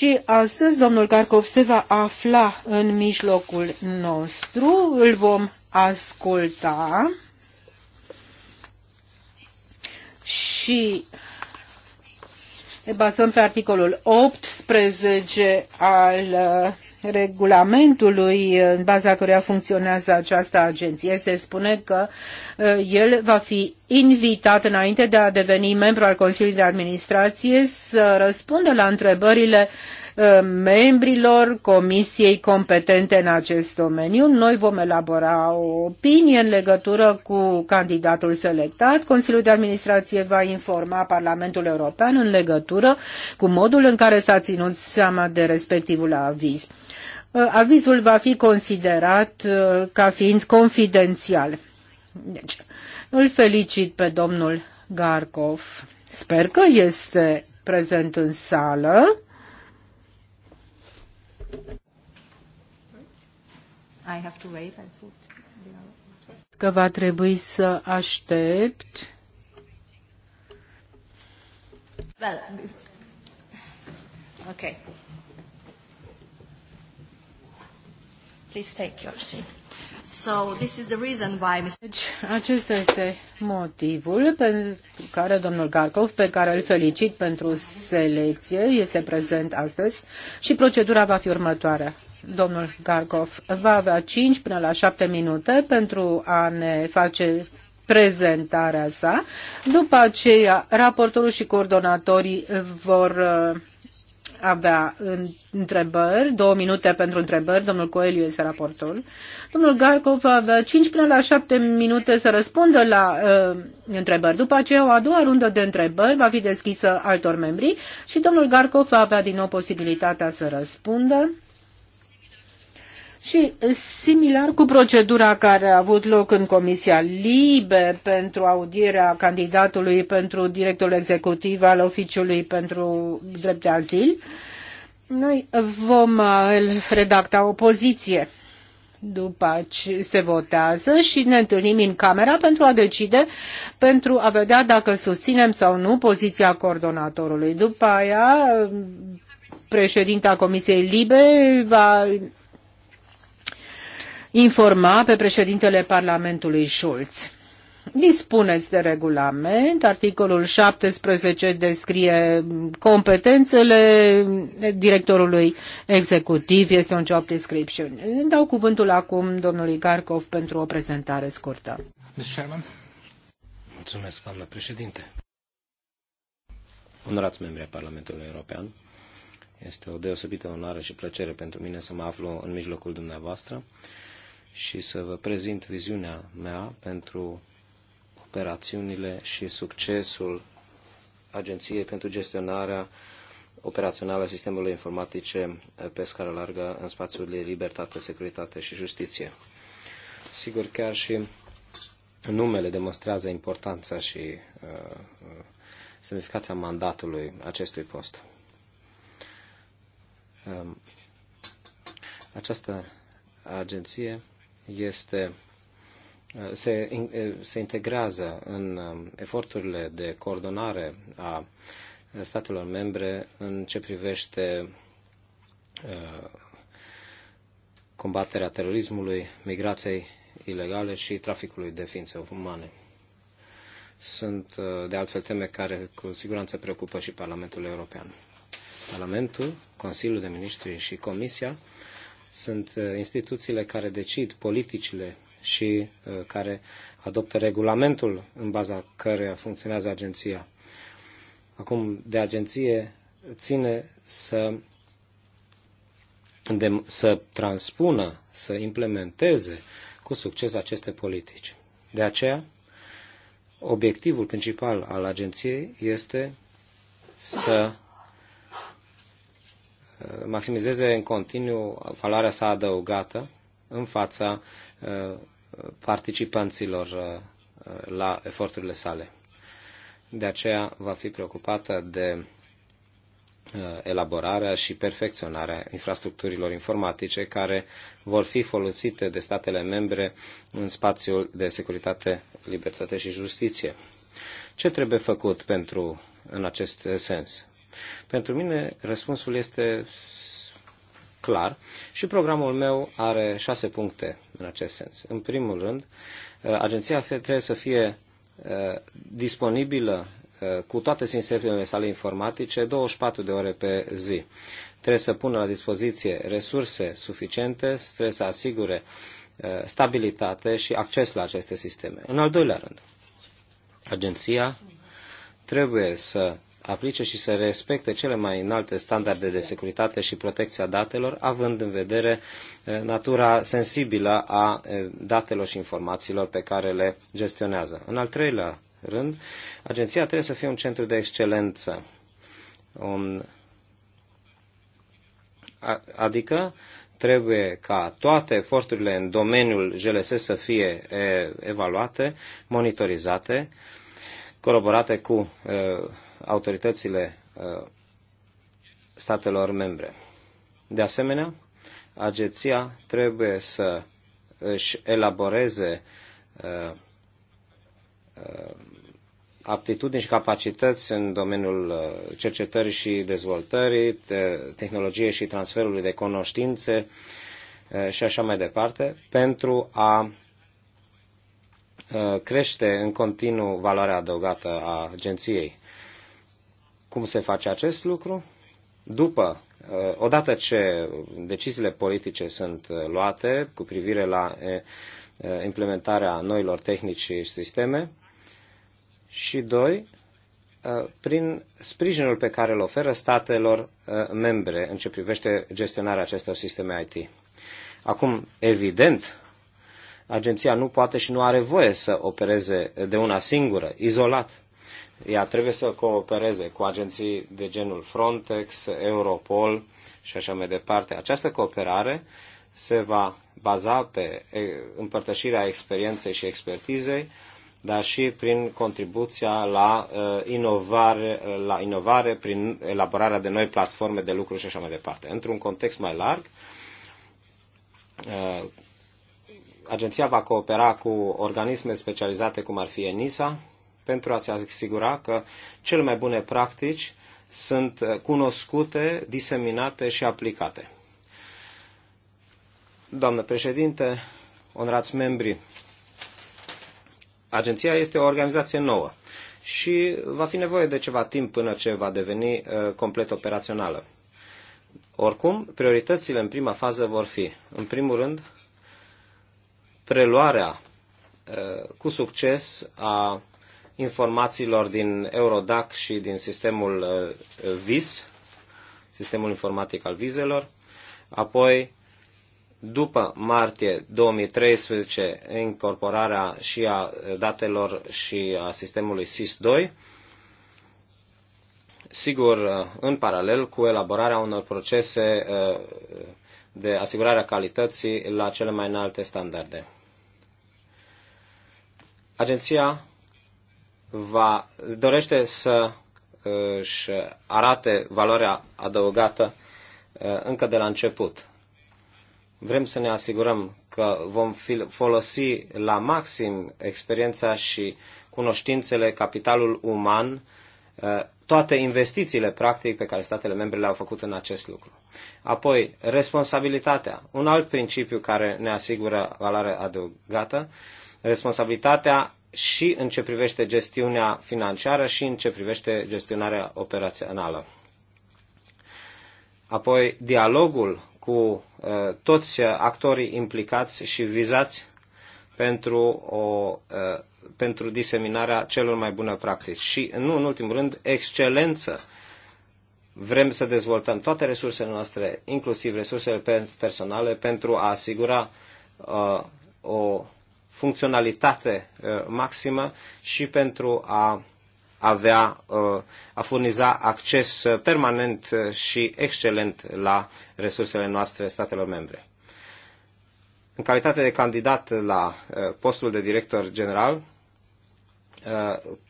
Și astăzi domnul Garcov se va afla în mijlocul nostru, îl vom asculta și ne bazăm pe articolul 18 al uh, regulamentului în baza căruia funcționează această agenție se spune că uh, el va fi invitat înainte de a deveni membru al Consiliului de Administrație să răspundă la întrebările uh, Uh, membrilor comisiei competente în acest domeniu. Noi vom elabora o opinie în legătură cu candidatul selectat. Consiliul de Administrație va informa Parlamentul European în legătură cu modul în care s-a ținut seama de respectivul aviz. Uh, avizul va fi considerat uh, ca fiind confidențial. Deci, îl felicit pe domnul Garkov. Sper că este prezent în sală. I have to wait, I thought. Că va trebui să aștept. Well, okay. Please take your seat. So this is the reason why... Deci, acesta este motivul pentru care domnul Garkov, pe care îl felicit pentru selecție, este prezent astăzi și procedura va fi următoarea. Domnul Garkov va avea 5 până la 7 minute pentru a ne face prezentarea sa. După aceea, raportorul și coordonatorii vor uh, avea întrebări, două minute pentru întrebări, domnul Coeliu este raportul. Domnul Garcov avea 5 până la 7 minute să răspundă la uh, întrebări. După aceea, o a doua rundă de întrebări va fi deschisă altor membri și domnul Garcov va avea din nou posibilitatea să răspundă. Și eh, similar cu procedura care a avut loc în Comisia Libe pentru audierea candidatului pentru directorul executiv al Oficiului pentru Drept de Azil, noi vom eh, redacta o poziție după ce se votează și ne întâlnim în camera pentru a decide, pentru a vedea dacă susținem sau nu poziția coordonatorului. După aia, eh, președinta Comisiei Libe va informa pe președintele Parlamentului Schulz. Dispuneți de regulament, articolul 17 descrie competențele directorului executiv, este un job description. Îmi dau cuvântul acum domnului Garkov pentru o prezentare scurtă. Mulțumesc, doamnă președinte. Onorați membri ai Parlamentului European, este o deosebită onoare și plăcere pentru mine să mă aflu în mijlocul dumneavoastră și să vă prezint viziunea mea pentru operațiunile și succesul Agenției pentru gestionarea operațională a sistemului informatice eh, pe scară largă în spațiul de libertate, securitate și justiție. Sigur, chiar și numele demonstrează importanța și uh, semnificația mandatului acestui post. Um, această agenție este, se, se integrează în um, eforturile de coordonare a statelor membre în ce privește uh, combaterea terorismului, migrației ilegale și traficului de ființe umane. Sunt uh, de altfel teme care cu siguranță preocupă și Parlamentul European. Parlamentul, Consiliul de Ministri și Comisia sunt uh, instituțiile care decid politicile și uh, care adoptă regulamentul în baza căreia funcționează agenția. Acum, de agenție ține să, de, să transpună, să implementeze cu succes aceste politici. De aceea, obiectivul principal al agenției este să maximizeze în continuu valoarea sa adăugată în fața uh, participanților uh, la eforturile sale. De aceea va fi preocupată de uh, elaborarea și perfecționarea infrastructurilor informatice care vor fi folosite de statele membre în spațiul de securitate, libertate și justiție. Ce trebuie făcut pentru în acest sens? Pentru mine răspunsul este clar și programul meu are șase puncte în acest sens. În primul rând, uh, agenția trebuie să fie uh, disponibilă uh, cu toate sistemele sale informatice 24 de ore pe zi. Trebuie să pună la dispoziție resurse suficiente, trebuie să asigure stabilitate și acces la aceste sisteme. În al doilea rând, agenția trebuie să aplice și să respecte cele mai înalte standarde de securitate și protecția datelor, având în vedere eh, natura sensibilă a eh, datelor și informațiilor pe care le gestionează. În al treilea rând, agenția trebuie să fie un centru de excelență, un, adică trebuie ca toate eforturile în domeniul GLS să fie eh, evaluate, monitorizate, coroborate cu autoritățile uh, statelor membre. De asemenea, agenția trebuie să își elaboreze uh, uh, aptitudini și capacități în domeniul cercetării și dezvoltării, tehnologiei și transferului de cunoștințe și așa mai departe, pentru a crește în continuu valoarea adăugată a agenției. Cum se face acest lucru? După, uh, odată ce deciziile politice sunt uh, luate cu privire la uh, implementarea noilor tehnici și sisteme, și doi, prin sprijinul pe care îl oferă statelor membre în ce privește gestionarea acestor sisteme IT. Acum, evident, agenția nu poate și nu are voie să opereze de una singură, izolat. Ea trebuie să coopereze cu agenții de genul Frontex, Europol și așa mai departe. Această cooperare se va baza pe împărtășirea experienței și expertizei, dar și prin contribuția la inovare, la inovare prin elaborarea de noi platforme de lucru și așa mai departe. Într-un context mai larg, agenția va coopera cu organisme specializate cum ar fi ENISA, pentru a se asigura că cele mai bune practici sunt cunoscute, diseminate și aplicate. Doamnă președinte, onorați membri, agenția este o organizație nouă și va fi nevoie de ceva timp până ce va deveni uh, complet operațională. Oricum, prioritățile în prima fază vor fi, în primul rând, preluarea uh, cu succes a informațiilor din Eurodac și din sistemul uh, VIS, sistemul informatic al vizelor. Apoi, după martie 2013, incorporarea și a datelor și a sistemului SIS-2, sigur, uh, în paralel cu elaborarea unor procese uh, de asigurare a calității la cele mai înalte standarde. Agenția va dorește să își arate valoarea adăugată uh, încă de la început. Vrem să ne asigurăm că vom folosi la maxim experiența și cunoștințele, capitalul uman, uh, toate investițiile, practic, pe care statele membre le-au făcut în acest lucru. Apoi, responsabilitatea. Un alt principiu care ne asigură valoarea adăugată, responsabilitatea și în ce privește gestiunea financiară și în ce privește gestionarea operațională. Apoi, dialogul cu uh, toți actorii implicați și vizați pentru, o, uh, pentru diseminarea celor mai bune practici. Și, nu în ultimul rând, excelență. Vrem să dezvoltăm toate resursele noastre, inclusiv resursele personale, pentru a asigura uh, o funcționalitate uh, maximă și pentru a avea, uh, a furniza acces uh, permanent și excelent la resursele noastre statelor membre. În calitate de candidat la postul de director general,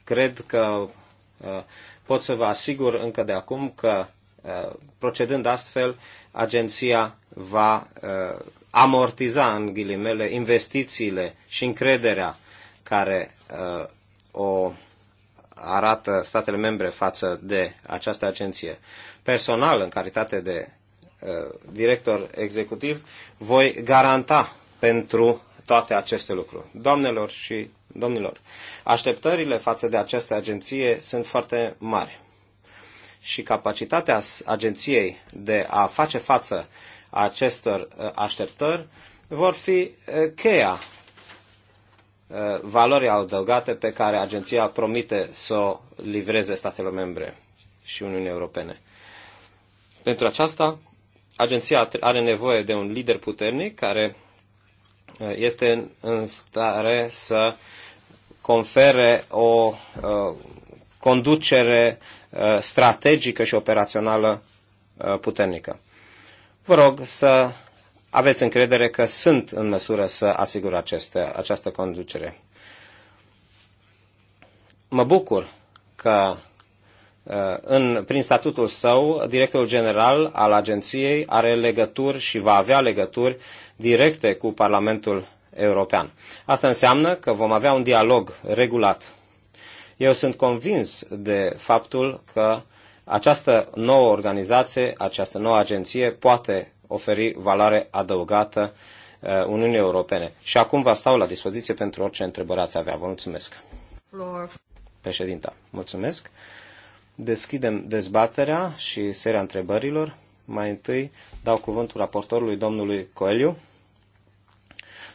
cred că pot să vă asigur încă de acum că procedând astfel, agenția va amortiza, în ghilimele, investițiile și încrederea care uh, o arată statele membre față de această agenție. Personal, în calitate de uh, director executiv, voi garanta pentru toate aceste lucruri. Doamnelor și domnilor, așteptările față de această agenție sunt foarte mari și capacitatea agenției de a face față acestor uh, așteptări vor fi uh, cheia uh, valorii adăugate pe care agenția promite să o livreze statelor membre și Uniunii Europene. Pentru aceasta, agenția are nevoie de un lider puternic care este în stare să confere o conducere strategică și operațională puternică. Vă rog să aveți încredere că sunt în măsură să asigur aceste, această conducere. Mă bucur că uh, în, prin statutul său, directorul general al agenției are legături și va avea legături directe cu Parlamentul European. Asta înseamnă că vom avea un dialog regulat. Eu sunt convins de faptul că această nouă organizație, această nouă agenție poate oferi valoare adăugată uh, Uniunii Europene. Și acum vă stau la dispoziție pentru orice întrebări ați avea. Vă mulțumesc. Lord. Președinta, mulțumesc. Deschidem dezbaterea și seria întrebărilor. Mai întâi dau cuvântul raportorului domnului Coeliu.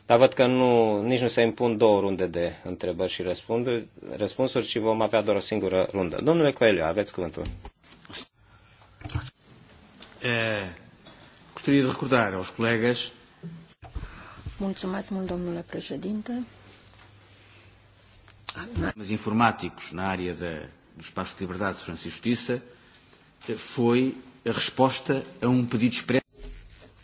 Dar văd că nu, nici nu se impun două runde de întrebări și răspunsuri, ci vom avea doar o singură rundă. Domnule Coeliu, aveți cuvântul. E, gostaria de recordar aos colegas. Mulțumesc mult, domnule președinte. Mas informáticos na área da, do espaço de liberdade, segurança e justiça foi a resposta a um pedido expresso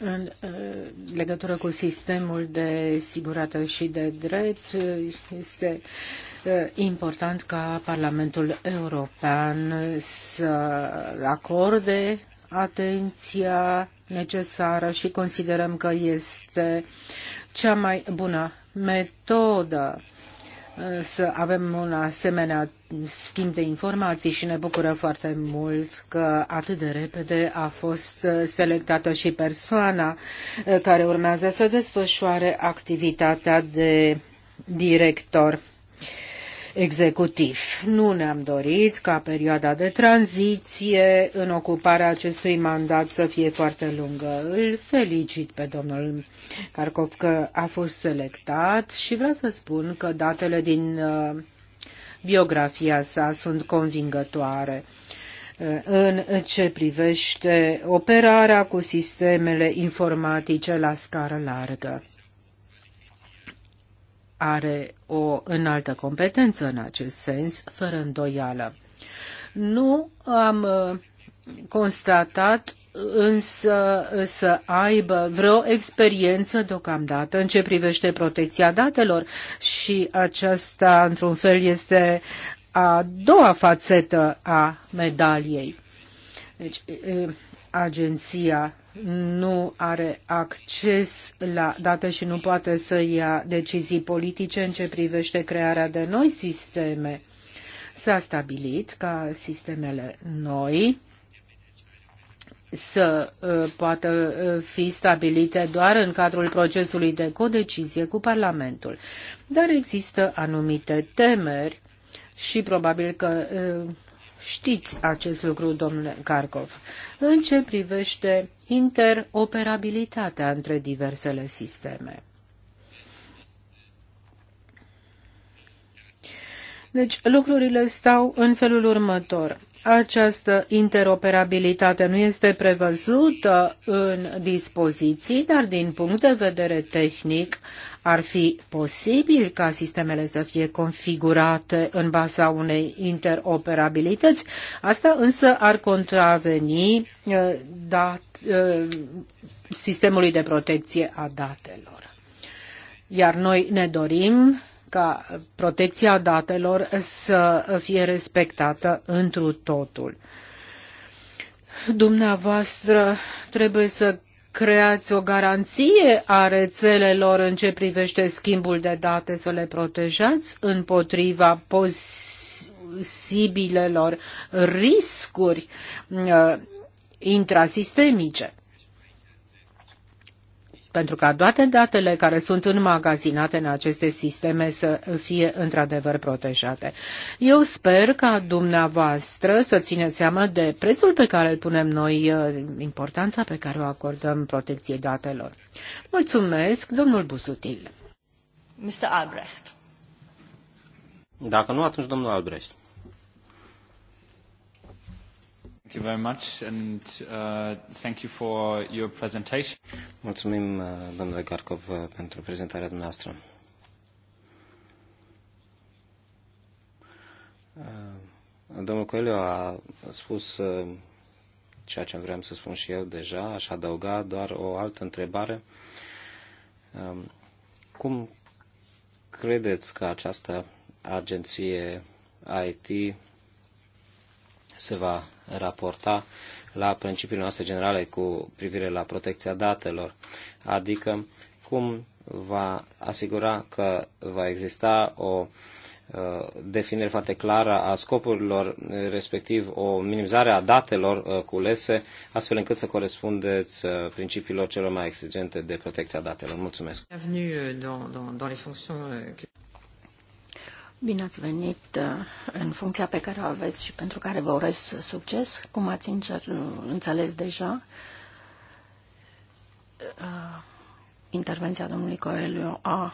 în uh, legătură cu sistemul de sigurată și de drept, este uh, important ca Parlamentul European să acorde atenția necesară și considerăm că este cea mai bună metodă să avem un asemenea schimb de informații și ne bucură foarte mult că atât de repede a fost selectată și persoana uh, care urmează să desfășoare activitatea de director executiv. Nu ne-am dorit ca perioada de tranziție în ocuparea acestui mandat să fie foarte lungă. Îl felicit pe domnul Carcov că a fost selectat și vreau să spun că datele din uh, biografia sa sunt convingătoare uh, în ce privește operarea cu sistemele informatice la scară largă are o înaltă competență în acest sens, fără îndoială. Nu am uh, constatat însă să aibă vreo experiență deocamdată în ce privește protecția datelor și aceasta, într-un fel, este a doua fațetă a medaliei. Deci, uh, agenția nu are acces la date și nu poate să ia decizii politice în ce privește crearea de noi sisteme. S-a stabilit ca sistemele noi să uh, poată uh, fi stabilite doar în cadrul procesului de codecizie cu Parlamentul. Dar există anumite temeri și probabil că uh, Știți acest lucru, domnule Karkov. În ce privește interoperabilitatea între diversele sisteme. Deci lucrurile stau în felul următor această interoperabilitate nu este prevăzută în dispoziții, dar din punct de vedere tehnic ar fi posibil ca sistemele să fie configurate în baza unei interoperabilități. Asta însă ar contraveni uh, dat, uh, sistemului de protecție a datelor. Iar noi ne dorim ca protecția datelor să fie respectată întru totul. Dumneavoastră trebuie să creați o garanție a rețelelor în ce privește schimbul de date, să le protejați împotriva posibilelor riscuri uh, intrasistemice pentru ca toate datele care sunt înmagazinate în aceste sisteme să fie într-adevăr protejate. Eu sper ca dumneavoastră să țineți seama de prețul pe care îl punem noi, uh, importanța pe care o acordăm protecției datelor. Mulțumesc, domnul Busutil. Mr. Albrecht. Dacă nu, atunci domnul Albrecht. Thank you very much and uh, thank you for your presentation. Mulțumim, uh, domnule Garkov, uh, pentru prezentarea dumneavoastră. Uh, domnul Coelho a spus ceea ce vreau să spun și eu deja, aș adăuga doar o altă întrebare. Um, cum credeți că această agenție IT se va raporta la principiile noastre generale cu privire la protecția datelor, adică cum va asigura că va exista o uh, definire foarte clară a scopurilor, respectiv o minimizare a datelor uh, culese, astfel încât să corespundeți uh, principiilor celor mai exigente de protecția datelor. Mulțumesc! Bine ați venit uh, în funcția pe care o aveți și pentru care vă urez succes. Cum ați înțeles deja, uh, intervenția domnului Coelho a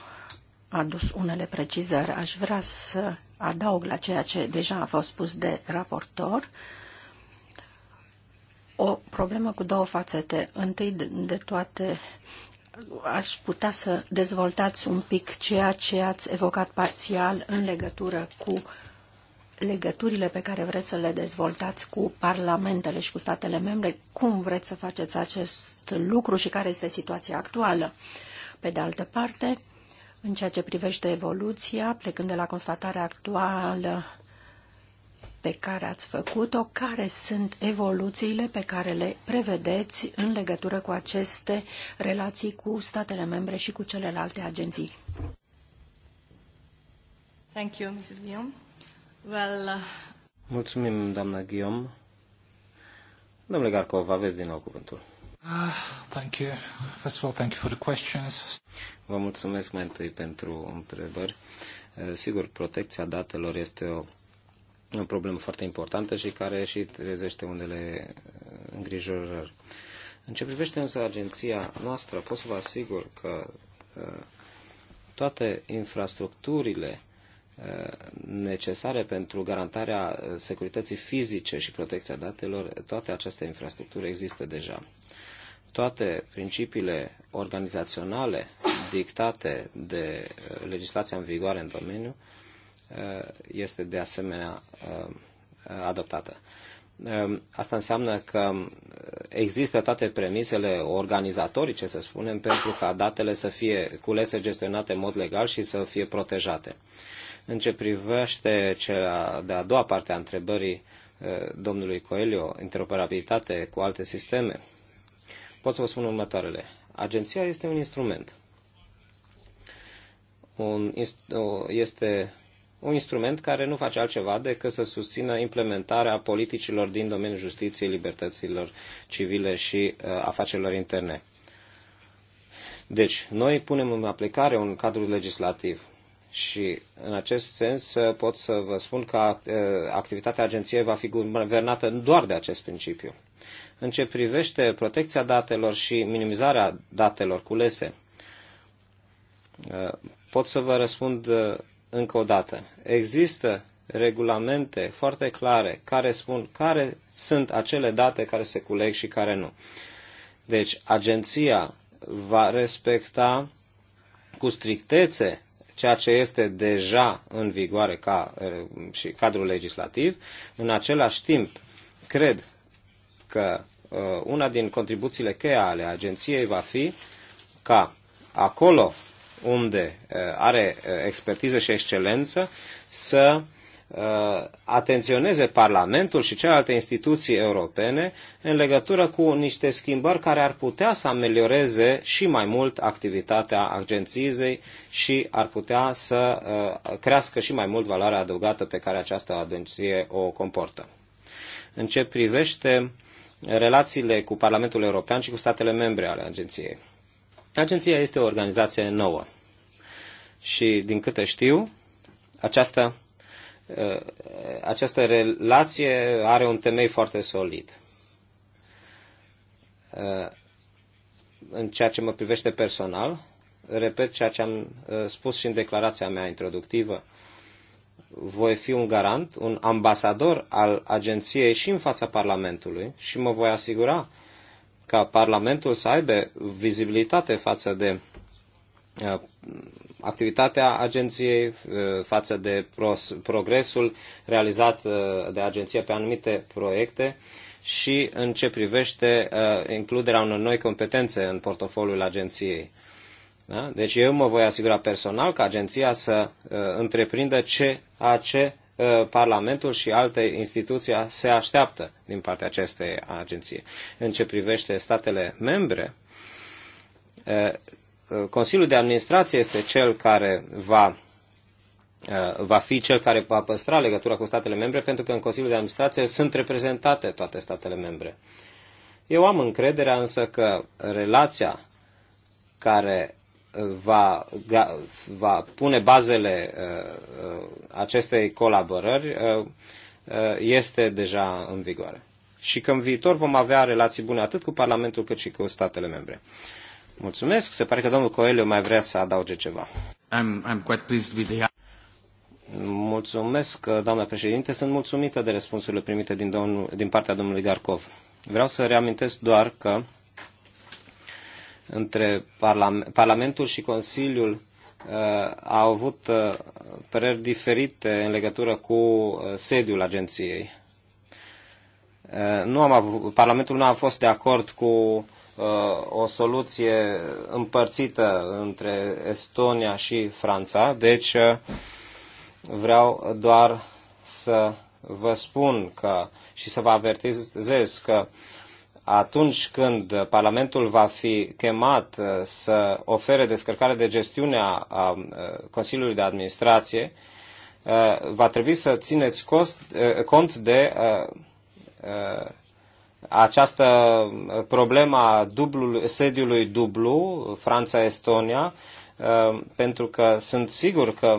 adus unele precizări. Aș vrea să adaug la ceea ce deja a fost spus de raportor o problemă cu două fațete. Întâi de toate aș putea să dezvoltați un pic ceea ce ați evocat parțial în legătură cu legăturile pe care vreți să le dezvoltați cu parlamentele și cu statele membre, cum vreți să faceți acest lucru și care este situația actuală. Pe de altă parte, în ceea ce privește evoluția, plecând de la constatarea actuală pe care ați făcut-o, care sunt evoluțiile pe care le prevedeți în legătură cu aceste relații cu statele membre și cu celelalte agenții. Thank you, Mrs. Guillaume. Well, uh... Mulțumim, doamna Guillaume. Domnule Garcov, aveți din nou cuvântul. Ah, thank you. First of all, thank you for the questions. Vă mulțumesc mai întâi pentru întrebări. Eh, sigur, protecția datelor este o o problemă foarte importantă și care și trezește unele uh, îngrijorări. În ce privește însă agenția noastră, pot să vă asigur că uh, toate infrastructurile uh, necesare pentru garantarea securității fizice și protecția datelor, toate aceste infrastructuri există deja. Toate principiile organizaționale dictate de legislația în vigoare în domeniu Uh, este de asemenea uh, adoptată. Um, asta înseamnă că uh, există toate premisele organizatorice, să spunem, pentru ca datele să fie culese, gestionate în mod legal și să fie protejate. În ce privește cea de-a doua parte a întrebării domnului Coelho, interoperabilitate cu alte sisteme, pot să vă spun următoarele. Agenția este un instrument. Un, este un instrument care nu face altceva decât să susțină implementarea politicilor din domeniul justiției, libertăților civile și uh, afacerilor interne. Deci, noi punem în aplicare un cadru legislativ și, în acest sens, uh, pot să vă spun că uh, activitatea agenției va fi guvernată doar de acest principiu. În ce privește protecția datelor și minimizarea datelor culese, pot să vă răspund încă o dată, există regulamente foarte clare care spun care sunt acele date care se culeg și care nu. Deci, agenția va respecta cu strictețe ceea ce este deja în vigoare ca eh, și cadrul legislativ. În același timp, cred că eh, una din contribuțiile cheia ale agenției va fi ca acolo unde uh, are uh, expertiză și excelență, să uh, atenționeze Parlamentul și celelalte instituții europene în legătură cu niște schimbări care ar putea să amelioreze și mai mult activitatea agenției și ar putea să crească și mai mult valoarea adăugată pe care această agenție o comportă. În ce privește relațiile cu Parlamentul European și cu statele membre ale agenției. Agenția este o organizație nouă și, din câte știu, această, uh, această relație are un temei foarte solid. Uh, în ceea ce mă privește personal, repet ceea ce am uh, spus și în declarația mea introductivă, voi fi un garant, un ambasador al agenției și în fața Parlamentului și mă voi asigura ca Parlamentul să aibă vizibilitate față de uh, activitatea agenției, uh, față de progresul realizat uh, de agenție pe anumite proiecte și în ce privește includerea unor noi competențe în portofoliul agenției. Da? Deci eu mă voi asigura personal că agenția să întreprindă ce, a ce Uh, Parlamentul și alte instituții se așteaptă din partea acestei agenții. În ce privește statele membre, uh, uh, Consiliul de Administrație este cel care va va fi cel care va păstra legătura cu statele membre, pentru că în Consiliul de Administrație sunt reprezentate toate statele membre. Eu am încrederea însă că relația care va, va pune bazele uh, uh, acestei colaborări uh, este deja în vigoare. Și că în viitor vom avea relații bune atât cu Parlamentul cât și cu statele membre. Mulțumesc. Se pare că domnul Coelho mai vrea să adauge ceva. I'm, I'm quite pleased with the... Mulțumesc, doamna președinte. Sunt mulțumită de răspunsurile primite din, domnul, din partea domnului Garcov. Vreau să reamintesc doar că între parlament, Parlamentul și Consiliul uh, au avut uh, păreri diferite în legătură cu uh, sediul agenției. Uh, nu am avut, Parlamentul nu a fost de acord cu uh, o soluție împărțită între Estonia și Franța, deci uh, vreau doar să vă spun că și să vă avertizez că uh, atunci când Parlamentul va fi chemat uh, să ofere descărcare de gestiune a uh, Consiliului de Administrație, uh, va trebui să țineți cost, cont de această problemă a sediului dublu, Franța-Estonia, pentru că sunt sigur că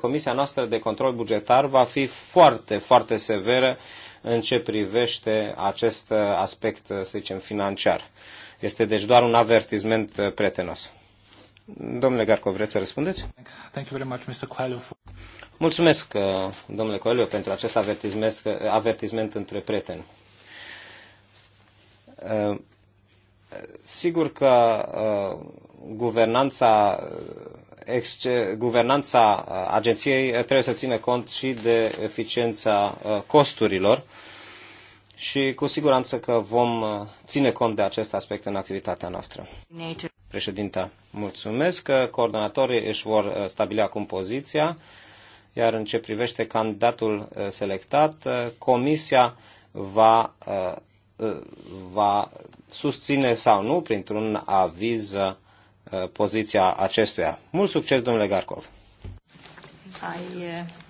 Comisia noastră de control bugetar va fi foarte, foarte severă în ce privește acest aspect, să zicem, financiar. Este deci doar un avertisment uh, pretenos. Domnule Garco, vreți să răspundeți? Thank you very much, Mr. Coelho. Mulțumesc, uh, domnule Coelho, pentru acest avertisment, avertisment între prieteni. Uh, sigur că guvernanța, guvernanța agenției trebuie să țină cont și de eficiența costurilor și cu siguranță că vom uh, ține cont de acest aspect în activitatea noastră. Președinta, mulțumesc că coordonatorii își vor uh, stabili acum poziția, iar în ce privește candidatul uh, selectat, comisia va, va susține sau nu, printr-un aviz, poziția acestuia. Mult succes, domnule Garcov! I, uh...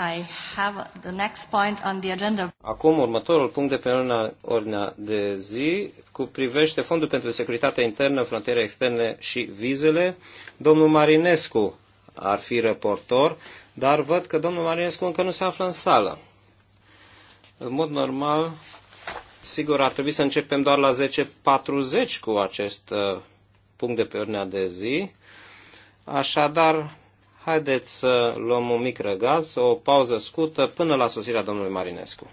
I have the next point on the agenda. Acum următorul punct de pe ordinea de zi cu privește Fondul pentru Securitatea Internă, Frontiere Externe și Vizele. Domnul Marinescu ar fi reportor, dar văd că domnul Marinescu încă nu se află în sală. În mod normal, sigur, ar trebui să începem doar la 10.40 cu acest uh, punct de pe ordinea de zi. Așadar, Haideți să luăm un mic răgaz, o pauză scurtă până la sosirea domnului Marinescu.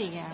Öttinger.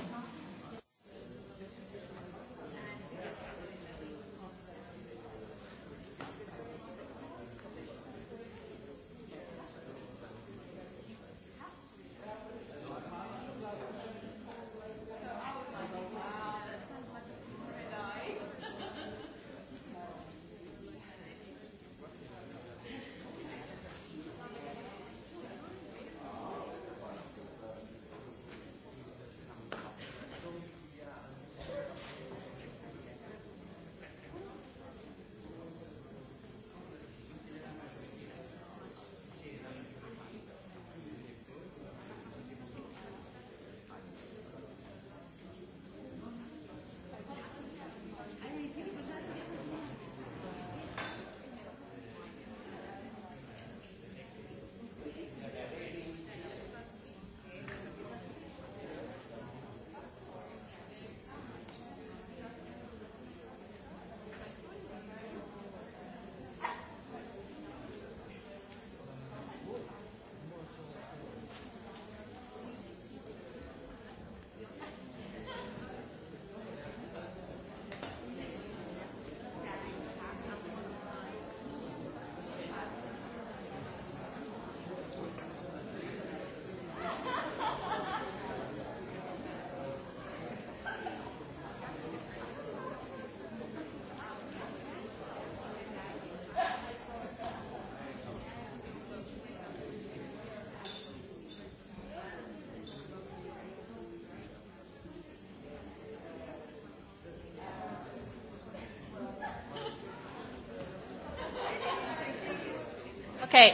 Okay.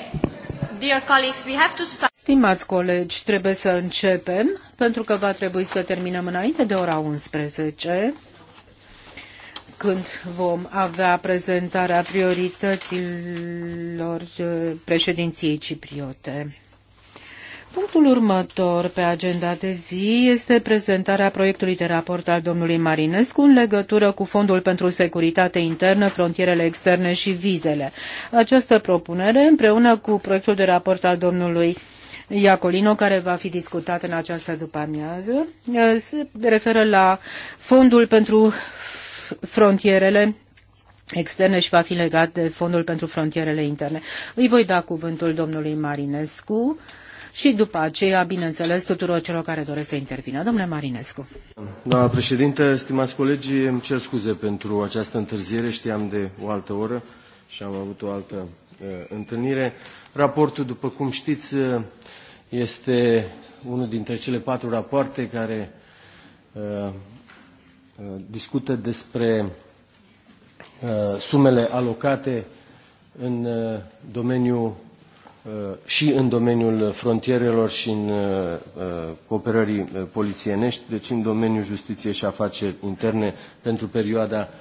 Dear colleagues, we have to start. Stimați colegi, trebuie să începem, pentru că va trebui să terminăm înainte de ora 11, când vom avea prezentarea priorităților eh, președinției cipriote. Punctul următor pe agenda de zi este prezentarea proiectului de raport al domnului Marinescu în legătură cu Fondul pentru Securitate Internă, Frontierele Externe și Vizele. Această propunere, împreună cu proiectul de raport al domnului Iacolino, care va fi discutat în această după-amiază, se referă la Fondul pentru Frontierele externe și va fi legat de Fondul pentru Frontierele Interne. Îi voi da cuvântul domnului Marinescu și după aceea, bineînțeles, tuturor celor care doresc să intervină. Domnule Marinescu. Doamna președinte, stimați colegi, îmi cer scuze pentru această întârziere. Știam de o altă oră și am avut o altă uh, întâlnire. Raportul, după cum știți, este unul dintre cele patru rapoarte care uh, discută despre uh, sumele alocate în domeniul Uh, și în domeniul frontierelor și în uh, uh, cooperării polițienești, deci în domeniul justiției și afaceri interne pentru perioada 2014-2020.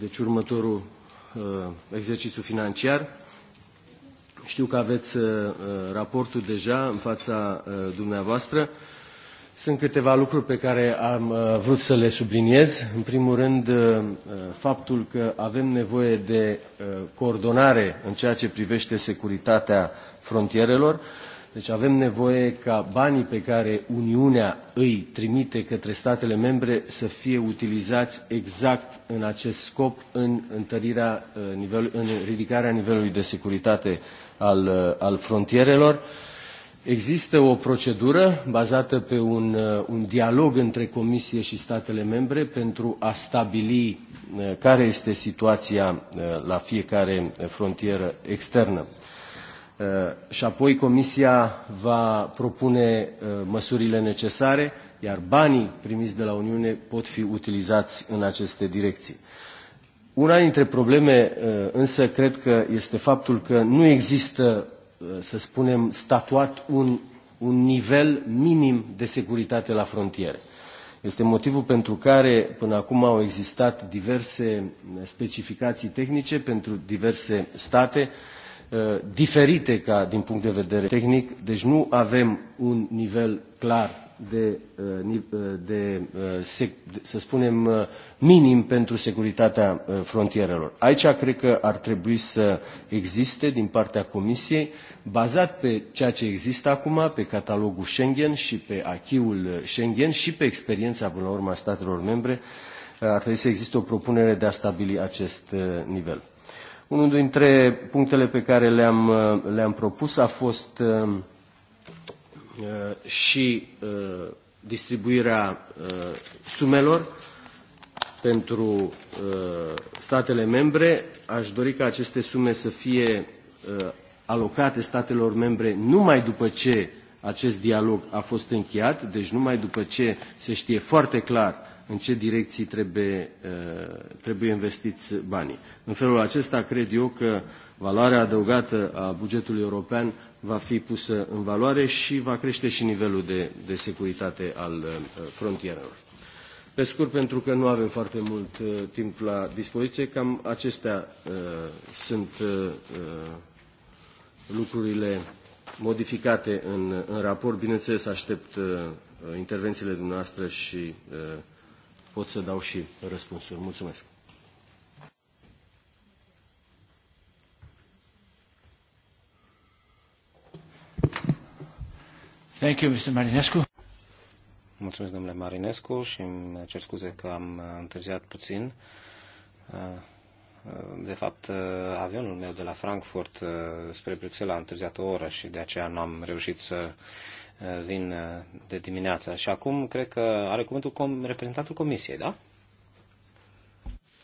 Deci următorul exercițiu financiar. Știu că aveți raportul deja în fața dumneavoastră. Sunt câteva lucruri pe care am uh, vrut să le subliniez. În primul rând, uh, uh, faptul că avem nevoie de coordonare în ceea ce privește securitatea frontierelor. Deci avem nevoie ca banii pe care Uniunea îi trimite către statele membre să fie utilizați exact în acest scop, în, întărirea, în ridicarea nivelului de securitate al, al frontierelor. Există o procedură bazată pe un, uh, un dialog între Comisie și statele membre pentru a stabili uh, care este situația uh, la fiecare frontieră externă. Și apoi Comisia va propune măsurile necesare, iar banii primiți de la Uniune pot fi utilizați în aceste direcții. Una dintre probleme însă cred că este faptul că nu există să spunem, statuat un, un nivel minim de securitate la frontiere. Este motivul pentru care până acum au existat diverse specificații tehnice pentru diverse state, uh, diferite ca din punct de vedere tehnic, deci nu avem un nivel clar de, uh, uh, de, uh, să spunem, minim pentru securitatea frontierelor. Aici cred că ar trebui să existe din partea Comisiei, bazat pe ceea ce există acum, pe catalogul Schengen și pe achiul Schengen și pe experiența, până la urmă, a statelor membre, ar trebui să existe o propunere de a stabili acest nivel. Unul dintre punctele pe care le-am le, -am, le -am propus a fost Uh, și uh, distribuirea uh, sumelor pentru statele membre. Aș dori ca aceste sume să fie alocate statelor membre numai după ce acest dialog a fost încheiat, deci numai după ce se știe foarte clar în ce direcții trebuie, trebuie investiți banii. În felul acesta cred eu că valoarea adăugată a bugetului european va fi pusă în valoare și va crește și nivelul de, de securitate al uh, frontierelor. Pe scurt, pentru că nu avem foarte mult uh, timp la dispoziție, cam acestea uh, sunt uh, uh lucrurile modificate în, în raport. Bineînțeles, aștept uh, intervențiile dumneavoastră și pot să dau și răspunsuri. Mulțumesc! Thank you, Mr. Marinescu. Mulțumesc, domnule Marinescu, și îmi cer scuze că am întârziat puțin. De fapt, avionul meu de la Frankfurt spre Bruxelles a întârziat o oră și de aceea nu am reușit să vin de dimineață. Și acum cred că are cuvântul com- reprezentantul Comisiei, da?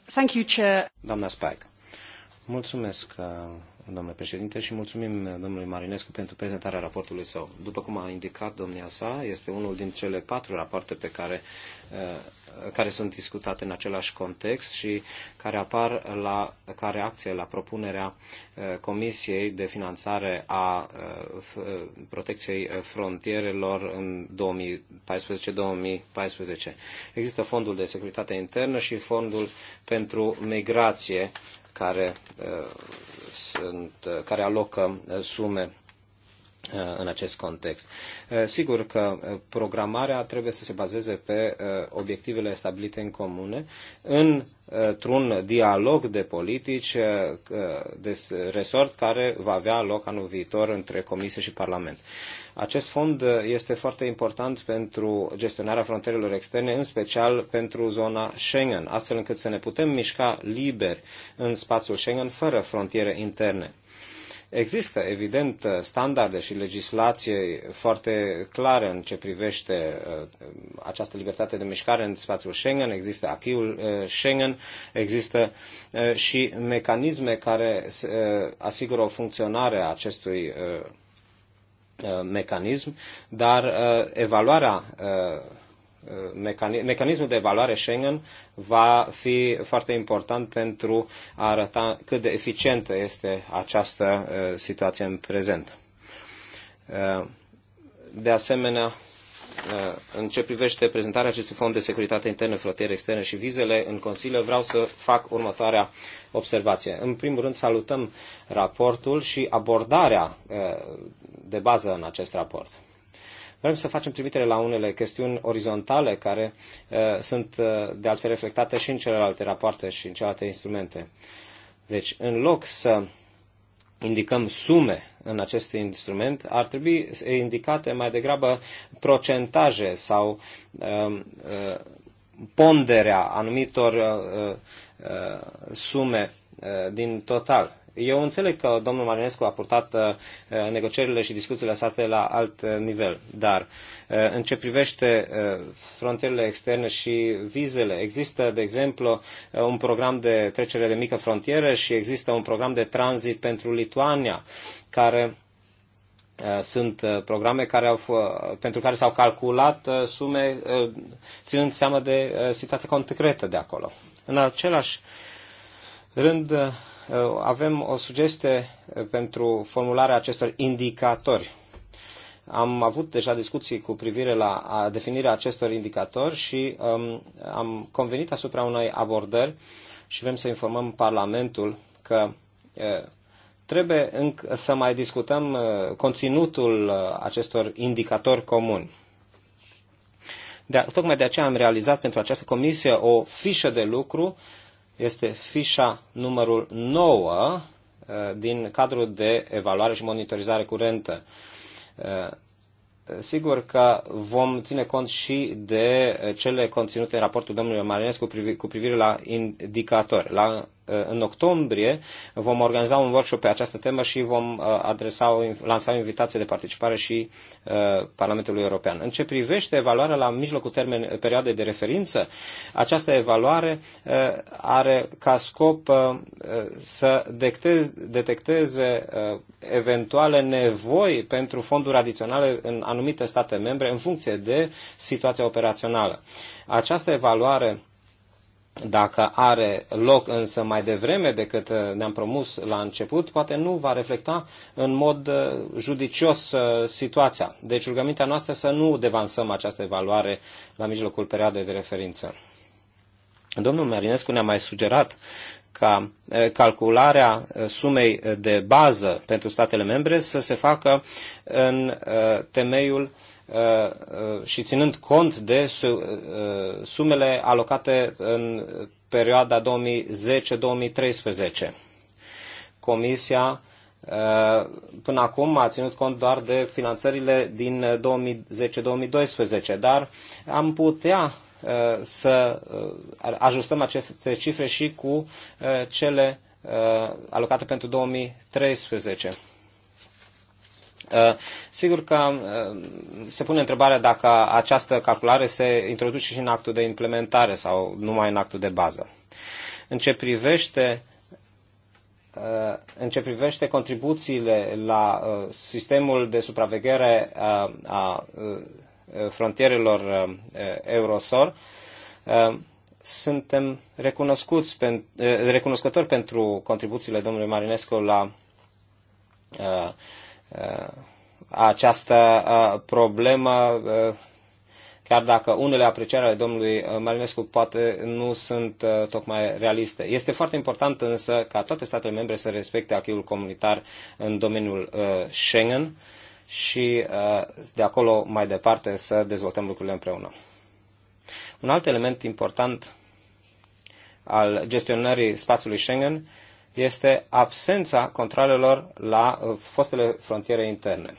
Thank you, Chair. Doamna Spike. Mulțumesc, domnule președinte, și mulțumim domnului Marinescu pentru prezentarea raportului său. După cum a indicat domnia sa, este unul din cele patru rapoarte pe care, eh, care sunt discutate în același context și care apar la, ca reacție la propunerea eh, Comisiei de Finanțare a eh, Protecției Frontierelor în 2014-2014. Există fondul de securitate internă și fondul pentru migrație care, uh, sunt, uh, care alocă uh, sume în acest context. Sigur că programarea trebuie să se bazeze pe obiectivele stabilite în comune, într-un dialog de politici de resort care va avea loc anul viitor între Comisie și Parlament. Acest fond uh, este foarte important pentru gestionarea frontierelor externe, în special pentru zona Schengen, astfel încât să ne putem mișca liber în spațiul Schengen fără frontiere interne. Există, evident, standarde și legislație foarte clare în ce privește uh, această libertate de mișcare în spațiul Schengen, există achiul uh, Schengen, există și mecanisme care asigură o funcționare a acestui Uh, mecanism, dar uh, evaluarea uh, mecanismul de evaluare Schengen va fi foarte important pentru a arăta cât de eficientă este această situație în prezent. De asemenea, Uh, în ce privește prezentarea acestui fond de securitate internă, frontiere externe și vizele în Consiliu, vreau să fac următoarea observație. În primul rând, salutăm raportul și abordarea uh, de bază în acest raport. Vrem să facem trimitere la unele chestiuni orizontale care uh, sunt de altfel reflectate și în celelalte rapoarte și în celelalte instrumente. Deci, în loc să indicăm sume în acest instrument, ar trebui indicate mai degrabă procentaje sau um, uh, ponderea anumitor uh, uh sume uh, din total. Eu înțeleg că domnul Marinescu a purtat uh, uh, negocierile și discuțiile sate la alt uh, nivel, dar în ce privește frontierele externe și vizele, există, de exemplu, un program de trecere de mică frontieră și există un program de tranzit pentru Lituania, care sunt programe care au, pentru care s-au calculat sume ținând seama de situația concretă de acolo. În același rând, Uh, avem o sugestie uh, pentru formularea acestor indicatori. Am avut deja discuții cu privire la definirea acestor indicatori și um, am convenit asupra unei abordări și vrem să informăm Parlamentul că uh, trebuie înc- să mai discutăm uh, conținutul uh, acestor indicatori comuni. De, tocmai de aceea am realizat pentru această comisie o fișă de lucru uh, este fișa numărul 9 uh, din cadrul de evaluare și monitorizare curentă. Uh, sigur că vom ține cont și de cele conținute în raportul domnului Marinescu cu privire la indicatori, la Uh, în octombrie vom organiza un workshop pe această temă și vom uh, adresa, lansa o invitație de participare și uh, Parlamentului European. În ce privește evaluarea la mijlocul termen, perioadei de referință, această evaluare are ca scop să detecteze eventuale nevoi pentru fonduri adiționale în anumite state membre în funcție de situația operațională. Această evaluare dacă are loc însă mai devreme decât uh, ne-am promus la început, poate nu va reflecta în mod uh, judicios uh, situația. Deci rugămintea noastră să nu devansăm această evaluare la mijlocul perioadei de referință. Domnul Marinescu ne-a mai sugerat ca calcularea sumei de bază pentru statele membre să se facă în temeiul Uh, uh, și ținând cont de uh, sumele alocate în perioada 2010-2013. Comisia până acum a ținut cont doar de finanțările din 2010-2012, dar am putea să ajustăm aceste cifre și cu cele alocate pentru 2013. Uh, sigur că uh, se pune întrebarea dacă această calculare se introduce și în actul de implementare sau numai în actul de bază. În ce privește uh, în ce privește contribuțiile la sistemul de supraveghere a frontierelor Eurosor, suntem recunoscuți, recunoscători pentru contribuțiile domnului Marinescu la Uh, această uh, problemă, uh, chiar dacă unele apreciere ale domnului Marinescu poate nu sunt tocmai realiste. Este foarte important însă ca toate statele membre să respecte acquis comunitar în domeniul Schengen și de acolo mai departe să dezvoltăm lucrurile împreună. Un alt element important al gestionării spațiului Schengen este absența controlelor la uh, fostele frontiere interne.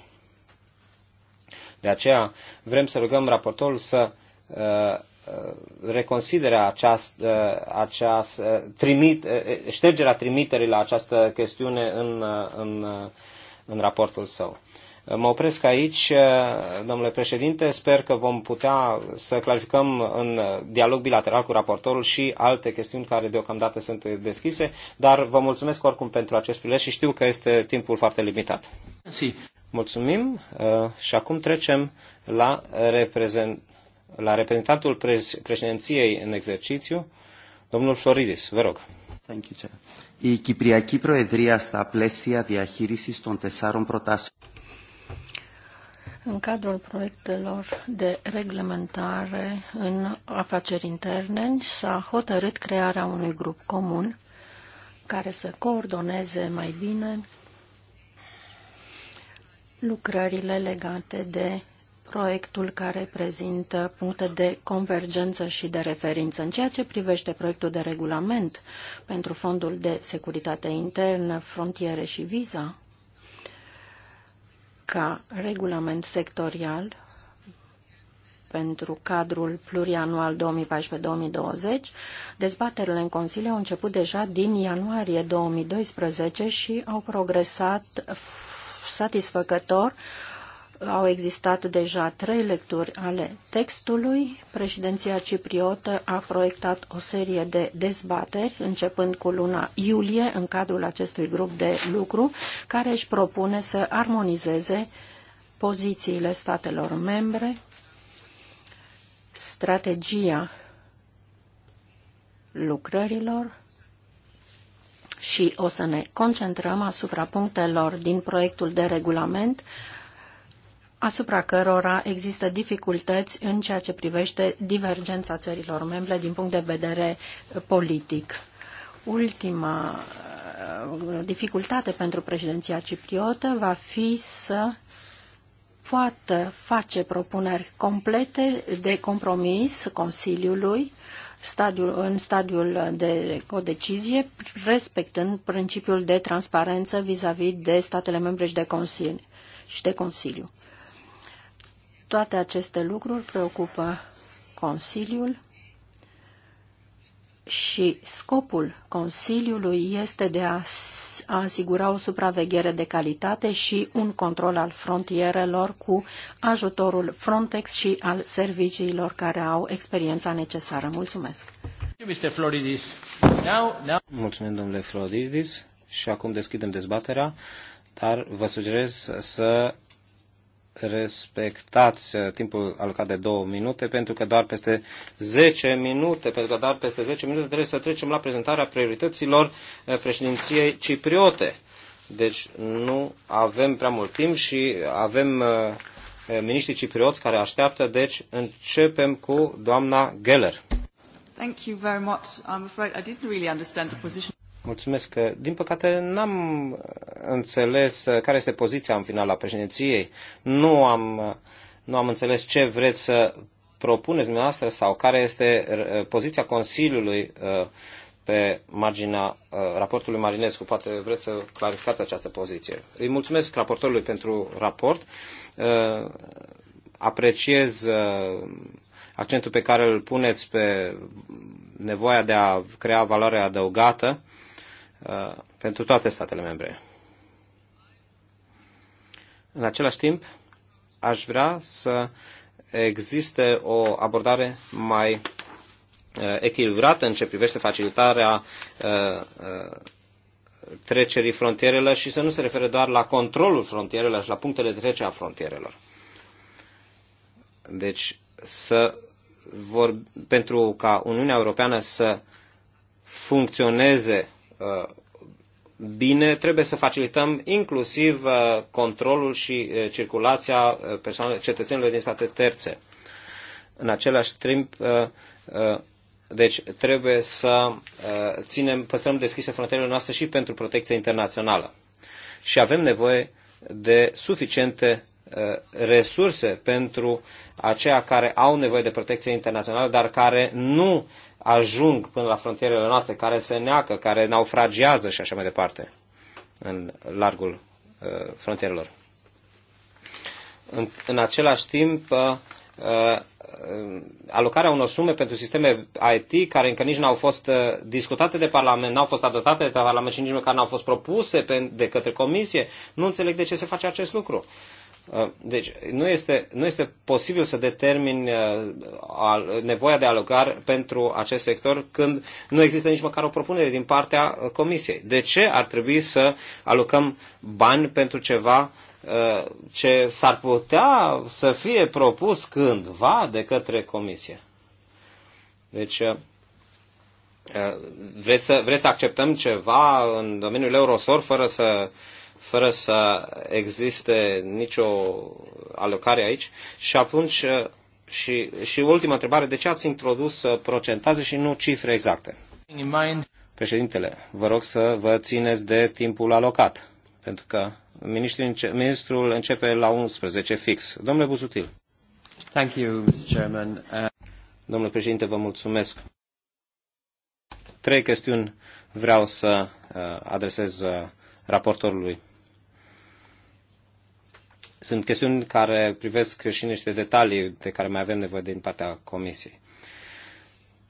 De aceea vrem să rugăm raportorul să uh, uh, reconsidere această, această trimit, ștergerea trimiterii la această chestiune în, în, în raportul său. Mă opresc aici, domnule președinte. Sper că vom putea să clarificăm în dialog bilateral cu raportorul și alte chestiuni care deocamdată sunt deschise, dar vă mulțumesc oricum pentru acest prilej și știu că este timpul foarte limitat. Si. Mulțumim și acum trecem la, reprezent, la reprezentantul președinției în exercițiu, domnul Floridis. Vă rog. Thank you, Chair. Η Κυπριακή Προεδρία στα πλαίσια διαχείρισης των τεσσάρων προτάσεων. În cadrul proiectelor de reglementare în afaceri interne s-a hotărât crearea unui grup comun care să coordoneze mai bine lucrările legate de proiectul care prezintă puncte de convergență și de referință. În ceea ce privește proiectul de regulament pentru Fondul de Securitate Internă, Frontiere și Viza, ca regulament sectorial pentru cadrul plurianual 2014-2020. Dezbaterile în Consiliu au început deja din ianuarie 2012 și au progresat satisfăcător au existat deja trei lecturi ale textului. Președinția cipriotă a proiectat o serie de dezbateri, începând cu luna iulie, în cadrul acestui grup de lucru, care își propune să armonizeze pozițiile statelor membre, strategia lucrărilor, și o să ne concentrăm asupra punctelor din proiectul de regulament asupra cărora există dificultăți în ceea ce privește divergența țărilor membre din punct de vedere uh, politic. Ultima uh, dificultate pentru președinția cipriotă va fi să poată face propuneri complete de compromis Consiliului stadiul, în stadiul de decizie, respectând principiul de transparență vis-a-vis -vis de statele membre și de Consiliu. Și de Consiliu. Toate aceste lucruri preocupă Consiliul și scopul Consiliului este de a asigura o supraveghere de calitate și un control al frontierelor cu ajutorul Frontex și al serviciilor care au experiența necesară. Mulțumesc! Mulțumim, domnule Floridis, și acum deschidem dezbaterea, dar vă sugerez să respectați uh, timpul alocat de două minute, pentru că doar peste 10 minute, pentru că doar peste 10 minute trebuie să trecem la prezentarea priorităților uh, președinției cipriote. Deci nu avem prea mult timp și avem uh, miniștrii ciprioți care așteaptă, deci începem cu doamna Geller. Thank you very much. I'm afraid I didn't really understand the position. Mulțumesc. Din păcate n-am înțeles uh, care este poziția în final a președinției. Nu am, uh, nu am înțeles ce vreți să propuneți dumneavoastră sau care este uh, poziția Consiliului pe marginea raportului Marinescu. Poate vreți să clarificați această poziție. Îi mulțumesc raportorului pentru raport. Apreciez accentul pe care îl puneți pe nevoia de a crea valoare adăugată Uh, pentru toate statele membre. În același timp, aș vrea să existe o abordare mai uh, echilibrată în ce privește facilitarea uh, trecerii frontierelor și să nu se refere doar la controlul frontierelor și la punctele de trecere a frontierelor. Deci, să vor, pentru ca Uniunea Europeană să funcționeze Uh, bine, trebuie să facilităm inclusiv uh, controlul și uh, circulația persoanelor, cetățenilor din state terțe. În același timp, deci trebuie să ținem, păstrăm deschise frontierele noastre și pentru protecția internațională. Și avem nevoie de suficiente resurse pentru aceia care au nevoie de protecție internațională, dar care nu ajung până la frontierele noastre, care se neacă, care naufragiază și așa mai departe în largul uh, frontierelor. În, în același timp, uh, uh, alocarea unor sume pentru sisteme IT care încă nici n-au fost uh, discutate de Parlament, n-au fost adoptate de Parlament și nici măcar n-au fost propuse pe, de către Comisie, nu înțeleg de ce se face acest lucru. Uh, deci nu este, nu este posibil să determini uh, nevoia de alocare pentru acest sector când nu există nici măcar o propunere din partea uh, Comisiei. De ce ar trebui să alocăm bani pentru ceva ce s-ar putea să fie propus cândva de către Comisie? Deci vreți să, vreți să acceptăm ceva în domeniul Eurosor fără să uh, fără să existe nicio alocare aici. Și atunci, uh, și, și ultima întrebare, de ce ați introdus uh, procentaje și nu cifre exacte? Președintele, vă rog să vă țineți de timpul alocat, pentru că ministrul, înce- ministrul începe la 11 fix. Domnule Buzutil. Thank you, Mr. Chairman. Uh... Domnule președinte, vă mulțumesc. Trei chestiuni vreau să uh, adresez uh, raportorului sunt chestiuni care privesc și niște detalii de care mai avem nevoie din partea Comisiei.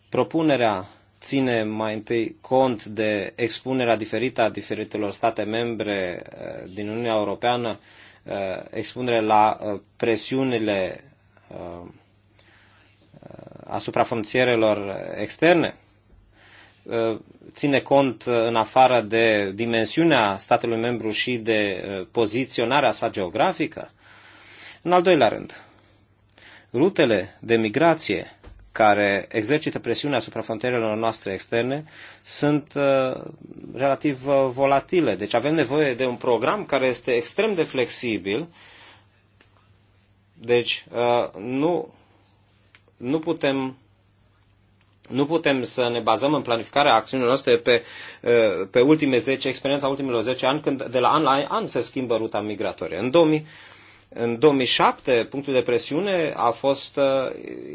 Propunerea ține mai întâi cont de expunerea diferită a diferitelor state membre eh, din Uniunea Europeană, eh, expunere la eh, presiunile asupra frontierelor externe. Uh, ține cont uh, în afară de dimensiunea statului membru și de uh, poziționarea sa geografică? În al doilea rând, rutele de migrație care exercită presiune asupra frontierelor noastre externe sunt relativ volatile. Deci avem nevoie de un program care este extrem de flexibil. Deci nu, nu putem nu putem să ne bazăm în planificarea acțiunilor noastre pe, eh, pe ultime 10, experiența ultimilor 10 ani, când de la an la an se schimbă ruta migratorie. În 2000, în 2007, punctul de presiune a fost uh,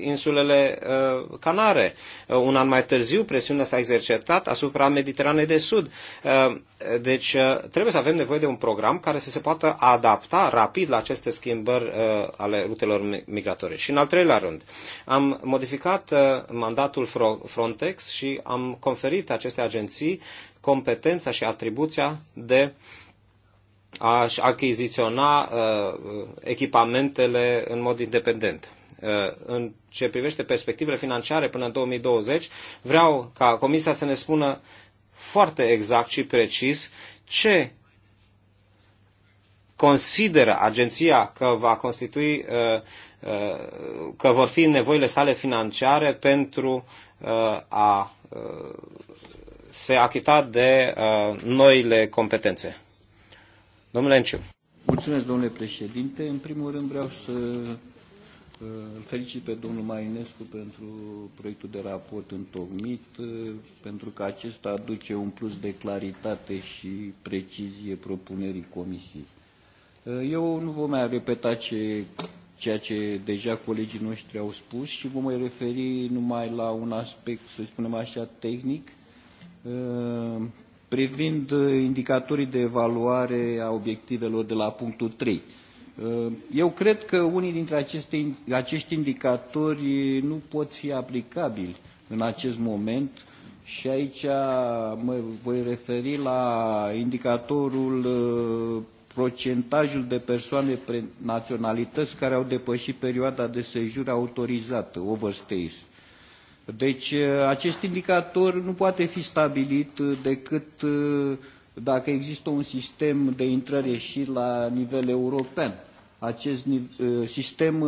insulele uh, Canare. Uh, un an mai târziu, presiunea s-a exercitat asupra Mediteranei de Sud. Deci, trebuie să avem nevoie de un program care să se poată adapta rapid la aceste schimbări ale rutelor migratorii. Și, în al treilea rând, am modificat mandatul Frontex și am conferit aceste agenții competența și atribuția de uh, a achiziționa uh, echipamentele în mod independent. Uh, în ce privește perspectivele financiare până în 2020, vreau ca Comisia să ne spună foarte exact și precis ce consideră agenția că va constitui, uh, că vor fi nevoile sale financiare pentru a se achita de noile competențe. Domnule Enciu. Mulțumesc, domnule președinte. În primul rând vreau să uh, îl felicit pe domnul Marinescu pentru proiectul de raport întocmit, uh, pentru că acesta aduce un plus de claritate și precizie propunerii comisiei. Uh, eu nu vom mai repeta ce, ceea ce deja colegii noștri au spus și vom mai referi numai la un aspect, să spunem așa, tehnic, privind uh, indicatorii de evaluare a obiectivelor de la punctul 3. Uh, eu cred că unii dintre aceste, acești indicatori nu pot fi aplicabili în acest moment și aici mă voi referi la indicatorul uh, procentajul de persoane pre naționalități care au depășit perioada de sejur autorizată, overstays. Deci uh, acest indicator nu poate fi stabilit uh, decât uh, dacă există un sistem de intrări-ieșiri la nivel european. Acest sistem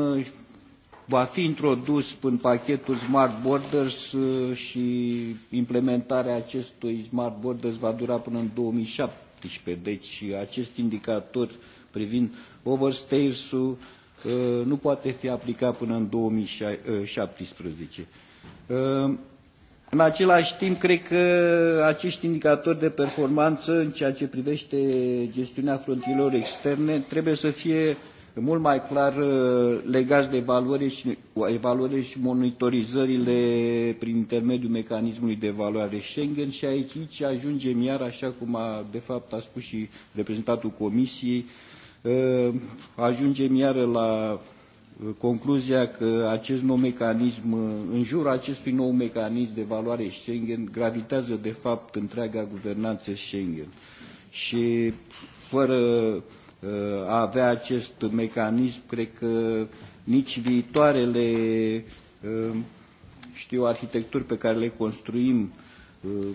va fi introdus în pachetul Smart Borders și implementarea acestui Smart Borders va dura până în 2017. Deci acest indicator privind overstairs-ul nu poate fi aplicat până în 2017. Ehm, în același timp, cred că acești indicatori de performanță în ceea ce privește gestiunea frontierilor externe trebuie să fie mult mai clar eh, legați de evaluare și, și monitorizările prin intermediul mecanismului de evaluare Schengen și aici, aici ajungem iar, așa cum a, de fapt a spus și reprezentantul Comisiei, ehm, ajungem iar la concluzia că acest nou mecanism, în jurul acestui nou mecanism de valoare Schengen, gravitează de fapt întreaga guvernanță Schengen. Și fără uh, a avea acest mecanism, cred că nici viitoarele uh, știu, arhitecturi pe care le construim uh,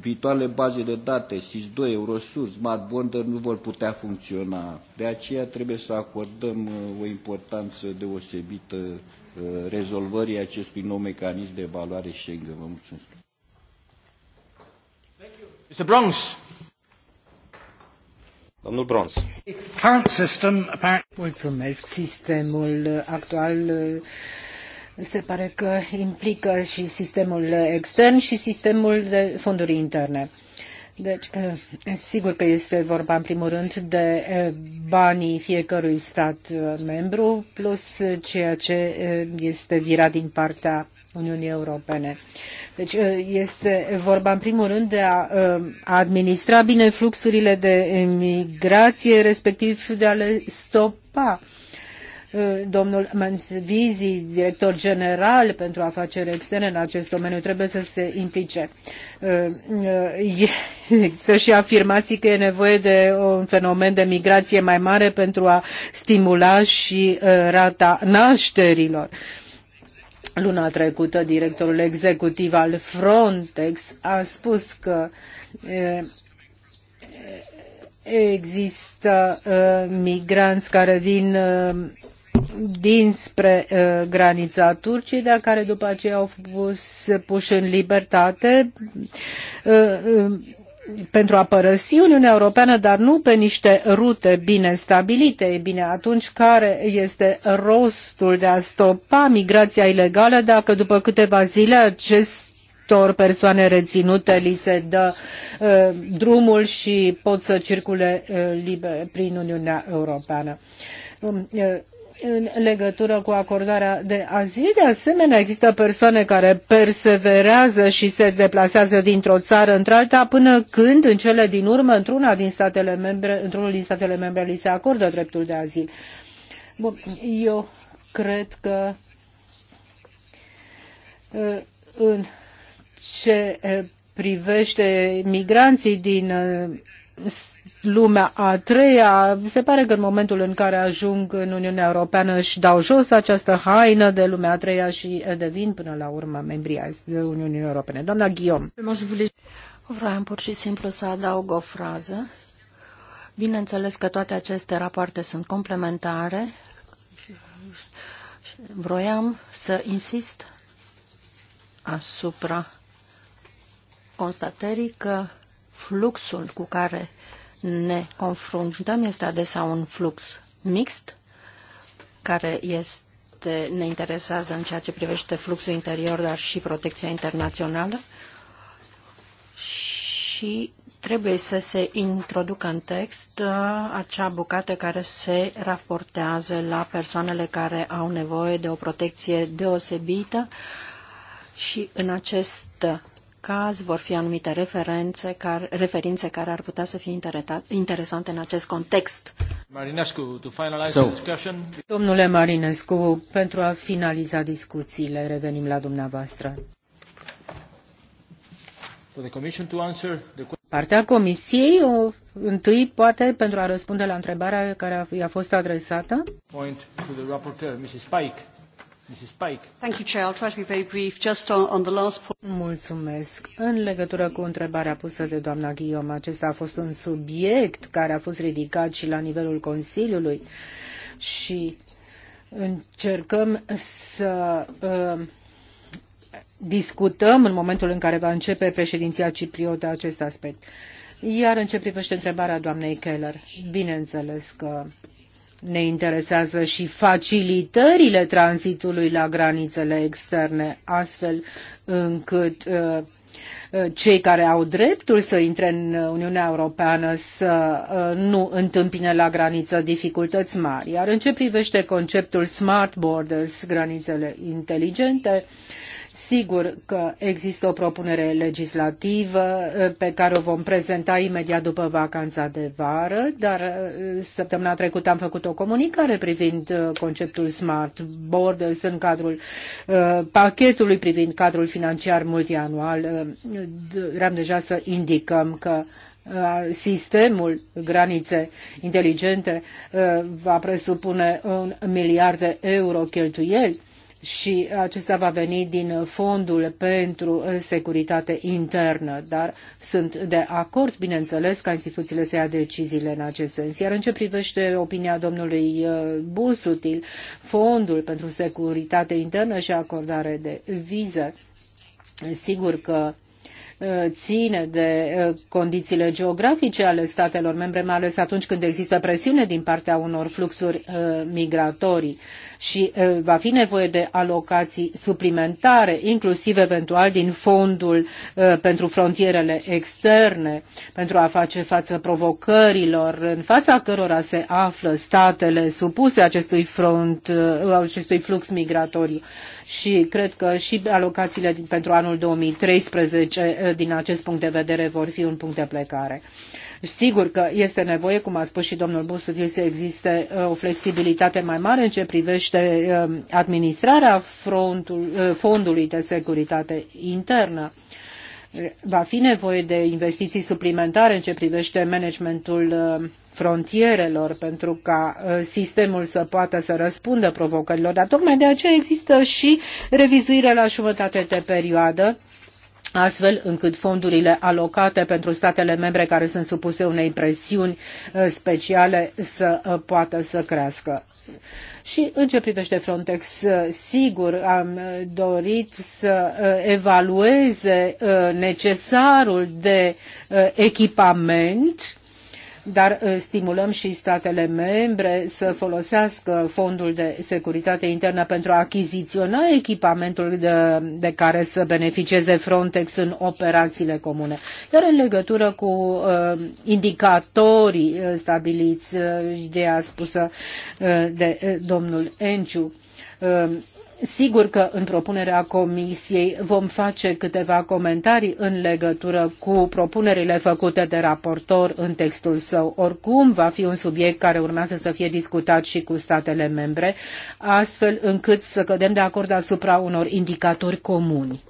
viitoarele baze de date, SIS-2, Eurosur, Smart Bonder, nu vor putea funcționa. De aceea trebuie să acordăm uh, o importanță deosebită uh, rezolvării acestui nou mecanism de evaluare Schengen. Vă mulțumesc. Mr. Bronx. Domnul Bronz. Mulțumesc. Sistemul actual se pare că implică și sistemul extern și sistemul de fonduri interne. Deci, eh, sigur că este vorba în primul rând de eh, banii fiecărui stat eh, membru plus ceea ce este virat din partea Uniunii Europene. Deci este vorba în primul rând de a administra bine fluxurile de migrație, respectiv de a le stopa Uh, domnul Mansvizi, director general pentru afaceri externe în acest domeniu, trebuie să se implice. Uh, uh, există și afirmații că e nevoie de un fenomen de migrație mai mare pentru a stimula și rata nașterilor. Luna trecută, directorul executiv al Frontex a spus că există migranți care vin dinspre uh, granița Turciei, dar care după aceea au fost puși în libertate uh, um, pentru a părăsi Uniunea Europeană, dar nu pe niște rute bine stabilite. E bine, atunci care este rostul de a stopa migrația ilegală dacă după câteva zile acest acestor persoane reținute li se dă uh, drumul și pot să circule uh, liber prin Uniunea Europeană. Um, uh, în legătură cu acordarea de azil. De asemenea, există persoane care perseverează și se deplasează dintr-o țară într-alta până când, în cele din urmă, într-una din statele membre, într-unul din statele membre li se acordă dreptul de azil. Bun, eu cred că uh, în ce uh, privește migranții din uh, lumea a treia. Se pare că în momentul în care ajung în Uniunea Europeană își dau jos această haină de lumea a treia și devin până la urmă membri ai Uniunii Europene. Doamna Ghiom. Vreau pur și simplu să adaug o frază. Bineînțeles că toate aceste rapoarte sunt complementare. Vroiam să insist asupra constatării că fluxul cu care ne confruntăm este adesea un flux mixt, care este, ne interesează în ceea ce privește fluxul interior, dar și protecția internațională. Și trebuie să se introducă în text uh, acea bucată care se raportează la persoanele care au nevoie de o protecție deosebită și în acest caz vor fi anumite referențe care, referințe care ar putea să fie interesante în acest context. Marinescu, to finalize so. discussion. Domnule Marinescu, pentru a finaliza discuțiile, revenim la dumneavoastră. For the commission to answer the... Partea comisiei, o, întâi poate pentru a răspunde la întrebarea care i-a fost adresată. Point to the rapporteur, Mrs. Pike. Mulțumesc. În legătură cu întrebarea pusă de doamna Guillaume, acesta a fost un subiect care a fost ridicat și la nivelul Consiliului și încercăm să uh, discutăm în momentul în care va începe președinția cipriotă acest aspect. Iar în ce privește întrebarea doamnei Keller, bineînțeles că ne interesează și facilitările tranzitului la granițele externe, astfel încât uh, uh, cei care au dreptul să intre în Uniunea Europeană să uh, nu întâmpine la graniță dificultăți mari. Iar în ce privește conceptul smart borders, granițele inteligente, uh, Sigur că există o propunere legislativă eh, pe care o vom prezenta imediat după vacanța de vară, dar eh, săptămâna trecută am făcut o comunicare privind eh, conceptul Smart Borders în cadrul pachetului privind cadrul financiar multianual. Vreau deja să indicăm că sistemul granițe inteligente va presupune un miliard de euro cheltuieli și acesta va veni din fondul pentru securitate internă, dar sunt de acord, bineînțeles, ca instituțiile să ia deciziile în acest sens. Iar în ce privește opinia domnului uh, Busutil, fondul pentru securitate internă și acordare de viză, sigur că uh, ține de uh, condițiile geografice ale statelor membre, mai ales atunci când există presiune din partea unor fluxuri migratorii și va fi nevoie de alocații suplimentare, inclusiv eventual din fondul pentru frontierele externe, pentru a face față provocărilor în fața cărora se află statele supuse acestui front, acestui flux migratoriu. Și cred că și alocațiile pentru anul 2013 din acest punct de vedere vor fi un punct de plecare. Sigur că este nevoie, cum a spus și domnul Busutil, să existe uh, o flexibilitate mai mare în ce privește uh, administrarea frontul, uh, fondului de securitate internă. Va fi nevoie de investiții suplimentare în ce privește managementul frontierelor pentru ca sistemul să poată să răspundă provocărilor, dar tocmai de aceea există și revizuirea la jumătate de perioadă astfel încât fondurile alocate pentru statele membre care sunt supuse unei presiuni uh, speciale să uh, poată să crească. Și în ce privește Frontex, uh, sigur am dorit să evalueze necesarul de echipament dar uh, stimulăm și statele membre să folosească fondul de securitate internă pentru a achiziționa echipamentul de, de care să beneficieze Frontex în operațiile comune. Iar în legătură cu uh, indicatorii uh, stabiliți, uh, ideea spusă uh, de uh, domnul Enciu, uh, Sigur că în propunerea comisiei vom face câteva comentarii în legătură cu propunerile făcute de raportor în textul său. Oricum, va fi un subiect care urmează să fie discutat și cu statele membre, astfel încât să cădem de acord asupra unor indicatori comuni.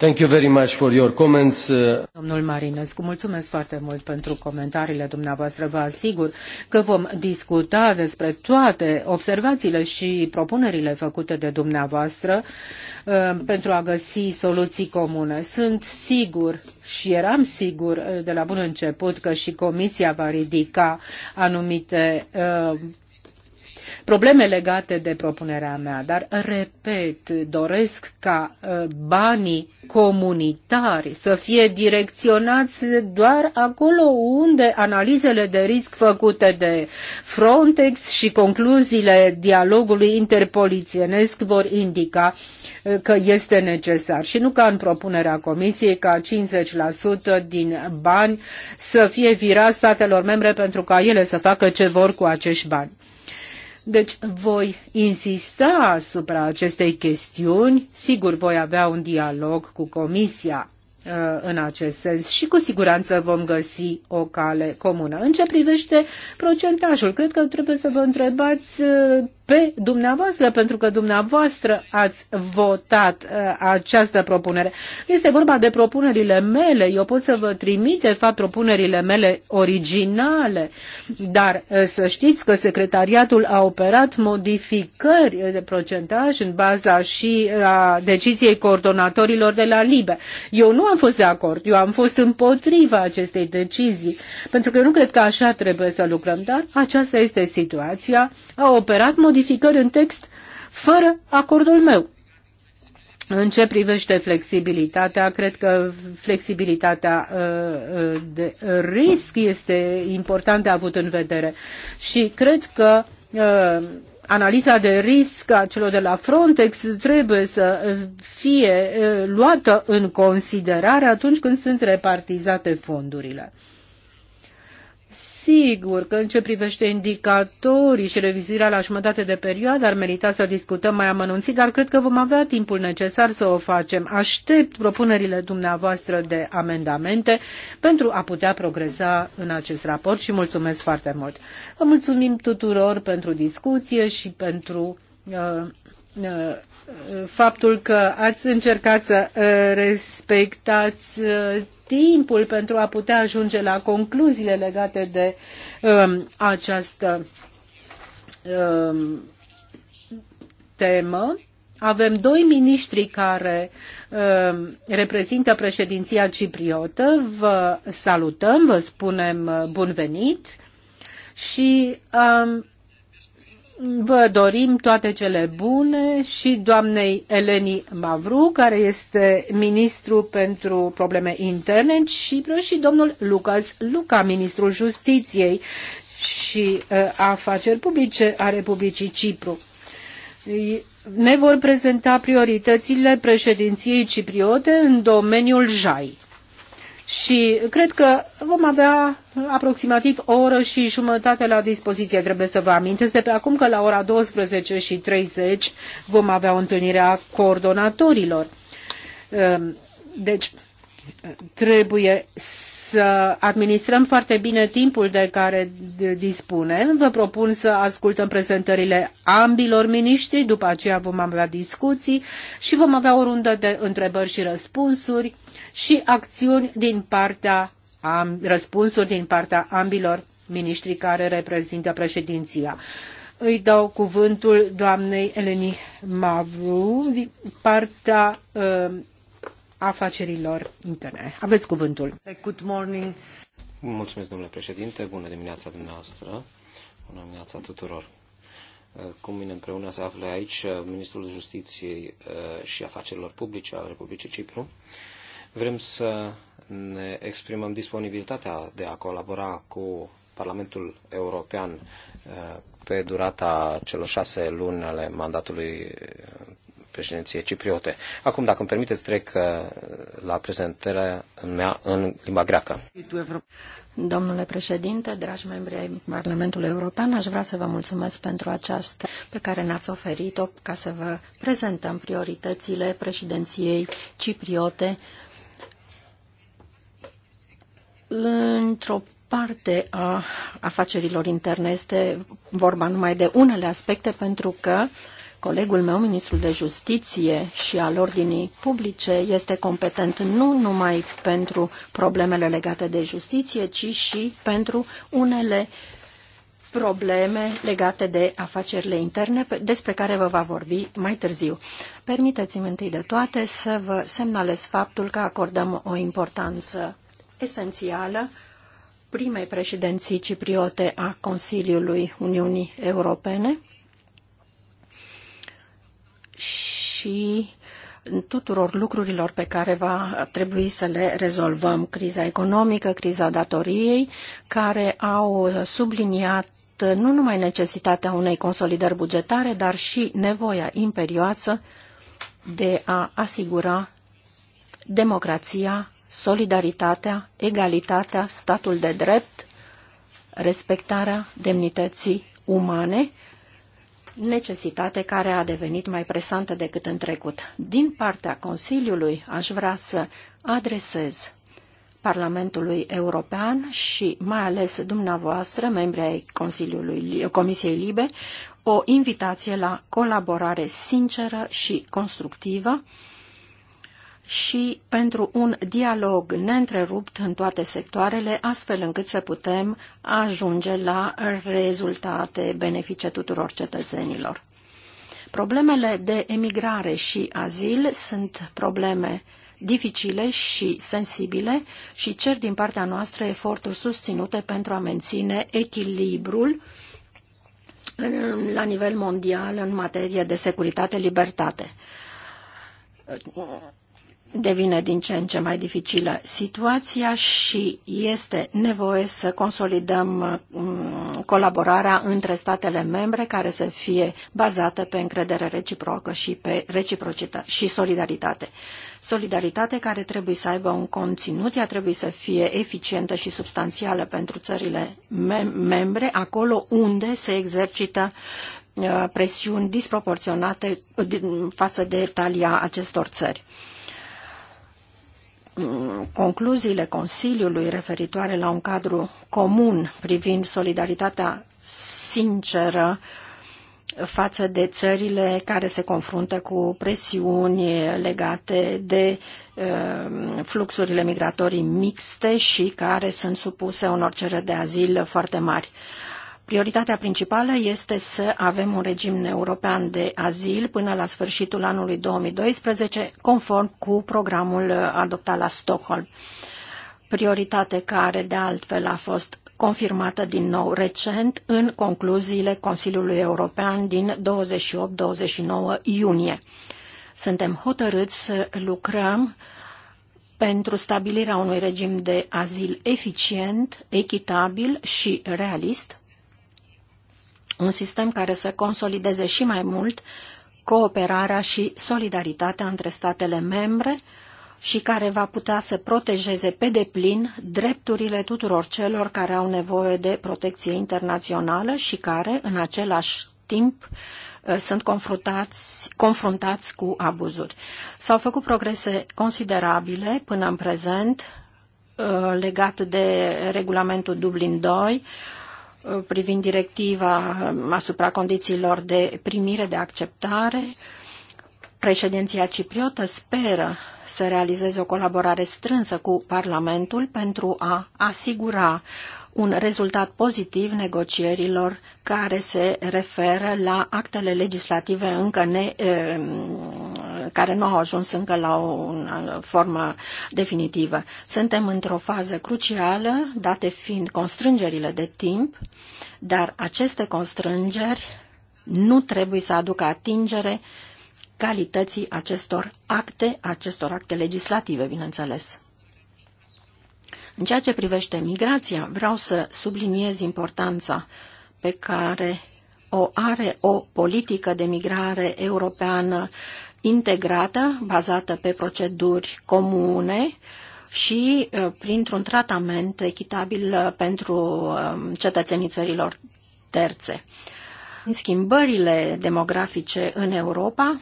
Thank you very much for your comments. Uh, Domnul Marinescu, mulțumesc foarte mult pentru comentariile dumneavoastră. Vă asigur că vom discuta despre toate observațiile și propunerile făcute de dumneavoastră uh, pentru a găsi soluții comune. Sunt sigur și eram sigur uh, de la bun început că și Comisia va ridica anumite probleme legate de propunerea mea, dar, repet, doresc ca ă, banii comunitari să fie direcționați doar acolo unde analizele de risc făcute de Frontex și concluziile dialogului interpolițienesc vor indica ă, că este necesar și nu ca în propunerea Comisiei ca 50% din bani să fie virați statelor membre pentru ca ele să facă ce vor cu acești bani. Deci voi insista asupra acestei chestiuni, sigur voi avea un dialog cu Comisia uh, în acest sens și cu siguranță vom găsi o cale comună. În ce privește procentajul, cred că trebuie să vă întrebați uh, pe dumneavoastră, pentru că dumneavoastră ați votat uh, această propunere. Este vorba de propunerile mele, eu pot să vă trimit, de fapt, propunerile mele originale, dar uh, să știți că secretariatul a operat modificări uh, de procentaj în baza și uh, a deciziei coordonatorilor de la LIBE. Eu nu am fost de acord, eu am fost împotriva acestei decizii, pentru că eu nu cred că așa trebuie să lucrăm, dar aceasta este situația, a operat modificări modificări în text fără acordul meu. În ce privește flexibilitatea, cred că flexibilitatea uh, uh, de risc este important de avut în vedere și cred că uh, analiza de risc a celor de la Frontex trebuie să fie luată în considerare atunci când sunt repartizate fondurile. Sigur că în ce privește indicatorii și revizuirea la jumătate de perioadă ar merita să discutăm mai amănunțit, dar cred că vom avea timpul necesar să o facem. Aștept propunerile dumneavoastră de amendamente pentru a putea progresa în acest raport și mulțumesc foarte mult. Vă mulțumim tuturor pentru discuție și pentru uh, uh faptul că ați încercat să uh, respectați uh, timpul pentru a putea ajunge la concluziile legate de um, această um, temă. Avem doi miniștri care um, reprezintă președinția cipriotă. Vă salutăm, vă spunem uh, bun venit și um, Vă dorim toate cele bune și doamnei Eleni Mavru, care este ministru pentru probleme interne în Cipru, și domnul Lucas Luca, ministrul justiției și uh, afaceri publice a Republicii Cipru. Ne vor prezenta prioritățile președinției cipriote în domeniul JAI și cred că vom avea aproximativ o oră și jumătate la dispoziție. Trebuie să vă amintesc de pe acum că la ora 12 și 30 vom avea o întâlnire a coordonatorilor. Ehm, deci trebuie să administrăm foarte bine timpul de care dispunem. Vă propun să ascultăm prezentările ambilor miniștri, după aceea vom avea discuții și vom avea o rundă de întrebări și răspunsuri și acțiuni din partea, răspunsuri din partea ambilor miniștri care reprezintă președinția. Îi dau cuvântul doamnei Eleni Mavru partea uh, afacerilor interne. Aveți cuvântul. Good morning. Mulțumesc, domnule președinte. Bună dimineața dumneavoastră. Bună dimineața tuturor. Uh, Cu mine împreună se află aici uh, ministrul justiției uh, și afacerilor publice al Republicii Cipru Vrem să ne exprimăm disponibilitatea de a colabora cu Parlamentul European uh, pe durata celor șase luni ale mandatului uh, președinției cipriote. Acum, dacă îmi permiteți, trec uh, la prezentarea mea în limba greacă. Domnule președinte, dragi membri ai Parlamentului European, aș vrea să vă mulțumesc pentru această pe care ne-ați oferit-o ca să vă prezentăm prioritățile președinției cipriote într-o parte a afacerilor interne. Este vorba numai de unele aspecte pentru că colegul meu, ministrul de justiție și al ordinii publice, este competent nu numai pentru problemele legate de justiție, ci și pentru unele probleme legate de afacerile interne, despre care vă va vorbi mai târziu. Permiteți-mi întâi de toate să vă semnalez faptul că acordăm o importanță esențială primei președinții cipriote a Consiliului Uniunii Europene și tuturor lucrurilor pe care va trebui să le rezolvăm. Criza economică, criza datoriei, care au subliniat nu numai necesitatea unei consolidări bugetare, dar și nevoia imperioasă de a asigura democrația solidaritatea, egalitatea, statul de drept, respectarea demnității umane, necesitate care a devenit mai presantă decât în trecut. Din partea Consiliului aș vrea să adresez Parlamentului European și mai ales dumneavoastră, membri ai Consiliului, Comisiei Libe, o invitație la colaborare sinceră și constructivă și pentru un dialog neîntrerupt în toate sectoarele, astfel încât să putem ajunge la rezultate benefice tuturor cetățenilor. Problemele de emigrare și azil sunt probleme dificile și sensibile și cer din partea noastră eforturi susținute pentru a menține echilibrul la nivel mondial în materie de securitate-libertate devine din ce în ce mai dificilă situația și este nevoie să consolidăm mm, colaborarea între statele membre care să fie bazată pe încredere reciprocă și pe reciprocitate și solidaritate. Solidaritate care trebuie să aibă un conținut, ea trebuie să fie eficientă și substanțială pentru țările mem membre, acolo unde se exercită uh, presiuni disproporționate uh, față de talia acestor țări. Mm, concluziile Consiliului referitoare la un cadru comun privind solidaritatea sinceră față de țările care se confruntă cu presiuni legate de mm, fluxurile migratorii mixte și care sunt supuse unor cereri de azil foarte mari. Prioritatea principală este să avem un regim european de azil până la sfârșitul anului 2012, conform cu programul adoptat la Stockholm. Prioritate care, de altfel, a fost confirmată din nou recent în concluziile Consiliului European din 28-29 iunie. Suntem hotărâți să lucrăm pentru stabilirea unui regim de azil eficient, echitabil și realist, un sistem care să consolideze și mai mult cooperarea și solidaritatea între statele membre și care va putea să protejeze pe deplin drepturile tuturor celor care au nevoie de protecție internațională și care, în același timp, uh, sunt confruntați, confruntați cu abuzuri. S-au făcut progrese considerabile până în prezent uh, legat de regulamentul Dublin II privind directiva asupra condițiilor de primire, de acceptare. Președinția cipriotă speră să realizeze o colaborare strânsă cu Parlamentul pentru a asigura un rezultat pozitiv negocierilor care se referă la actele legislative încă ne, ehm, care nu au ajuns încă la o uh, formă definitivă. Suntem într-o fază crucială, date fiind constrângerile de timp, dar aceste constrângeri nu trebuie să aducă atingere calității acestor acte, acestor acte legislative, bineînțeles. În ceea ce privește migrația, vreau să subliniez importanța pe care o are o politică de migrare europeană integrată, bazată pe proceduri comune și uh, printr-un tratament echitabil uh, pentru um, cetățenii țărilor terțe. Schimbările demografice în Europa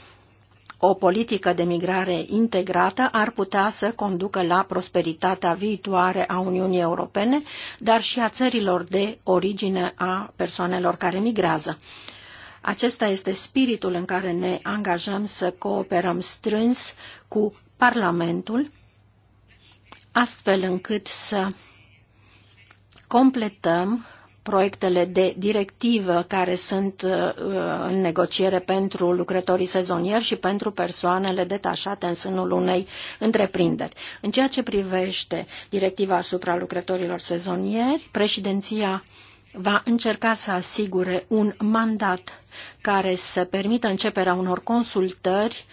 o politică de migrare integrată ar putea să conducă la prosperitatea viitoare a Uniunii Europene, dar și a țărilor de origine a persoanelor care migrează. Acesta este spiritul în care ne angajăm să cooperăm strâns cu Parlamentul, astfel încât să completăm proiectele de directivă care sunt uh, în negociere pentru lucrătorii sezonieri și pentru persoanele detașate în sânul unei întreprinderi. În ceea ce privește directiva asupra lucrătorilor sezonieri, președinția va încerca să asigure un mandat care să permită începerea unor consultări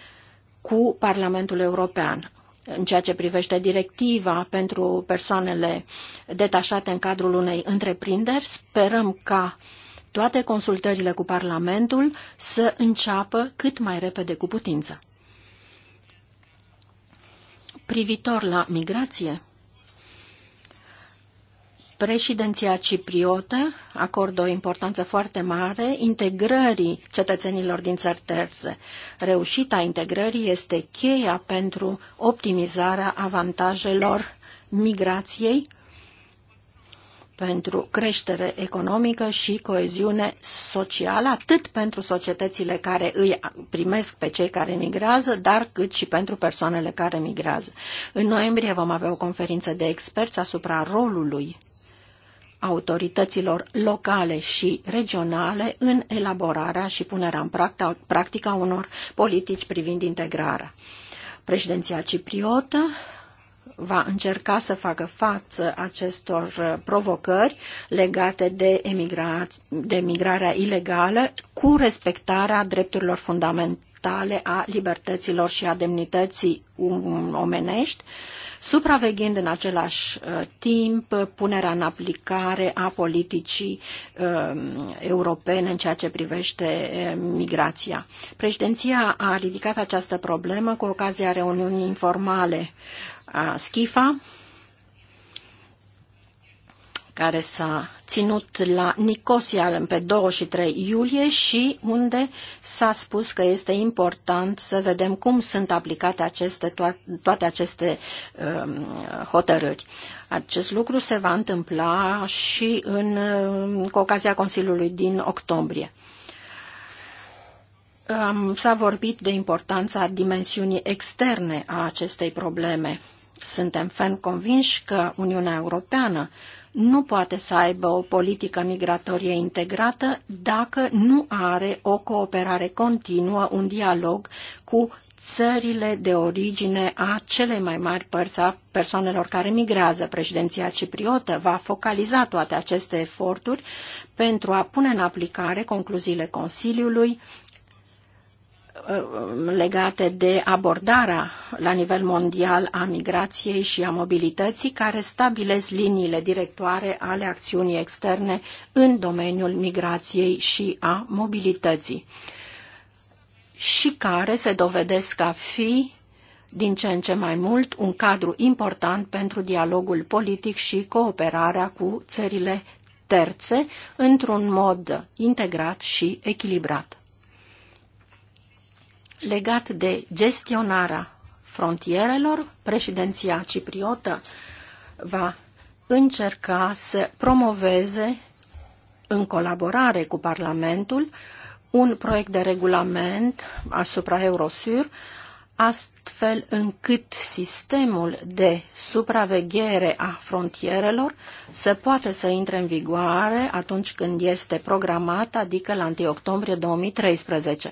cu Parlamentul European în ceea ce privește directiva pentru persoanele detașate în cadrul unei întreprinderi. Sperăm ca toate consultările cu Parlamentul să înceapă cât mai repede cu putință. Privitor la migrație, Președinția cipriotă acordă o importanță foarte mare integrării cetățenilor din țări terțe. Reușita integrării este cheia pentru optimizarea avantajelor migrației pentru creștere economică și coeziune socială, atât pentru societățile care îi primesc pe cei care migrează, dar cât și pentru persoanele care migrează. În noiembrie vom avea o conferință de experți asupra rolului autorităților locale și regionale în elaborarea și punerea în practică a unor politici privind integrarea. Președinția cipriotă va încerca să facă față acestor provocări legate de, emigra- de migrarea ilegală cu respectarea drepturilor fundamentale a libertăților și a demnității omenești, supraveghind în același uh, timp punerea în aplicare a politicii um, europene în ceea ce privește uh, migrația. Președinția a ridicat această problemă cu ocazia reuniunii informale a SCHIFA, care s-a ținut la Nicosia pe 2 și 3 iulie și unde s-a spus că este important să vedem cum sunt aplicate aceste, toate aceste uh, hotărâri. Acest lucru se va întâmpla și în, um, cu ocazia Consiliului din octombrie. S-a vorbit de importanța dimensiunii externe a acestei probleme. Suntem ferm convinși că Uniunea Europeană nu poate să aibă o politică migratorie integrată dacă nu are o cooperare continuă, un dialog cu țările de origine a cele mai mari părți a persoanelor care migrează. Președinția cipriotă va focaliza toate aceste eforturi pentru a pune în aplicare concluziile Consiliului Uh, legate de abordarea la nivel mondial a migrației și a mobilității care stabilesc liniile directoare ale acțiunii externe în domeniul migrației și a mobilității și care se dovedesc a fi din ce în ce mai mult un cadru important pentru dialogul politic și cooperarea cu țările terțe într-un mod integrat și echilibrat legat de gestionarea frontierelor, președinția cipriotă va încerca să promoveze, în colaborare cu Parlamentul, un proiect de regulament asupra Eurosur, astfel încât sistemul de supraveghere a frontierelor să poată să intre în vigoare atunci când este programat, adică la 1 octombrie 2013.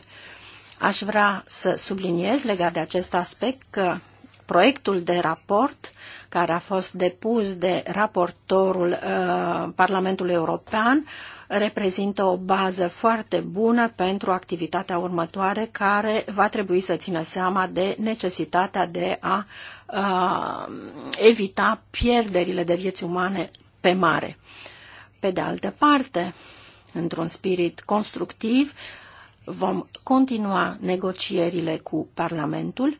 Aș vrea să subliniez legat de acest aspect că proiectul de raport care a fost depus de raportorul uh, Parlamentului European reprezintă o bază foarte bună pentru activitatea următoare care va trebui să țină seama de necesitatea de a uh, evita pierderile de vieți umane pe mare. Pe de altă parte, într-un spirit constructiv, vom continua negocierile cu Parlamentul,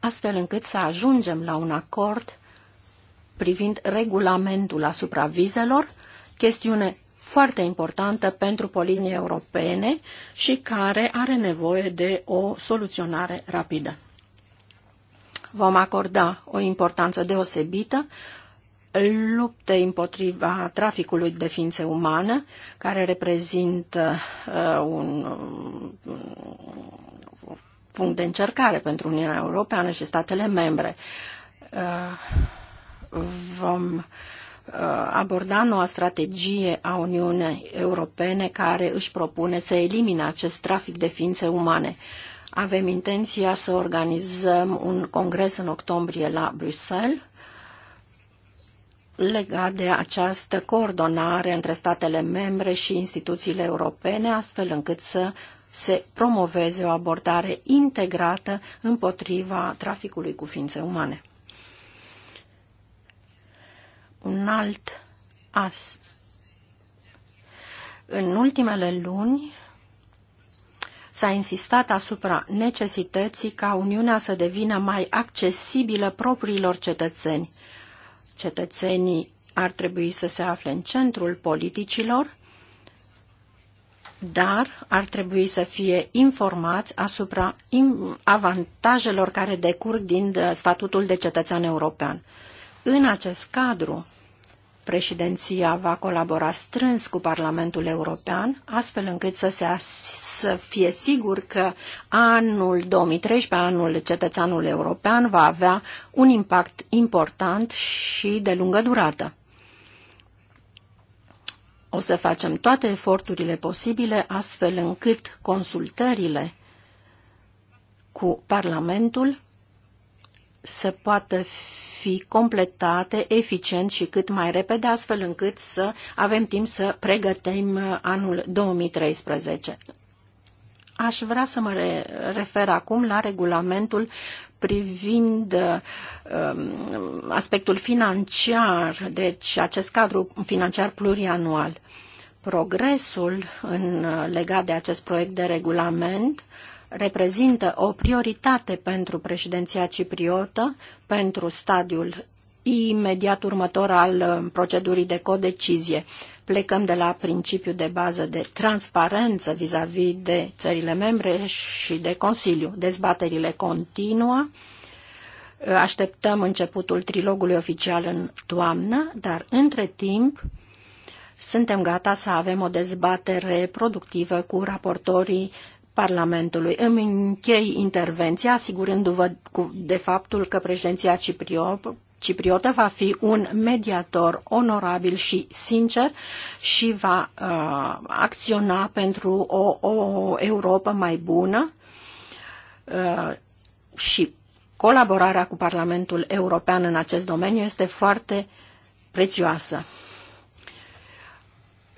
astfel încât să ajungem la un acord privind regulamentul asupra vizelor, chestiune foarte importantă pentru polinii europene și care are nevoie de o soluționare rapidă. Vom acorda o importanță deosebită luptei împotriva traficului de ființe umane, care reprezintă uh, un, un uh, punct de încercare pentru Uniunea Europeană și statele membre. Uh, vom uh, aborda noua strategie a Uniunii Europene care își propune să elimine acest trafic de ființe umane. Avem intenția să organizăm un congres în octombrie la Bruxelles legat de această coordonare între statele membre și instituțiile europene, astfel încât să se promoveze o abordare integrată împotriva traficului cu ființe umane. Un alt as. În ultimele luni s-a insistat asupra necesității ca Uniunea să devină mai accesibilă propriilor cetățeni Cetățenii ar trebui să se afle în centrul politicilor, dar ar trebui să fie informați asupra avantajelor care decurg din uh, statutul de cetățean european. În acest cadru, Președinția va colabora strâns cu Parlamentul European, astfel încât să, se să fie sigur că anul 2013, anul cetățeanului european, va avea un impact important și de lungă durată. O să facem toate eforturile posibile, astfel încât consultările cu Parlamentul să poată fi completate eficient și cât mai repede, astfel încât să avem timp să pregătim uh, anul 2013. Aș vrea să mă refer acum la regulamentul privind uh, um, aspectul financiar, deci acest cadru financiar plurianual. Progresul în, uh, legat de acest proiect de regulament uh, reprezintă o prioritate pentru președinția cipriotă, pentru stadiul imediat următor al um, procedurii de codecizie. Plecăm de la principiul de bază de transparență vis-a-vis -vis de țările membre și de Consiliu. Dezbaterile continuă. Așteptăm începutul trilogului oficial în toamnă, dar între timp suntem gata să avem o dezbatere productivă cu raportorii Parlamentului. Îmi închei intervenția asigurându-vă de faptul că președinția Cipriot cipriotă va fi un mediator onorabil și sincer și va uh, acționa pentru o, o Europa mai bună uh, și colaborarea cu Parlamentul European în acest domeniu este foarte prețioasă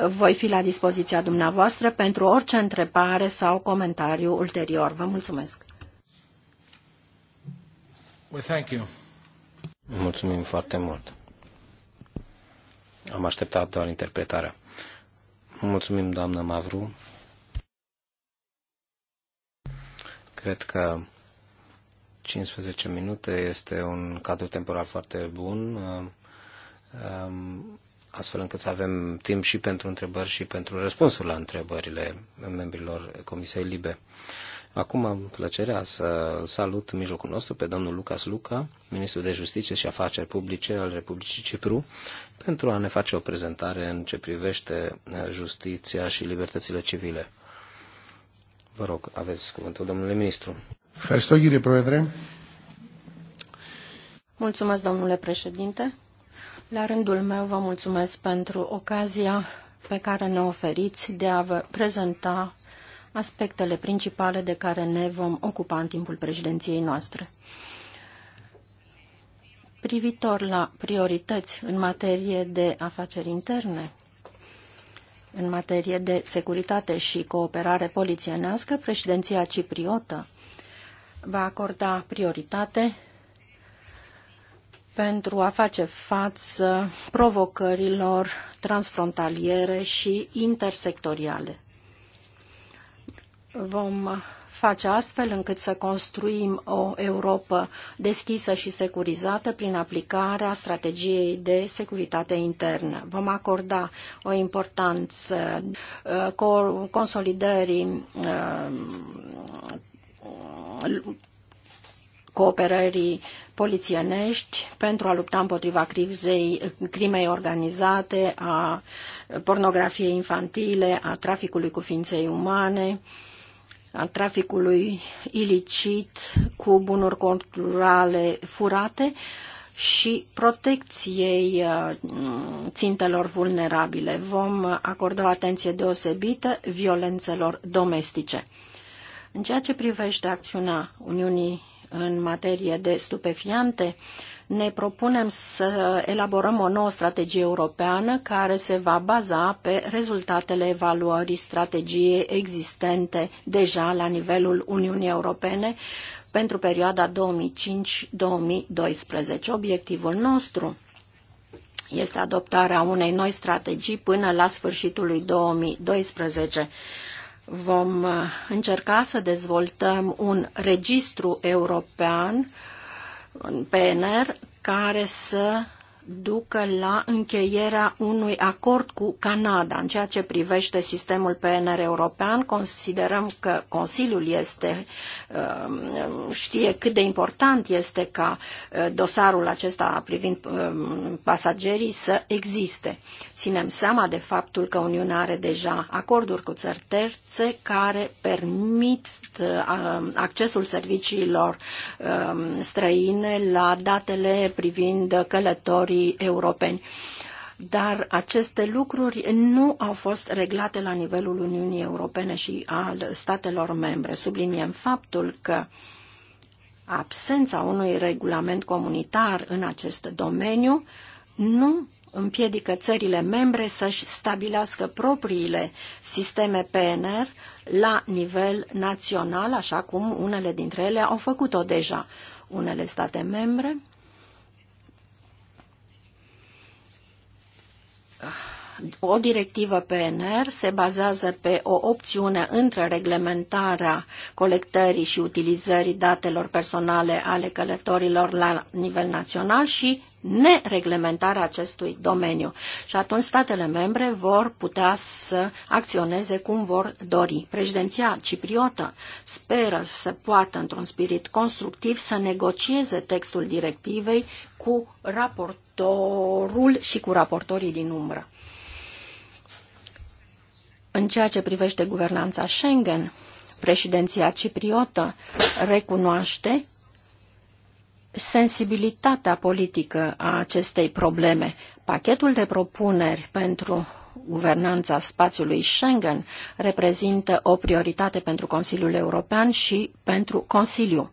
voi fi la dispoziția dumneavoastră pentru orice întrebare sau comentariu ulterior. Vă mulțumesc! Well, thank you. Mulțumim foarte mult! Am așteptat doar interpretarea. Mulțumim, doamnă Mavru. Cred că 15 minute este un cadru temporal foarte bun. Um, astfel încât să avem timp și pentru întrebări și pentru răspunsuri la întrebările membrilor Comisiei Libe. Acum am plăcerea să salut în mijlocul nostru pe domnul Lucas Luca, ministrul de Justiție și Afaceri Publice al Republicii Cipru, pentru a ne face o prezentare în ce privește justiția și libertățile civile. Vă rog, aveți cuvântul, domnule ministru. Mulțumesc, domnule președinte. La rândul meu vă mulțumesc pentru ocazia pe care ne oferiți de a vă prezenta aspectele principale de care ne vom ocupa în timpul președinției noastre. Privitor la priorități în materie de afaceri interne, în materie de securitate și cooperare polițienească, președinția cipriotă va acorda prioritate pentru a face față provocărilor transfrontaliere și intersectoriale. Vom face astfel încât să construim o Europă deschisă și securizată prin aplicarea strategiei de securitate internă. Vom acorda o importanță uh, consolidării uh, cooperării polițienești pentru a lupta împotriva crizei, crimei organizate, a pornografiei infantile, a traficului cu ființei umane, a traficului ilicit cu bunuri culturale furate și protecției uh, țintelor vulnerabile. Vom acorda o atenție deosebită violențelor domestice. În ceea ce privește acțiunea Uniunii în materie de stupefiante, ne propunem să elaborăm o nouă strategie europeană care se va baza pe rezultatele evaluării strategiei existente deja la nivelul Uniunii Europene pentru perioada 2005-2012. Obiectivul nostru este adoptarea unei noi strategii până la sfârșitul lui 2012 Vom uh, încerca să dezvoltăm un registru european, un PNR, care să ducă la încheierea unui acord cu Canada în ceea ce privește sistemul PNR european. Considerăm că Consiliul este, um, știe cât de important este ca uh, dosarul acesta privind um, pasagerii să existe. Ținem seama de faptul că Uniunea are deja acorduri cu țări terțe care permit uh, um, accesul serviciilor străine la datele privind călătorii lucrătorii europeni. Dar aceste lucruri nu au fost reglate la nivelul Uniunii Europene și al statelor membre. Subliniem faptul că absența unui regulament comunitar în acest domeniu nu împiedică țările membre să-și stabilească propriile sisteme PNR la nivel național, așa cum unele dintre ele au făcut-o deja. Unele state membre o directivă PNR se bazează pe o opțiune între reglementarea colectării și utilizării datelor personale ale călătorilor la nivel național și nereglementarea acestui domeniu. Și atunci statele membre vor putea să acționeze cum vor dori. Președinția cipriotă speră să poată, într-un spirit constructiv, să negocieze textul directivei cu raportorul și cu raportorii din umbră. În ceea ce privește guvernanța Schengen, președinția cipriotă recunoaște sensibilitatea politică a acestei probleme. Pachetul de propuneri pentru guvernanța spațiului Schengen reprezintă o prioritate pentru Consiliul European și pentru Consiliu.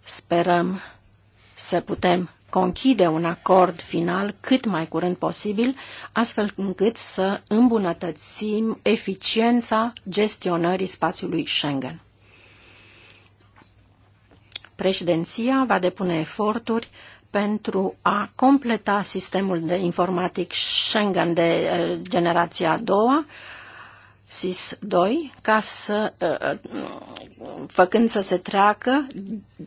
Sperăm să putem conchide un acord final cât mai curând posibil, astfel încât să îmbunătățim eficiența gestionării spațiului Schengen. Președinția va depune eforturi pentru a completa sistemul de informatic Schengen de eh, generația a doua, SIS-2 ca să, ă, ă, făcând să se treacă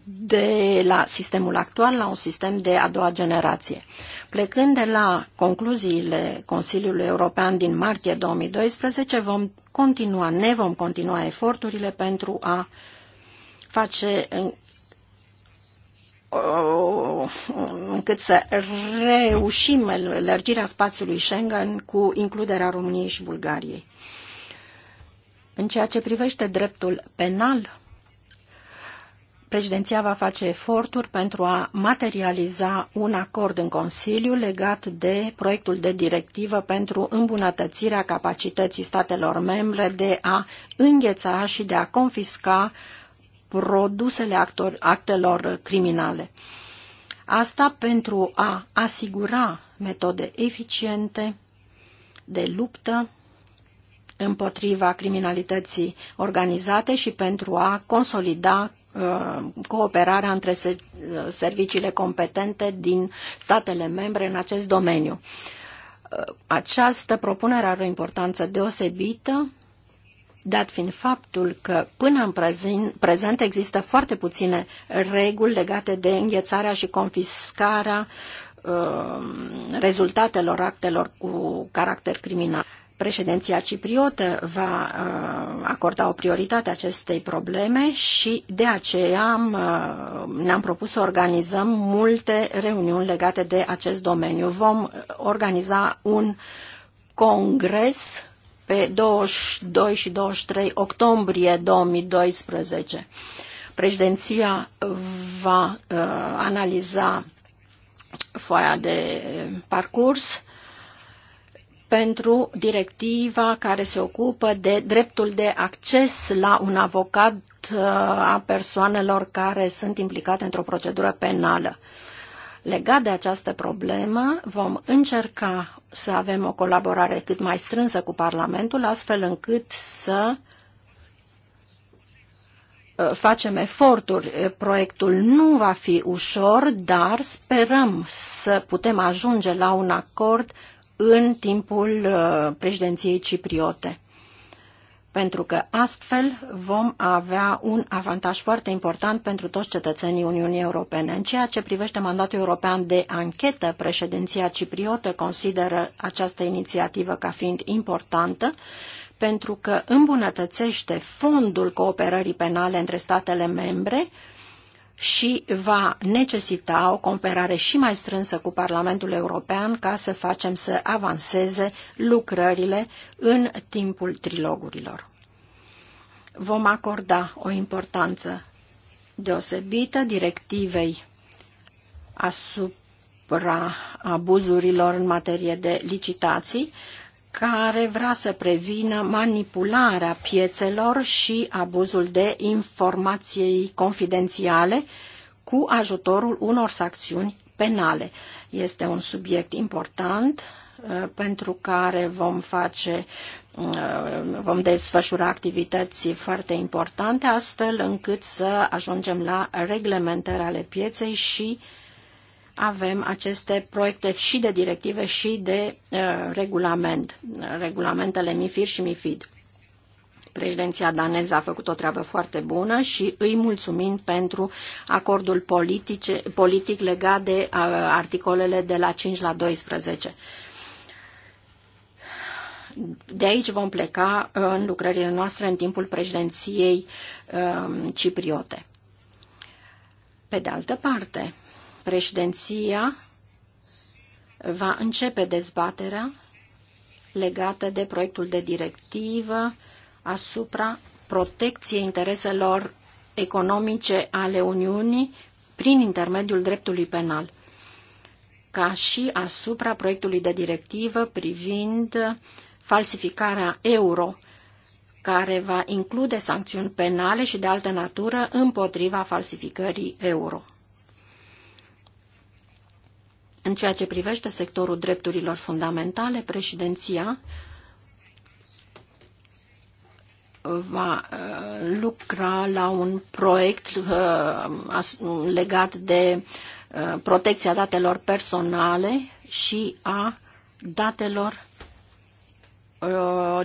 de la sistemul actual la un sistem de a doua generație. Plecând de la concluziile Consiliului European din martie 2012, vom continua, ne vom continua eforturile pentru a face încât să reușim lărgirea spațiului Schengen cu includerea României și Bulgariei. În ceea ce privește dreptul penal, președinția va face eforturi pentru a materializa un acord în Consiliu legat de proiectul de directivă pentru îmbunătățirea capacității statelor membre de a îngheța și de a confisca produsele actor, actelor criminale. Asta pentru a asigura metode eficiente de luptă împotriva criminalității organizate și pentru a consolida uh, cooperarea între uh, serviciile competente din statele membre în acest domeniu. Uh, această propunere are o importanță deosebită, dat fiind faptul că până în prezent, există foarte puține reguli legate de înghețarea și confiscarea rezultatelor actelor cu caracter criminal. Președinția cipriotă va uh, acorda o prioritate acestei probleme și de aceea uh, ne-am propus să organizăm multe reuniuni legate de acest domeniu. Vom uh, organiza un congres pe 22 și 23 octombrie 2012. Președinția va analiza foaia de parcurs pentru directiva care se ocupă de dreptul de acces la un avocat uh, a persoanelor care sunt implicate într-o procedură penală. Legat de această problemă, vom încerca să avem o colaborare cât mai strânsă cu Parlamentul, astfel încât să uh, facem eforturi. Proiectul nu va fi ușor, dar sperăm să putem ajunge la un acord în timpul uh, președinției cipriote. Pentru că astfel vom avea un avantaj foarte important pentru toți cetățenii Uniunii Europene. În ceea ce privește mandatul european de anchetă, președinția cipriotă consideră această inițiativă ca fiind importantă pentru că îmbunătățește fondul cooperării penale între statele membre, și va necesita o cooperare și mai strânsă cu Parlamentul European ca să facem să avanseze lucrările în timpul trilogurilor. Vom acorda o importanță deosebită directivei asupra abuzurilor în materie de licitații, care vrea să prevină manipularea piețelor și abuzul de informații confidențiale cu ajutorul unor sancțiuni penale. Este un subiect important uh, pentru care vom face uh, vom desfășura activități foarte importante astfel încât să ajungem la reglementări ale pieței și avem aceste proiecte și de directive și de uh, regulament, uh, regulamentele MIFIR și MIFID. Președinția daneză a făcut o treabă foarte bună și îi mulțumim pentru acordul politice, politic legat de uh, articolele de la 5 la 12. De aici vom pleca uh, în lucrările noastre în timpul președinției uh, cipriote. Pe de altă parte, Președinția va începe dezbaterea legată de proiectul de directivă asupra protecției intereselor economice ale Uniunii prin intermediul dreptului penal, ca și asupra proiectului de directivă privind falsificarea euro, care va include sancțiuni penale și de altă natură împotriva falsificării euro. În ceea ce privește sectorul drepturilor fundamentale, președinția va uh, lucra la un proiect uh, legat de uh, protecția datelor personale și a datelor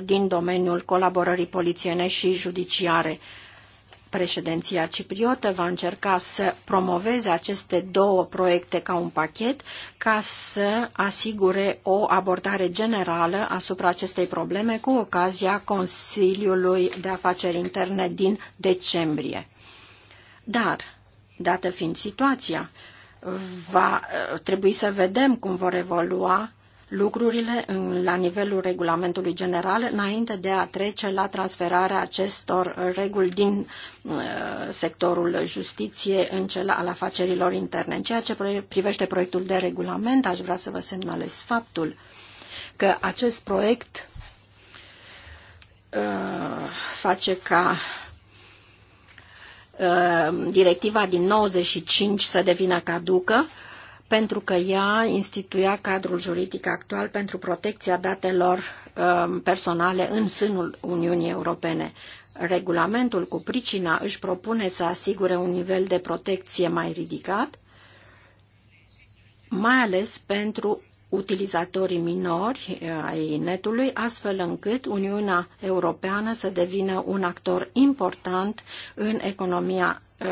din domeniul colaborării polițiene și judiciare. Președinția cipriotă va încerca să promoveze aceste două proiecte ca un pachet ca să asigure o abordare generală asupra acestei probleme cu ocazia Consiliului de Afaceri Interne din decembrie. Dar, dată fiind situația, va eh, trebui să vedem cum vor evolua lucrurile în, la nivelul regulamentului general înainte de a trece la transferarea acestor reguli din uh, sectorul justiție în cel al afacerilor interne. În ceea ce privește proiectul de regulament, aș vrea să vă semnalez faptul că acest proiect uh, face ca uh, directiva din 95 să devină caducă, pentru că ea instituia cadrul juridic actual pentru protecția datelor um, personale în sânul Uniunii Europene. Regulamentul cu pricina își propune să asigure un nivel de protecție mai ridicat, mai ales pentru utilizatorii minori eh, ai netului, astfel încât Uniunea Europeană să devină un actor important în economia eh,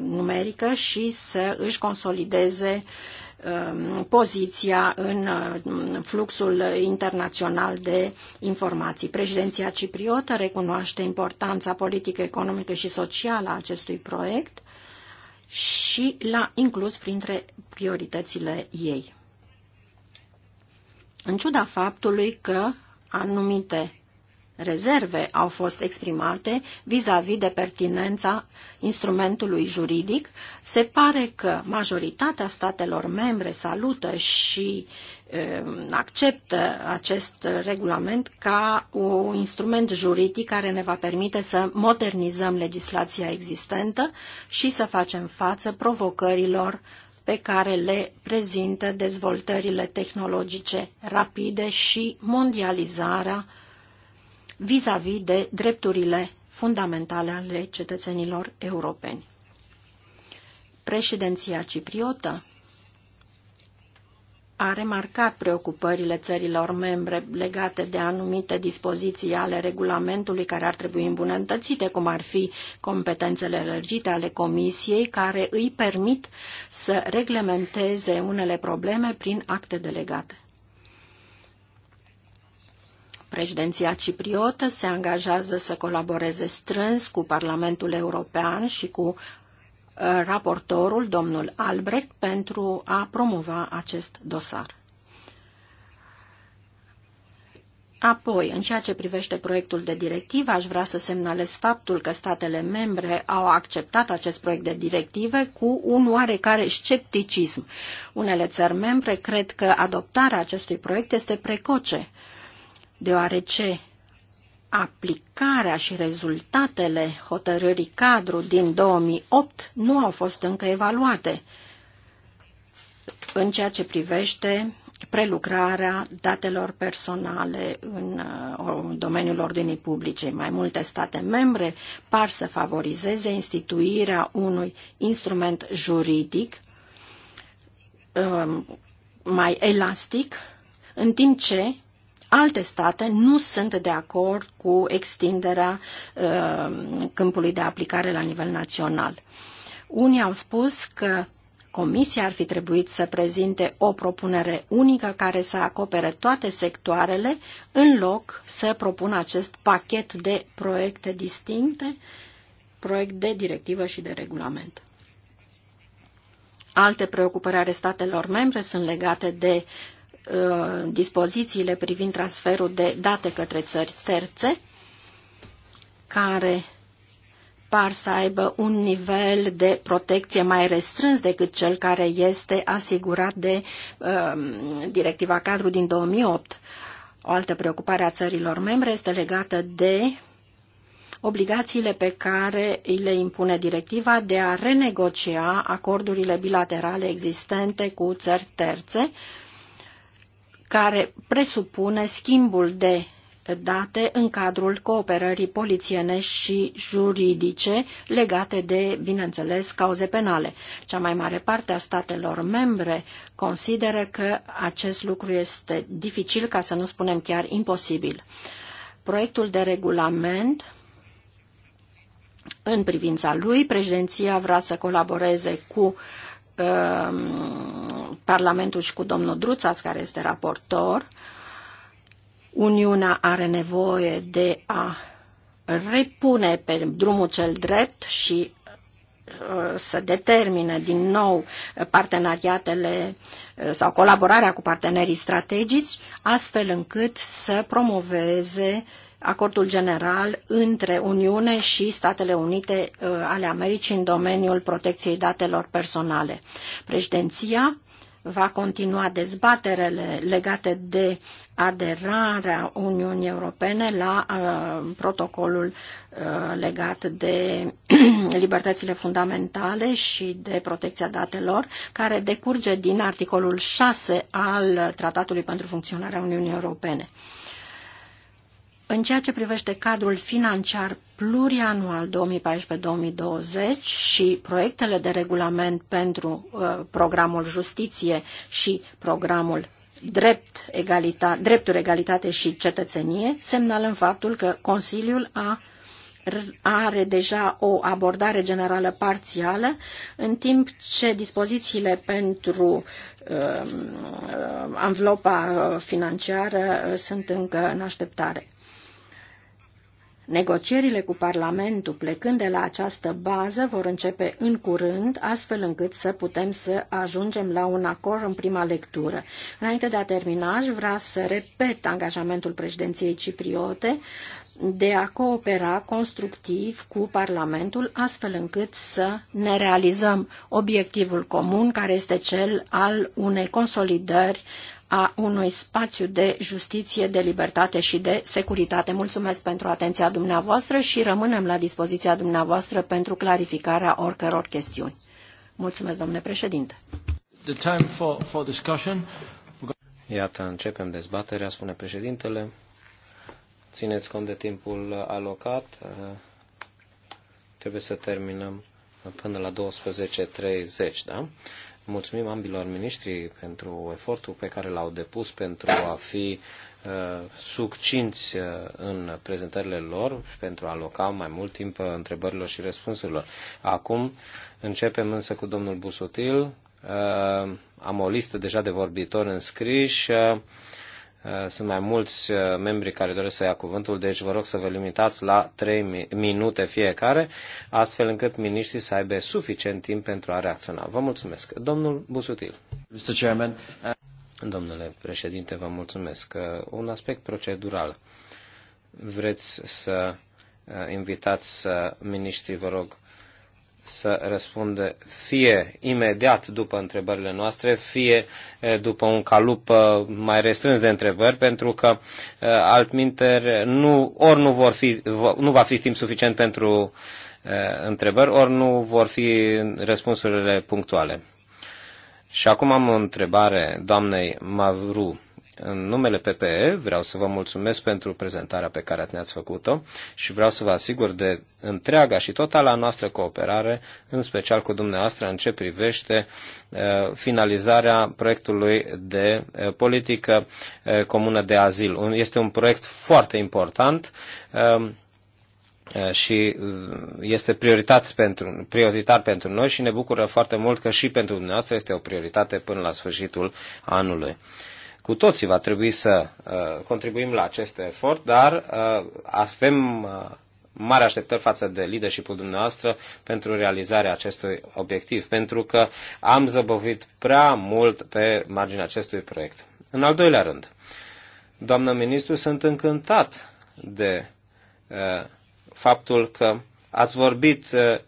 numerică și să își consolideze eh, poziția în fluxul internațional de informații. Președinția cipriotă recunoaște importanța politică, economică și socială a acestui proiect și l-a inclus printre prioritățile ei în ciuda faptului că anumite rezerve au fost exprimate vis-a-vis -vis de pertinența instrumentului juridic, se pare că majoritatea statelor membre salută și e, ehm, acceptă acest regulament ca un instrument juridic care ne va permite să modernizăm legislația existentă și să facem față provocărilor pe care le prezintă dezvoltările tehnologice rapide și mondializarea vis-a-vis -vis de drepturile fundamentale ale cetățenilor europeni. Președinția cipriotă a remarcat preocupările țărilor membre legate de anumite dispoziții ale regulamentului care ar trebui îmbunătățite, cum ar fi competențele lărgite ale Comisiei, care îi permit să reglementeze unele probleme prin acte delegate. Președinția cipriotă se angajează să colaboreze strâns cu Parlamentul European și cu raportorul, domnul Albrecht, pentru a promova acest dosar. Apoi, în ceea ce privește proiectul de directivă, aș vrea să semnalez faptul că statele membre au acceptat acest proiect de directivă cu un oarecare scepticism. Unele țări membre cred că adoptarea acestui proiect este precoce, deoarece aplicarea și rezultatele hotărârii cadru din 2008 nu au fost încă evaluate în ceea ce privește prelucrarea datelor personale uh, în, domeniul ordinii publice. Mai multe state membre par să favorizeze instituirea unui instrument juridic um, mai elastic, în timp ce alte state nu sunt de acord cu extinderea uh, câmpului de aplicare la nivel național. Unii au spus că Comisia ar fi trebuit să prezinte o propunere unică care să acopere toate sectoarele, în loc să propună acest pachet de proiecte distincte, proiect de directivă și de regulament. Alte preocupări ale statelor membre sunt legate de Uh, dispozițiile privind transferul de date către țări terțe, care par să aibă un nivel de protecție mai restrâns decât cel care este asigurat de uh, Directiva Cadru din 2008. O altă preocupare a țărilor membre este legată de obligațiile pe care îi le impune directiva de a renegocia acordurile bilaterale existente cu țări terțe, uh, care presupune schimbul de date în cadrul cooperării polițiene și juridice legate de, bineînțeles, cauze penale. Cea mai mare parte a statelor membre consideră că acest lucru este dificil, ca să nu spunem chiar imposibil. Proiectul de regulament în privința lui, președinția vrea să colaboreze cu um, Parlamentul și cu domnul Druțas, care este raportor, Uniunea are nevoie de a repune pe drumul cel drept și uh, să determine din nou parteneriatele uh, sau colaborarea cu partenerii strategici, astfel încât să promoveze acordul general între Uniune și Statele Unite uh, ale Americii în domeniul protecției datelor personale. Președinția va continua dezbaterele legate de aderarea Uniunii Europene la uh, protocolul uh, legat de libertățile fundamentale și de protecția datelor, care decurge din articolul 6 al Tratatului pentru funcționarea Uniunii Europene. În ceea ce privește cadrul financiar plurianual 2014-2020 și proiectele de regulament pentru uh, programul justiție și programul drept, egalita, drepturi, egalitate și cetățenie, semnalăm faptul că Consiliul a are deja o abordare generală parțială, în timp ce dispozițiile pentru um, uh, anvelopa uh, financiară uh, sunt încă în așteptare. Negocierile cu Parlamentul, plecând de la această bază, vor începe în curând, astfel încât să putem să ajungem la un acord în prima lectură. Înainte de a termina, aș vrea să repet angajamentul președinției cipriote de a coopera constructiv cu Parlamentul, astfel încât să ne realizăm obiectivul comun, care este cel al unei consolidări a unui spațiu de justiție, de libertate și de securitate. Mulțumesc pentru atenția dumneavoastră și rămânem la dispoziția dumneavoastră pentru clarificarea oricăror chestiuni. Mulțumesc, domnule președinte. The time for, for discussion. Iată, începem dezbaterea, spune președintele. Țineți cont de timpul alocat. Trebuie să terminăm până la 12.30, da? mulțumim ambilor miniștri pentru efortul pe care l-au depus pentru a fi uh, succinți uh, în prezentările lor, pentru a aloca mai mult timp uh, întrebărilor și răspunsurilor. Acum începem însă cu domnul Busutil. Uh, am o listă deja de vorbitori înscriși. Uh, Eh, sunt mai mulți eh, membri care doresc să ia cuvântul, deci vă rog să vă limitați la 3 minute fiecare, astfel încât miniștrii să aibă suficient timp pentru a reacționa. Vă mulțumesc. Domnul Busutil. Mr. Chairman, uh, Domnule președinte, vă mulțumesc. Eh, un aspect procedural. Vreți să invitați miniștrii, vă rog, să răspundă fie imediat după întrebările noastre, fie după un calup mai restrâns de întrebări, pentru că altminteri nu, ori nu, vor fi, nu va fi timp suficient pentru întrebări, ori nu vor fi răspunsurile punctuale. Și acum am o întrebare doamnei Mavru. În numele PPE vreau să vă mulțumesc pentru prezentarea pe care ne-ați făcut-o și vreau să vă asigur de întreaga și totala noastră cooperare, în special cu dumneavoastră în ce privește uh, finalizarea proiectului de uh, politică uh, comună de azil. Este un proiect foarte important um, și este prioritar pentru, prioritar pentru noi și ne bucură foarte mult că și pentru dumneavoastră este o prioritate până la sfârșitul anului. Cu toții va trebui să uh, contribuim la acest efort, dar uh, avem uh, mare așteptări față de leadership-ul dumneavoastră pentru realizarea acestui obiectiv, pentru că am zăbovit prea mult pe marginea acestui proiect. În al doilea rând, doamnă ministru, sunt încântat de uh, faptul că ați vorbit uh,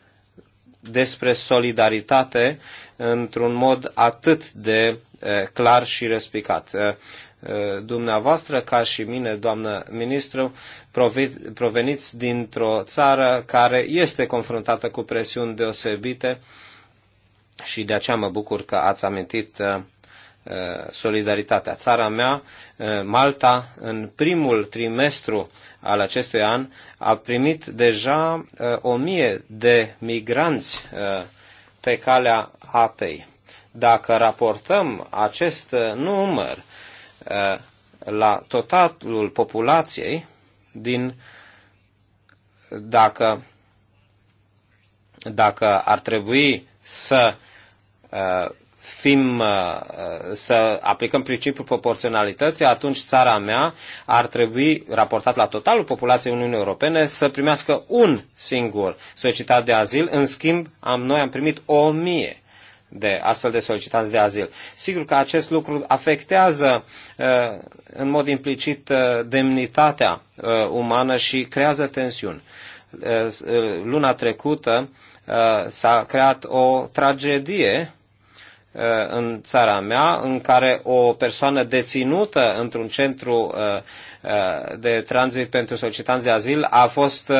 despre solidaritate într-un mod atât de clar și răspicat. Dumneavoastră, ca și mine, doamnă ministru, proveniți dintr-o țară care este confruntată cu presiuni deosebite și de aceea mă bucur că ați amintit solidaritatea. Țara mea, Malta, în primul trimestru al acestui an, a primit deja o mie de migranți pe calea apei. Dacă raportăm acest uh, număr uh, la totalul populației, din dacă, dacă ar trebui să uh, fim, să aplicăm principiul proporționalității, atunci țara mea ar trebui, raportat la totalul populației Uniunii Europene, să primească un singur solicitat de azil. În schimb, am, noi am primit o mie de astfel de solicitanți de azil. Sigur că acest lucru afectează uh, în mod implicit uh, demnitatea uh, umană și creează tensiuni. Luna trecută s-a creat o tragedie în țara mea, în care o persoană deținută într-un centru de tranzit pentru solicitanți de azil a fost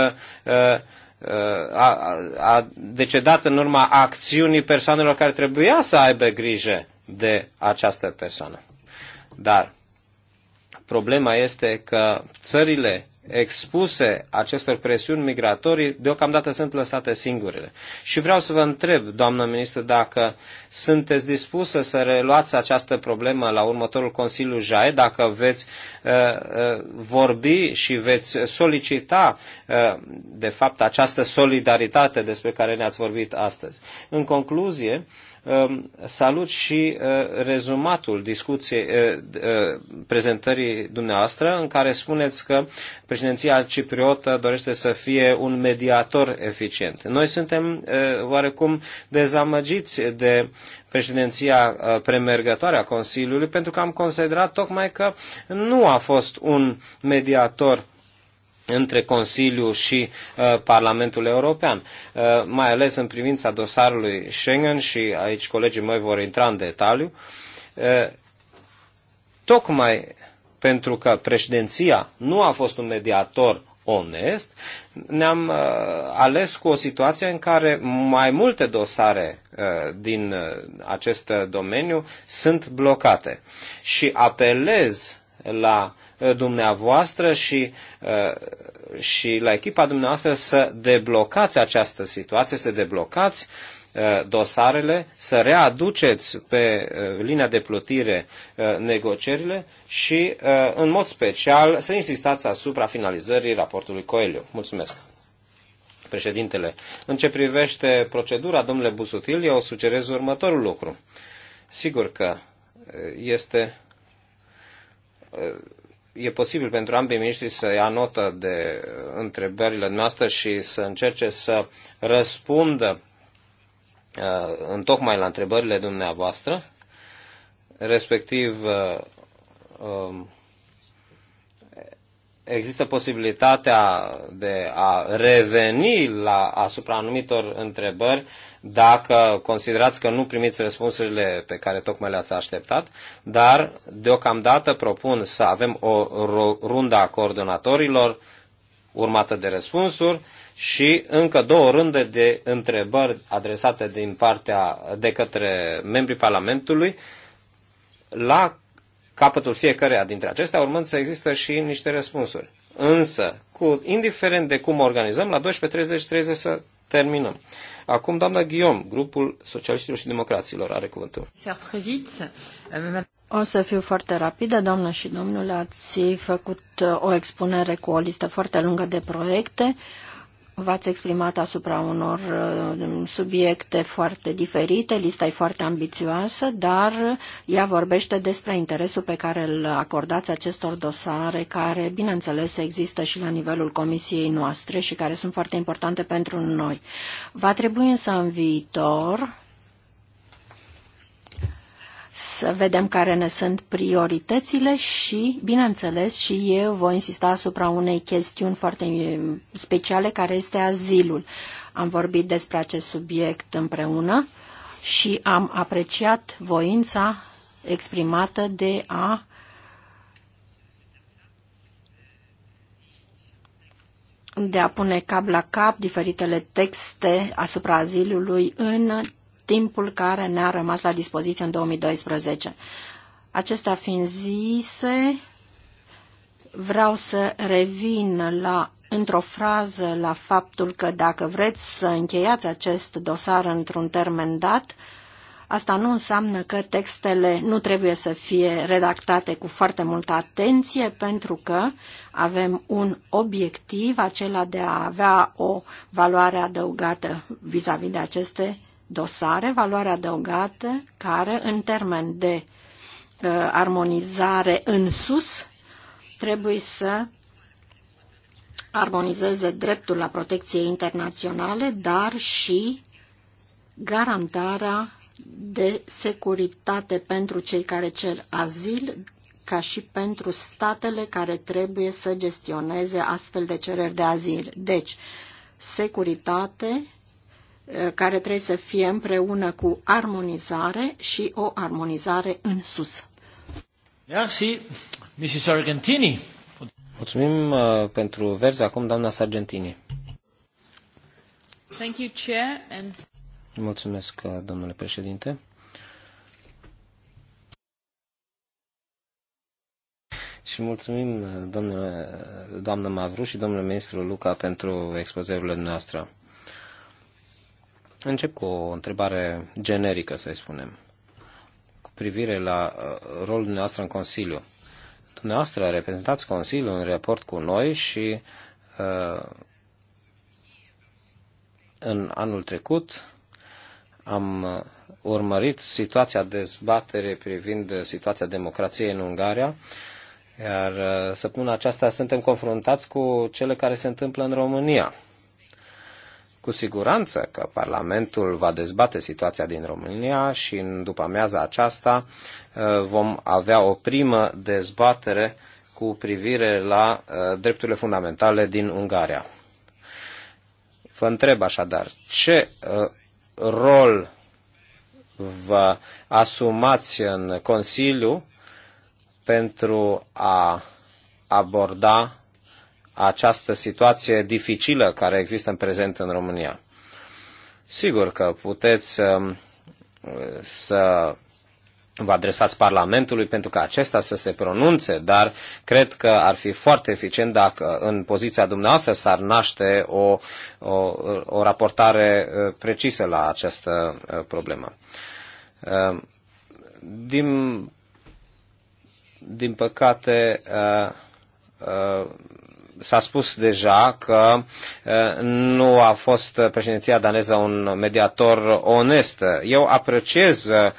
a, a decedat în urma acțiunii persoanelor care trebuia să aibă grijă de această persoană. Dar problema este că țările expuse acestor presiuni migratorii, deocamdată sunt lăsate singurele. Și vreau să vă întreb, doamnă ministru, dacă sunteți dispusă să reluați această problemă la următorul Consiliu JAE, dacă veți uh, uh, vorbi și veți solicita, uh, de fapt, această solidaritate despre care ne-ați vorbit astăzi. În concluzie, uh, Um, salut și uh, rezumatul discuției uh, uh, prezentării dumneavoastră în care spuneți că președinția cipriotă dorește să fie un mediator eficient. Noi suntem oarecum dezamăgiți de președinția premergătoare a Consiliului pentru că am considerat tocmai că nu a fost un mediator între Consiliu și uh, Parlamentul European, uh, mai ales în privința dosarului Schengen și aici colegii mei vor intra în detaliu, uh, tocmai pentru că președinția nu a fost un mediator onest, ne-am uh, ales cu o situație în care mai multe dosare uh, din uh, acest domeniu sunt blocate. Și apelez la uh, Eh, dumneavoastră și, eh, și la echipa dumneavoastră să deblocați această situație, să deblocați eh, dosarele, să readuceți pe linia de plutire negocierile și, în mod special, să insistați asupra finalizării raportului Coelho. Mulțumesc! Președintele, în ce privește procedura, domnule Busutil, eu sugerez următorul lucru. Sigur că este e posibil pentru ambii miniștri să ia notă de uh, întrebările noastre și să încerce să răspundă uh, în tocmai la întrebările dumneavoastră, respectiv uh, um, există posibilitatea de a reveni la, asupra anumitor întrebări dacă considerați că nu primiți răspunsurile pe care tocmai le-ați așteptat, dar deocamdată propun să avem o rundă a coordonatorilor urmată de răspunsuri și încă două runde de întrebări adresate din partea de către membrii Parlamentului la capătul fiecăruia dintre acestea, urmând să există și niște răspunsuri. Însă, cu, indiferent de cum organizăm, la 12.30 trebuie să terminăm. Acum, doamna Guillaume, grupul Socialiștilor și Democraților, are cuvântul. O să fiu foarte rapidă, doamnă și domnule. Ați făcut uh, o expunere cu o listă foarte lungă de proiecte. V-ați exprimat asupra unor uh, subiecte foarte diferite, lista e foarte ambițioasă, dar ea vorbește despre interesul pe care îl acordați acestor dosare, care, bineînțeles, există și la nivelul comisiei noastre și care sunt foarte importante pentru noi. Va trebui însă în viitor să vedem care ne sunt prioritățile și, bineînțeles, și eu voi insista asupra unei chestiuni foarte speciale, care este azilul. Am vorbit despre acest subiect împreună și am apreciat voința exprimată de a de a pune cap la cap diferitele texte asupra azilului în timpul care ne-a rămas la dispoziție în 2012. Acestea fiind zise, vreau să revin la într-o frază la faptul că dacă vreți să încheiați acest dosar într-un termen dat, asta nu înseamnă că textele nu trebuie să fie redactate cu foarte multă atenție, pentru că avem un obiectiv, acela de a avea o valoare adăugată vis-a-vis -vis de aceste dosare, valoare adăugată, care în termen de uh, armonizare în sus trebuie să armonizeze dreptul la protecție internaționale, dar și garantarea de securitate pentru cei care cer azil, ca și pentru statele care trebuie să gestioneze astfel de cereri de azil. Deci, securitate Eh, care trebuie să fie împreună cu armonizare și o armonizare în sus. Merci, Mrs. Argentini. Mulțumim uh, pentru verzi acum, doamna Sargentini. Thank you, Chair, and... Mulțumesc, eh, domnule președinte. Și mulțumim, domnule, doamnă Mavru și domnule ministru Luca, pentru expozerile noastre. Încep cu o întrebare generică, să spunem, cu privire la uh, rolul dumneavoastră în Consiliu. Dumneavoastră reprezentați Consiliul în raport cu noi și uh, în anul trecut am uh, urmărit situația dezbatere privind situația democrației în Ungaria, iar uh, săptămâna aceasta suntem confruntați cu cele care se întâmplă în România. Cu siguranță că Parlamentul va dezbate situația din România și în după amiaza aceasta uh, vom avea o primă dezbatere cu privire la uh, drepturile fundamentale din Ungaria. Vă întreb așadar, ce uh, rol vă asumați în Consiliu pentru a aborda această situație dificilă care există în prezent în România. Sigur că puteți um, să vă adresați Parlamentului pentru ca acesta să se pronunțe, dar cred că ar fi foarte eficient dacă în poziția dumneavoastră s-ar naște o, o, o raportare uh, precisă la această uh, problemă. Uh, din, din păcate, s-a spus deja că eh, nu a fost președinția daneză un mediator onest. Eu apreciez eh,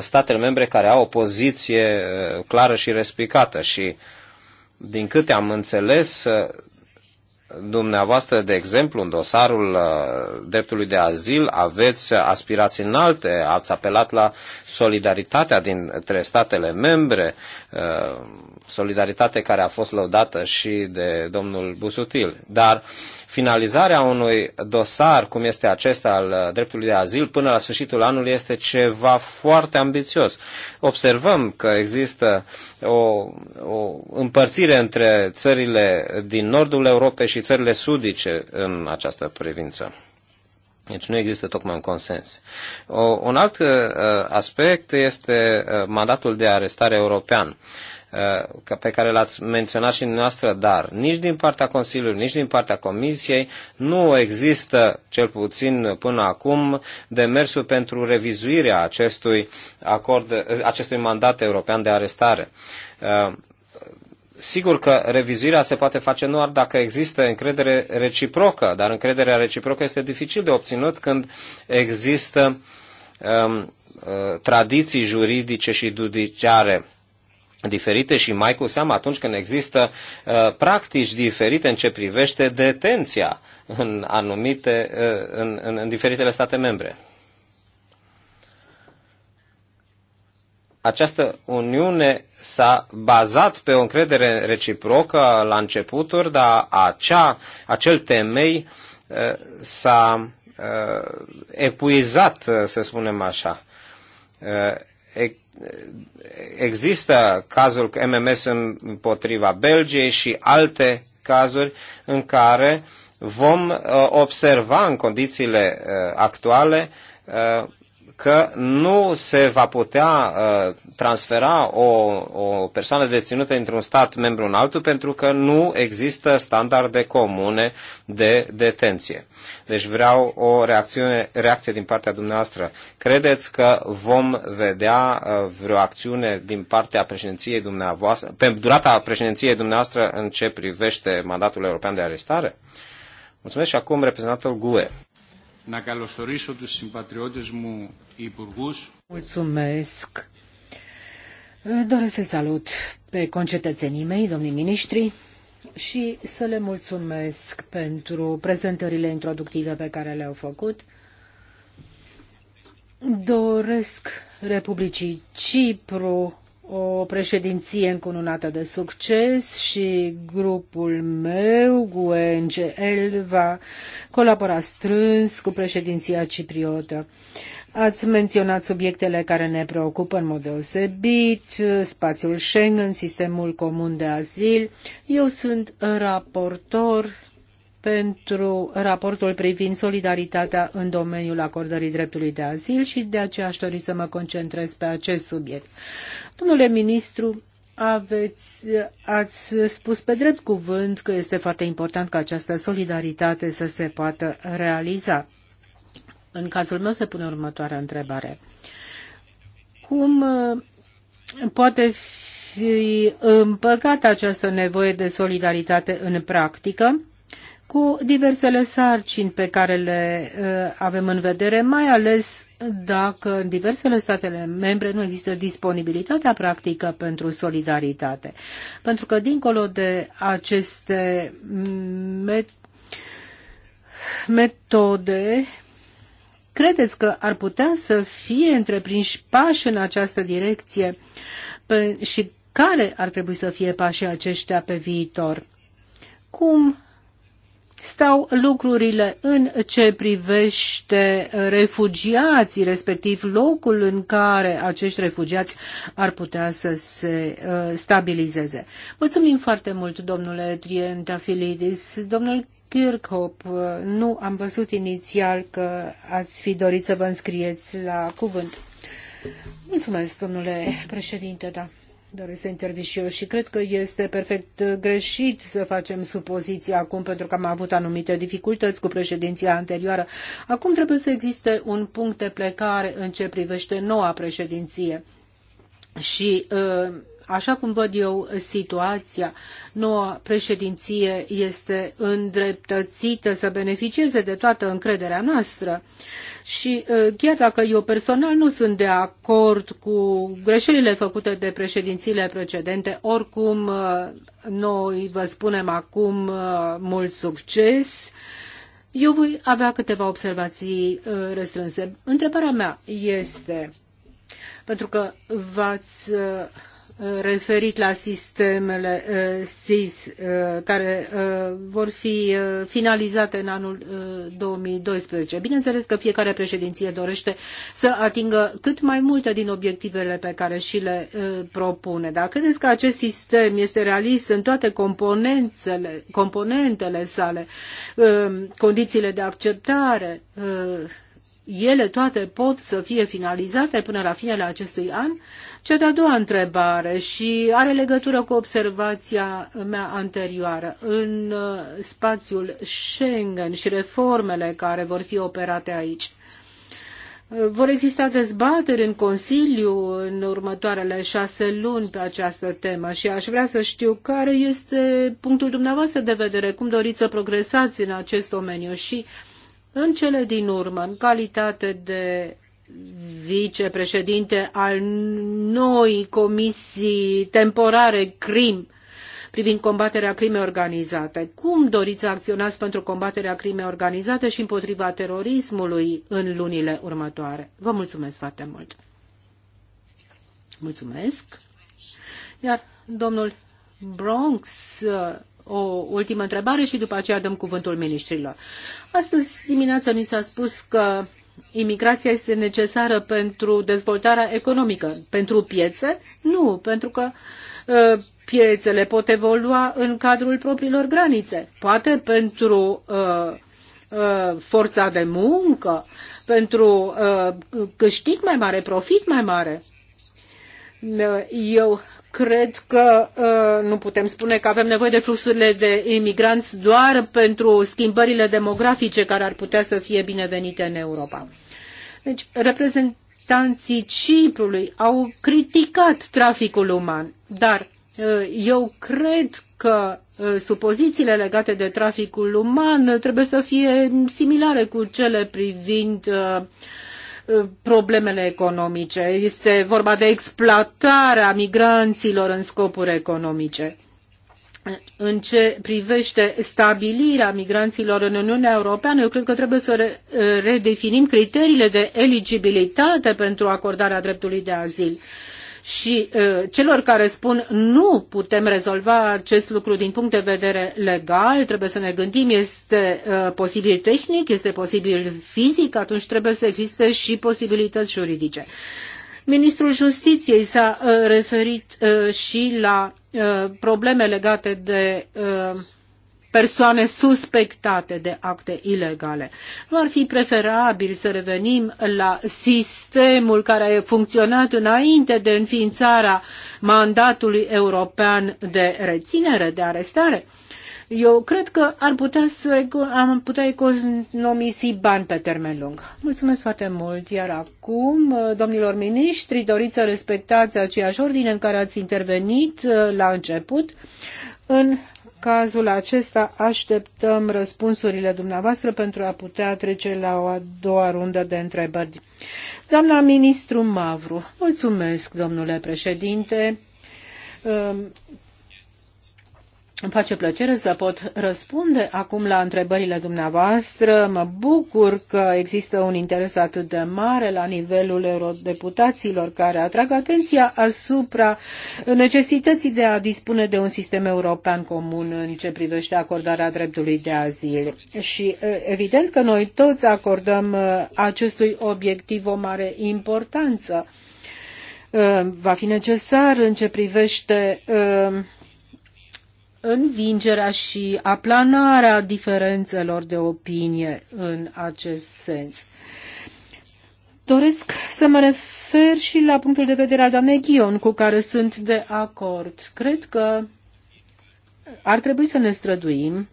statele membre care au o poziție eh, clară și respicată și din câte am înțeles, dumneavoastră, de exemplu, în dosarul uh, dreptului de azil, aveți aspirații înalte, ați apelat la solidaritatea dintre statele membre, uh, solidaritate care a fost lăudată și de domnul Busutil. Dar finalizarea unui dosar, cum este acesta al uh, dreptului de azil, până la sfârșitul anului este ceva foarte ambițios. Observăm că există o, o împărțire între țările din nordul Europei și țările sudice în această privință. Deci nu există tocmai un consens. O, un alt uh, aspect este uh, mandatul de arestare european, uh, pe care l-ați menționat și noastră, dar nici din partea Consiliului, nici din partea Comisiei nu există, cel puțin până acum, demersul pentru revizuirea acestui, acord, acestui mandat european de arestare. Uh, Sigur că revizuirea se poate face doar dacă există încredere reciprocă, dar încrederea reciprocă este dificil de obținut când există um, uh, tradiții juridice și judiciare diferite și mai cu seamă atunci când există uh, practici diferite în ce privește detenția în anumite, uh, în, în, în diferitele state membre. această uniune s-a bazat pe o încredere reciprocă la începuturi, dar acea, acel temei uh, s-a uh, epuizat, uh, să spunem așa. Există cazul MMS împotriva Belgiei și alte cazuri în care vom observa în condițiile actuale că nu se va putea uh, transfera o, o persoană deținută într-un stat membru în altul pentru că nu există standarde comune de detenție. Deci vreau o reacțiune, reacție din partea dumneavoastră. Credeți că vom vedea uh, vreo acțiune din partea președinției dumneavoastră, pe durata președinției dumneavoastră în ce privește mandatul european de arestare? Mulțumesc și acum reprezentantul GUE να καλωσορίσω τους συμπατριώτες μου υπουργούς. Mulțumesc. Doresc să salut pe concetățenii mei, domnii miniștri, și să le mulțumesc pentru prezentările introductive pe care le-au făcut. Doresc Republicii Cipru o președinție încununată de succes și grupul meu, GUNGL, va colabora strâns cu președinția cipriotă. Ați menționat subiectele care ne preocupă în mod deosebit, spațiul Schengen, sistemul comun de azil. Eu sunt raportor pentru raportul privind solidaritatea în domeniul acordării dreptului de azil și de aceea aș dori să mă concentrez pe acest subiect. Domnule ministru, aveți, ați spus pe drept cuvânt că este foarte important ca această solidaritate să se poată realiza. În cazul meu se pune următoarea întrebare. Cum uh, poate fi împăcată această nevoie de solidaritate în practică cu diversele sarcini pe care le uh, avem în vedere, mai ales dacă în diversele statele membre nu există disponibilitatea practică pentru solidaritate. Pentru că dincolo de aceste met- metode, credeți că ar putea să fie întreprinși pași în această direcție pe, și care ar trebui să fie pașii aceștia pe viitor? Cum stau lucrurile în ce privește refugiații, respectiv locul în care acești refugiați ar putea să se uh, stabilizeze. Mulțumim foarte mult, domnule Trientafilidis. Domnul Kirchhoff, uh, nu am văzut inițial că ați fi dorit să vă înscrieți la cuvânt. Mulțumesc, domnule președinte, da doresc să intervin și eu și cred că este perfect greșit să facem supoziții acum pentru că am avut anumite dificultăți cu președinția anterioară. Acum trebuie să existe un punct de plecare în ce privește noua președinție. Și uh, așa cum văd eu situația, noua președinție este îndreptățită să beneficieze de toată încrederea noastră. Și chiar dacă eu personal nu sunt de acord cu greșelile făcute de președințiile precedente, oricum noi vă spunem acum mult succes. Eu voi avea câteva observații restrânse. Întrebarea mea este, pentru că v-ați referit la sistemele eh, SIS eh, care eh, vor fi finalizate în anul 2012. Bineînțeles că fiecare președinție dorește să atingă cât mai multe din obiectivele pe care și le propune. Dar credeți că acest sistem este realist în toate componentele, componentele sale, condițiile de acceptare, ele toate pot să fie finalizate până la finele acestui an? Cea de-a doua întrebare și are legătură cu observația mea anterioară. În uh, spațiul Schengen și reformele care vor fi operate aici, uh, vor exista dezbateri în Consiliu în următoarele șase luni pe această temă și aș vrea să știu care este punctul dumneavoastră de vedere, cum doriți să progresați în acest domeniu și uh, în cele din urmă, în calitate de vicepreședinte al noii comisii temporare CRIM privind combaterea crimei organizate. Cum doriți să acționați pentru combaterea crimei organizate și împotriva terorismului în lunile următoare? Vă mulțumesc foarte mult! Mulțumesc! Iar domnul Bronx o ultimă întrebare și după aceea dăm cuvântul ministrilor. Astăzi dimineața ni s-a spus că imigrația este necesară pentru dezvoltarea economică. Pentru piețe? Nu, pentru că ă, piețele pot evolua în cadrul propriilor granițe. Poate pentru uh, uh, forța de muncă, pentru uh, câștig mai mare, profit mai mare. Eu Cred că uh, nu putem spune că avem nevoie de fluxurile de imigranți doar pentru schimbările demografice care ar putea să fie binevenite în Europa. Deci, reprezentanții Ciprului au criticat traficul uman, dar uh, eu cred că uh, supozițiile legate de traficul uman trebuie să fie similare cu cele privind uh, Uh, problemele economice. Este vorba de exploatarea migranților în scopuri economice. În ce privește stabilirea migranților în Uniunea Europeană, eu cred că trebuie să uh, redefinim criteriile de eligibilitate pentru acordarea dreptului de azil și uh, celor care spun nu putem rezolva acest lucru din punct de vedere legal, trebuie să ne gândim, este uh, posibil tehnic, este posibil fizic, atunci trebuie să existe și posibilități juridice. Ministrul Justiției s-a uh, referit și la probleme legate de uh, persoane suspectate de acte ilegale. Nu ar fi preferabil să revenim la sistemul care a funcționat înainte de înființarea mandatului european de reținere, de arestare? Eu cred că ar putea să am putea economisi bani pe termen lung. Mulțumesc foarte mult. Iar acum, domnilor miniștri, doriți să respectați aceeași ordine în care ați intervenit uh, la început. În cazul acesta așteptăm răspunsurile dumneavoastră pentru a putea trece la o a doua rundă de întrebări. Doamna ministru Mavru, mulțumesc, domnule președinte. Ehm, îmi face plăcere să pot răspunde acum la întrebările dumneavoastră. Mă bucur că există un interes atât de mare la nivelul eurodeputaților care atrag atenția asupra necesității de a dispune de un sistem european comun în ce privește acordarea dreptului de azil. Și evident că noi toți acordăm acestui obiectiv o mare importanță. Va fi necesar în ce privește învingerea și aplanarea diferențelor de opinie în acest sens. Doresc să mă refer și la punctul de vedere al doamnei Ghion, cu care sunt de acord. Cred că ar trebui să ne străduim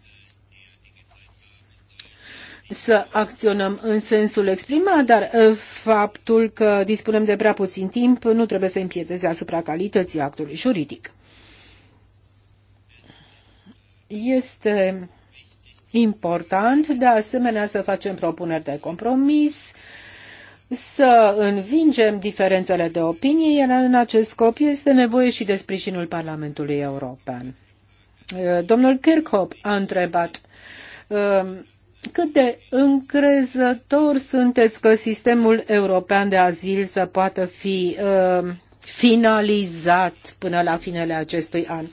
să acționăm în sensul exprimat, dar ă, faptul că dispunem de prea puțin timp nu trebuie să impieteze asupra calității actului juridic. Este important de asemenea să facem propuneri de compromis, să învingem diferențele de opinie, iar în acest scop este nevoie și de sprijinul Parlamentului European. Uh, domnul Kirchhoff a întrebat uh, cât de încrezător sunteți că sistemul european de azil să poată fi uh, finalizat până la finele acestui an.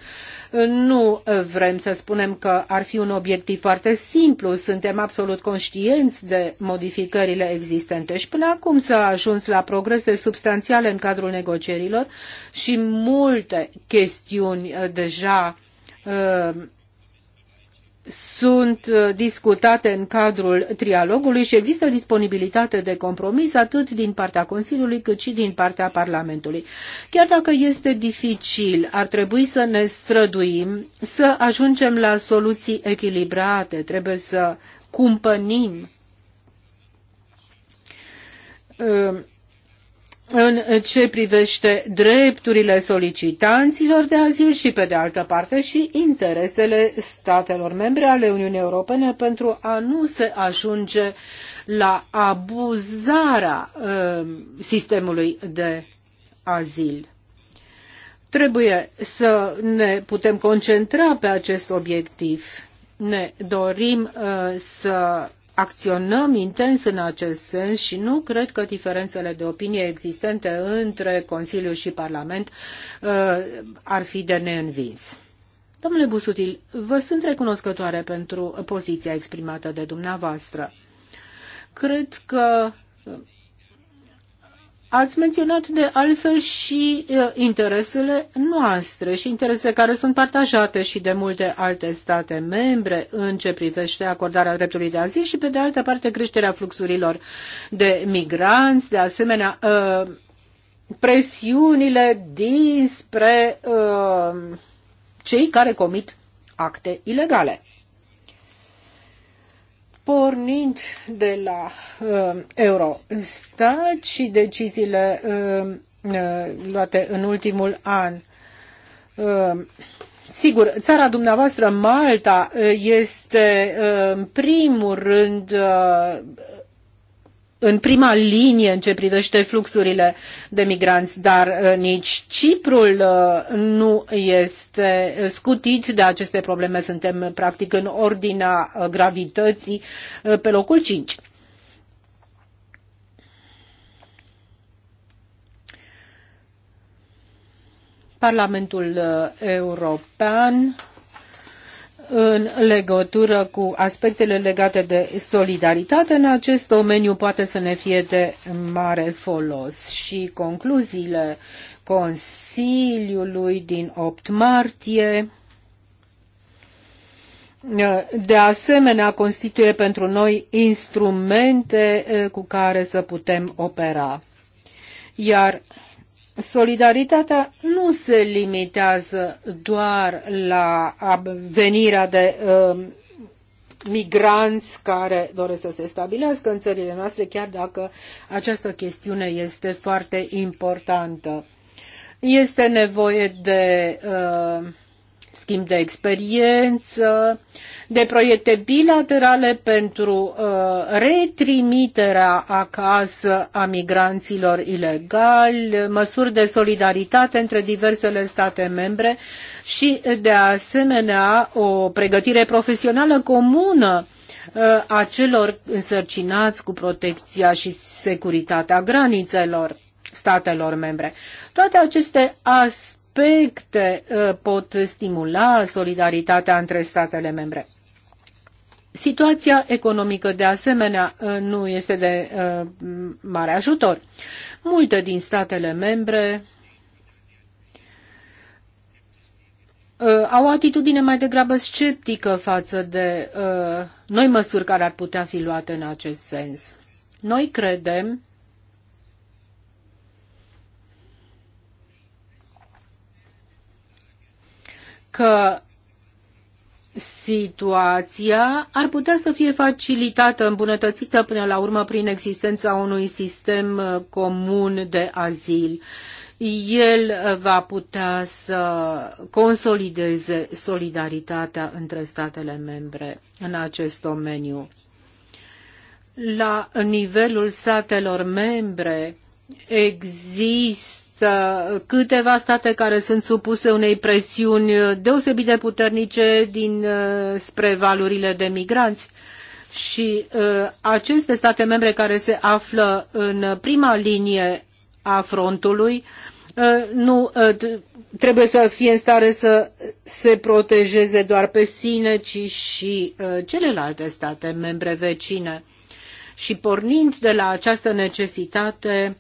Nu vrem să spunem că ar fi un obiectiv foarte simplu, suntem absolut conștienți de modificările existente și până acum s-a ajuns la progrese substanțiale în cadrul negocierilor și multe chestiuni uh, deja uh, sunt uh, discutate în cadrul trialogului și există disponibilitate de compromis atât din partea Consiliului cât și din partea Parlamentului. Chiar dacă este dificil, ar trebui să ne străduim să ajungem la soluții echilibrate, trebuie să cumpănim uh, în ce privește drepturile solicitanților de azil și, pe de altă parte, și interesele statelor membre ale Uniunii Europene pentru a nu se ajunge la abuzarea uh, sistemului de azil. Trebuie să ne putem concentra pe acest obiectiv. Ne dorim uh, să acționăm intens în acest sens și nu cred că diferențele de opinie existente între Consiliu și Parlament uh, ar fi de neînvins. Domnule Busutil, vă sunt recunoscătoare pentru poziția exprimată de dumneavoastră. Cred că Ați menționat de altfel și interesele noastre și interese care sunt partajate și de multe alte state membre în ce privește acordarea dreptului de azil și pe de altă parte creșterea fluxurilor de migranți, de asemenea presiunile dinspre cei care comit acte ilegale pornind de la uh, Eurostat și deciziile uh, uh, luate în ultimul an. Uh, sigur, țara dumneavoastră, Malta, uh, este uh, în primul rând în prima linie în ce privește fluxurile de migranți, dar uh, nici Ciprul uh, nu este scutit de aceste probleme. Suntem practic în ordinea uh, gravității pe locul 5. Parlamentul European în legătură cu aspectele legate de solidaritate în acest domeniu poate să ne fie de mare folos și concluziile Consiliului din 8 martie de asemenea constituie pentru noi instrumente eh, cu care să putem opera. Iar solidaritatea nu se limitează doar la venirea de um, migranți care doresc să se stabilească în țările noastre, chiar dacă această chestiune este foarte importantă. Este nevoie de uh, schimb de experiență, de proiecte bilaterale pentru uh, retrimiterea acasă a migranților ilegali, măsuri de solidaritate între diversele state membre și, de asemenea, o pregătire profesională comună uh, a celor însărcinați cu protecția și securitatea granițelor statelor membre. Toate aceste aspecte aspecte uh, pot stimula solidaritatea între statele membre. Situația economică, de asemenea, uh, nu este de uh, mare ajutor. Multe din statele membre au o atitudine mai degrabă sceptică față de noi măsuri care ar putea fi luate în acest sens. Noi credem că situația ar putea să fie facilitată, îmbunătățită până la urmă prin existența unui sistem uh, comun de azil. El uh, va putea să consolideze solidaritatea între statele membre în acest domeniu. La nivelul statelor membre există Există câteva state care sunt supuse unei presiuni deosebit de puternice din uh, spre valurile de migranți și uh, aceste state membre care se află în prima linie a frontului uh, nu trebuie să fie în stare să se protejeze doar pe sine, ci și celelalte state membre vecine. Și pornind de la această necesitate,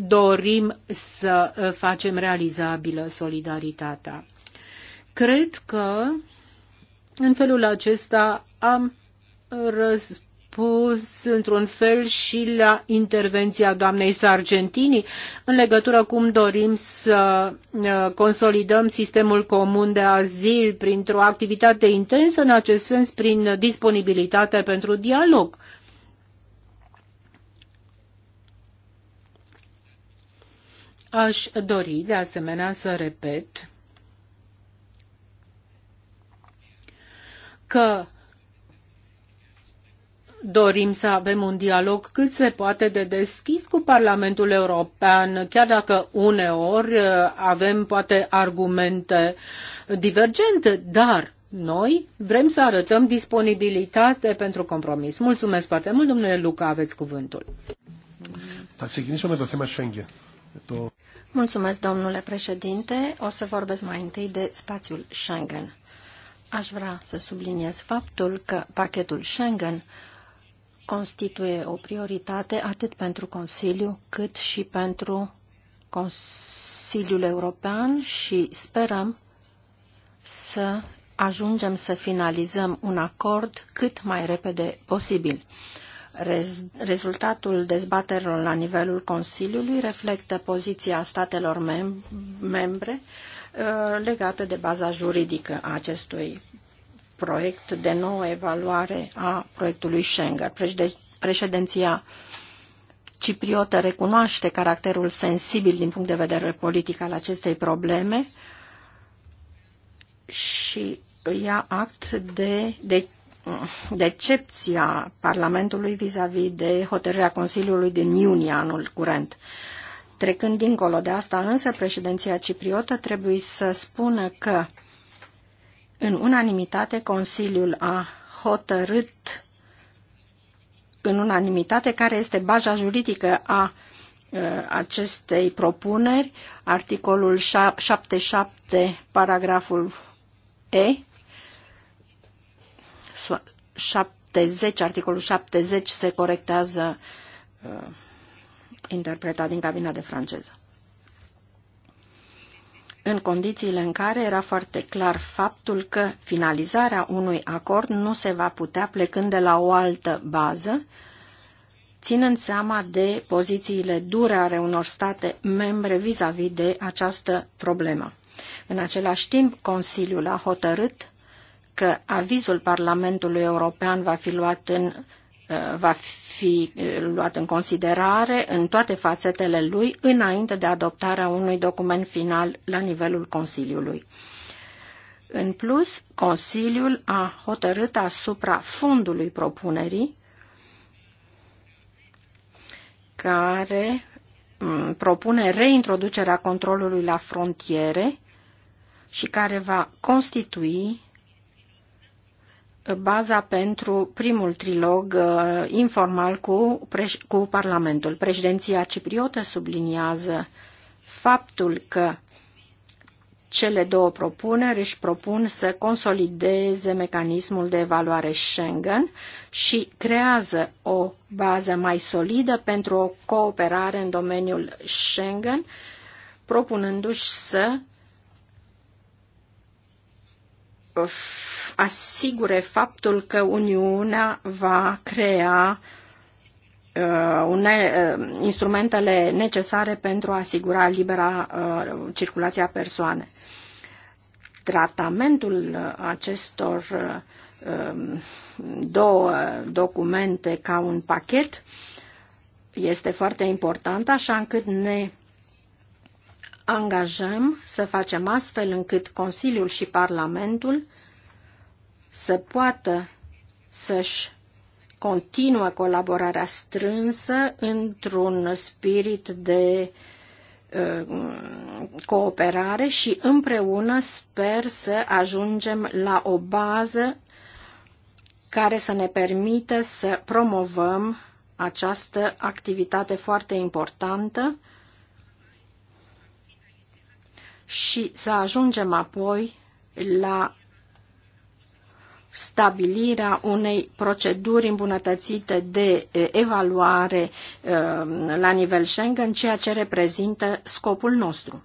dorim să uh, facem realizabilă solidaritatea. Cred că în felul acesta am răspuns într-un fel și la intervenția doamnei Sargentini în legătură cum dorim să uh, consolidăm sistemul comun de azil printr-o activitate intensă în acest sens, prin disponibilitate pentru dialog Aș dori de asemenea să repet că dorim să avem un dialog cât se poate de deschis cu Parlamentul European, chiar dacă uneori uh, avem poate argumente divergente, dar noi vrem să arătăm disponibilitate pentru compromis. Mulțumesc foarte mult, domnule Luca, aveți cuvântul. Să începem με το Schengen. Mulțumesc, domnule președinte. O să vorbesc mai întâi de spațiul Schengen. Aș vrea să subliniez faptul că pachetul Schengen constituie o prioritate atât pentru Consiliu cât și pentru Consiliul European și sperăm să ajungem să finalizăm un acord cât mai repede posibil. Rez rezultatul dezbaterilor la nivelul Consiliului reflectă poziția statelor mem membre uh, legată de baza juridică a acestui proiect de nouă evaluare a proiectului Schengen. Președinția cipriotă recunoaște caracterul sensibil din punct de vedere politic al acestei probleme și ia act de, de decepția Parlamentului vis-a-vis -vis de hotărârea Consiliului din iunie anul curent. Trecând dincolo de asta, însă, președinția cipriotă trebuie să spună că în unanimitate Consiliul a hotărât în unanimitate care este baza juridică a uh, acestei propuneri, articolul 77, paragraful E, 70, articolul 70 se corectează uh, interpretat din cabina de franceză. În condițiile în care era foarte clar faptul că finalizarea unui acord nu se va putea plecând de la o altă bază, ținând seama de pozițiile dure ale unor state membre vis-a-vis -vis de această problemă. În același timp, Consiliul a hotărât că avizul Parlamentului European va fi luat în uh, va fi uh, luat în considerare în toate fațetele lui înainte de adoptarea unui document final la nivelul Consiliului. În plus, Consiliul a hotărât asupra fundului propunerii care mm, propune reintroducerea controlului la frontiere și care va constitui baza pentru primul trilog uh, informal cu, preș- cu Parlamentul. Președinția cipriotă subliniază faptul că cele două propuneri își propun să consolideze mecanismul de evaluare Schengen și creează o bază mai solidă pentru o cooperare în domeniul Schengen, propunându-și să asigure faptul că Uniunea va crea uh, une, uh, instrumentele necesare pentru a asigura libera uh, circulație a persoane. Tratamentul acestor uh, două documente ca un pachet este foarte important, așa încât ne angajăm să facem astfel încât Consiliul și Parlamentul să poată să-și continuă colaborarea strânsă într-un spirit de uh, cooperare și împreună sper să ajungem la o bază care să ne permită să promovăm această activitate foarte importantă și să ajungem apoi la stabilirea unei proceduri îmbunătățite de evaluare la nivel Schengen, ceea ce reprezintă scopul nostru.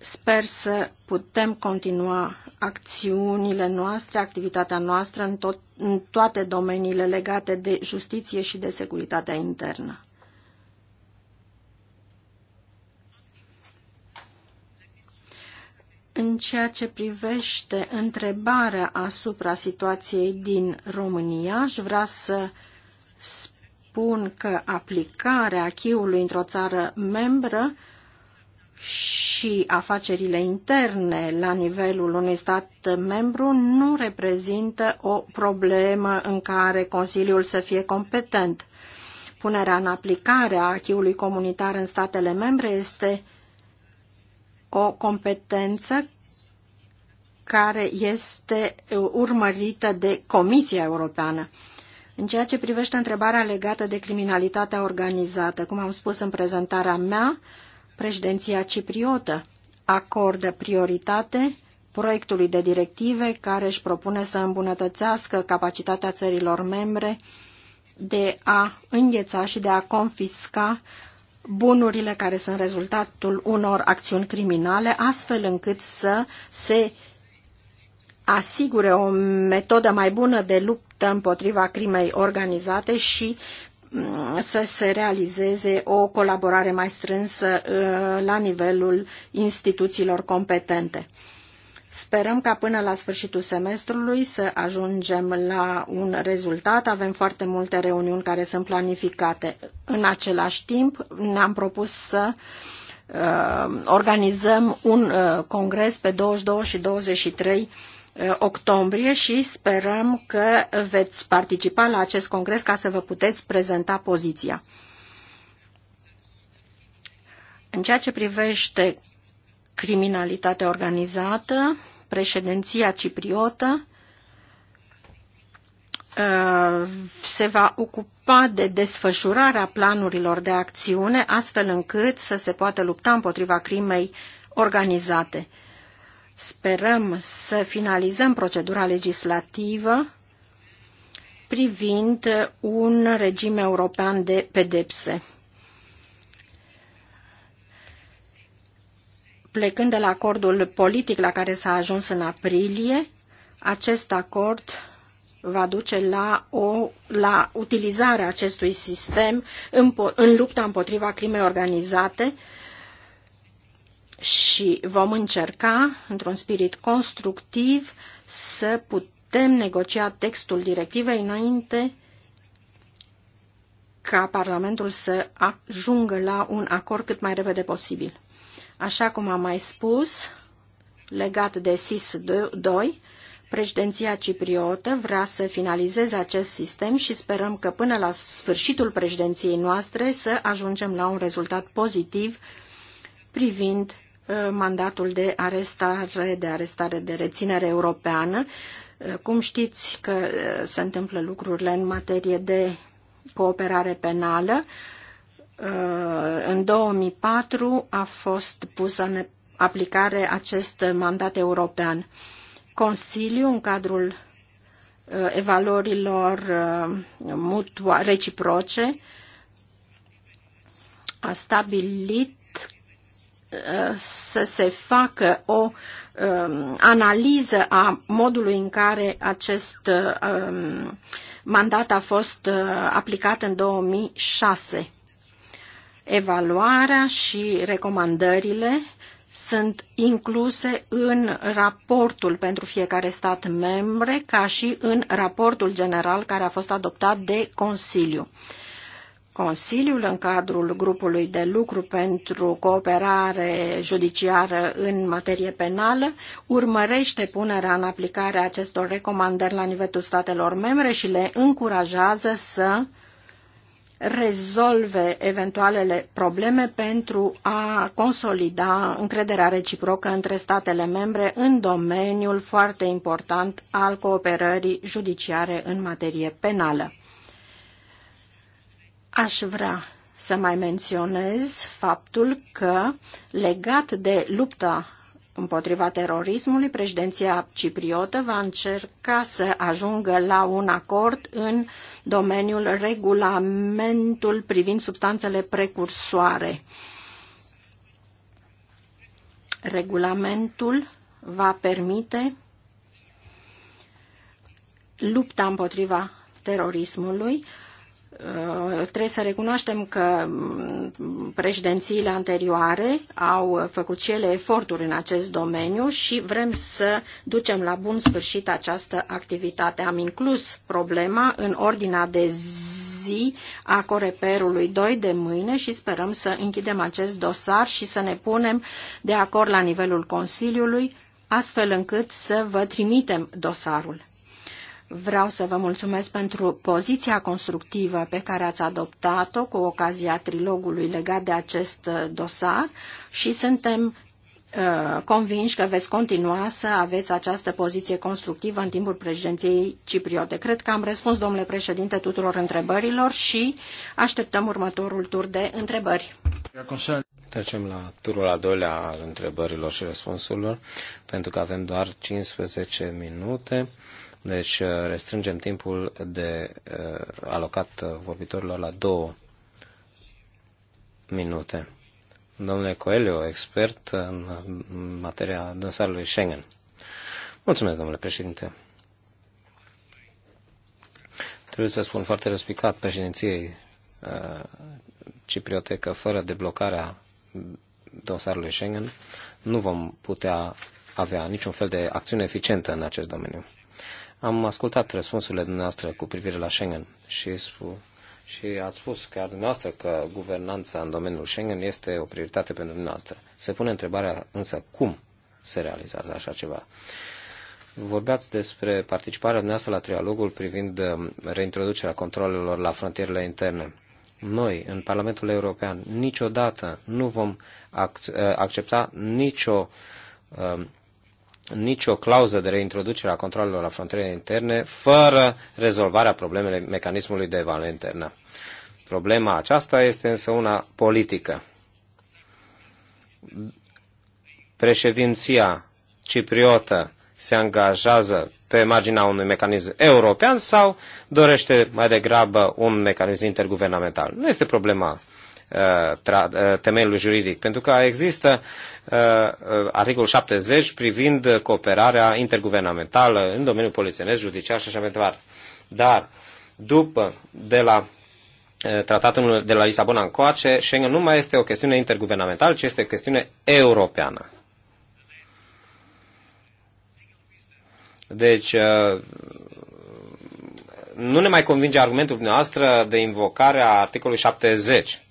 Sper să putem continua acțiunile noastre, activitatea noastră în, tot, în toate domeniile legate de justiție și de securitatea internă. în ceea ce privește întrebarea asupra situației din România, aș vrea să spun că aplicarea achiului într-o țară membră și afacerile interne la nivelul unui stat membru nu reprezintă o problemă în care Consiliul să fie competent. Punerea în aplicare a achiului comunitar în statele membre este o competență care este urmărită de Comisia Europeană. În ceea ce privește întrebarea legată de criminalitatea organizată, cum am spus în prezentarea mea, președinția cipriotă acordă prioritate proiectului de directive care își propune să îmbunătățească capacitatea țărilor membre de a îngheța și de a confisca bunurile care sunt rezultatul unor acțiuni criminale, astfel încât să se asigure o metodă mai bună de luptă împotriva crimei organizate și mm, să se realizeze o colaborare mai strânsă uh, la nivelul instituțiilor competente. Sperăm ca până la sfârșitul semestrului să ajungem la un rezultat. Avem foarte multe reuniuni care sunt planificate. În același timp, ne-am propus să uh, organizăm un uh, congres pe 22 și 23 uh, octombrie și sperăm că veți participa la acest congres ca să vă puteți prezenta poziția. În ceea ce privește criminalitatea organizată, președinția cipriotă uh, se va ocupa de desfășurarea planurilor de acțiune astfel încât să se poată lupta împotriva crimei organizate. Sperăm să finalizăm procedura legislativă privind un regim european de pedepse. plecând de la acordul politic la care s-a ajuns în aprilie, acest acord va duce la, o, la utilizarea acestui sistem în, în lupta împotriva crimei organizate și vom încerca, într-un spirit constructiv, să putem negocia textul directivei înainte ca Parlamentul să ajungă la un acord cât mai repede posibil. Așa cum am mai spus, legat de SIS-2, Președinția cipriotă vrea să finalizeze acest sistem și sperăm că până la sfârșitul președinției noastre să ajungem la un rezultat pozitiv privind uh, mandatul de arestare, de arestare de reținere europeană. Uh, cum știți că uh, se întâmplă lucrurile în materie de cooperare penală, în 2004 a fost pus în aplicare acest mandat european. Consiliul, în cadrul uh, evaluărilor uh, mutua, reciproce, a stabilit uh, să se facă o um, analiză a modului în care acest um, mandat a fost aplicat în 2006. Evaluarea și recomandările sunt incluse în raportul pentru fiecare stat membre, ca și în raportul general care a fost adoptat de Consiliu. Consiliul, în cadrul grupului de lucru pentru cooperare judiciară în materie penală, urmărește punerea în aplicare acestor recomandări la nivelul statelor membre și le încurajează să rezolve eventualele probleme pentru a consolida încrederea reciprocă între statele membre în domeniul foarte important al cooperării judiciare în materie penală. Aș vrea să mai menționez faptul că, legat de lupta împotriva terorismului, președinția cipriotă va încerca să ajungă la un acord în domeniul regulamentul privind substanțele precursoare. Regulamentul va permite lupta împotriva terorismului Uh, trebuie să recunoaștem că mm, președințiile anterioare au făcut și ele eforturi în acest domeniu și vrem să ducem la bun sfârșit această activitate. Am inclus problema în ordinea de zi a Coreperului 2 de mâine și sperăm să închidem acest dosar și să ne punem de acord la nivelul Consiliului, astfel încât să vă trimitem dosarul. Vreau să vă mulțumesc pentru poziția constructivă pe care ați adoptat-o cu ocazia trilogului legat de acest uh, dosar și suntem uh, convinși că veți continua să aveți această poziție constructivă în timpul președinției cipriote. Cred că am răspuns, domnule președinte, tuturor întrebărilor și așteptăm următorul tur de întrebări. Trecem la turul al doilea al întrebărilor și răspunsurilor, pentru că avem doar 15 minute. Deci uh, restrângem timpul de uh, alocat uh, vorbitorilor la două minute. Domnule Coelho, expert în materia dânsarului Schengen. Mulțumesc, domnule președinte. Trebuie să spun foarte răspicat președinției uh, cipriote că fără deblocarea dosarului Schengen nu vom putea avea niciun fel de acțiune eficientă în acest domeniu. Am ascultat răspunsurile dumneavoastră cu privire la Schengen și, și ați spus chiar dumneavoastră că guvernanța în domeniul Schengen este o prioritate pentru dumneavoastră. Se pune întrebarea însă cum se realizează așa ceva. Vorbeați despre participarea dumneavoastră la trialogul privind um, reintroducerea controlelor la frontierele interne. Noi, în Parlamentul European, niciodată nu vom uh, accepta nicio um, nicio clauză de reintroducere a controlelor la frontierele interne fără rezolvarea problemei mecanismului de evaluare internă. Problema aceasta este însă una politică. Președinția cipriotă se angajează pe marginea unui mecanism european sau dorește mai degrabă un mecanism interguvernamental. Nu este problema Uh, uh, temeiului juridic. Pentru că există uh, articolul 70 privind cooperarea interguvernamentală în domeniul polițienesc, judiciar și așa mai departe. Dar după, de la tratatul de la Lisabona încoace, Schengen nu mai este o chestiune interguvernamentală, ci este o chestiune europeană. Deci, nu ne mai convinge argumentul dumneavoastră de invocarea articolului 70.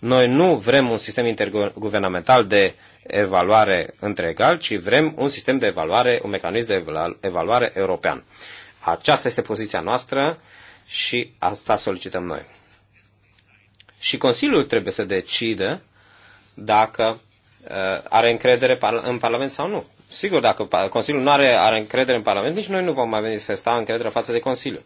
Noi nu vrem un sistem interguvernamental de evaluare între egal, ci vrem un sistem de evaluare, un mecanism de evaluare european. Aceasta este poziția noastră și asta solicităm noi. Și Consiliul trebuie să decidă dacă uh, are încredere în Parlament sau nu. Sigur, dacă Consiliul nu are, are încredere în Parlament, nici noi nu vom mai manifesta încredere față de Consiliu.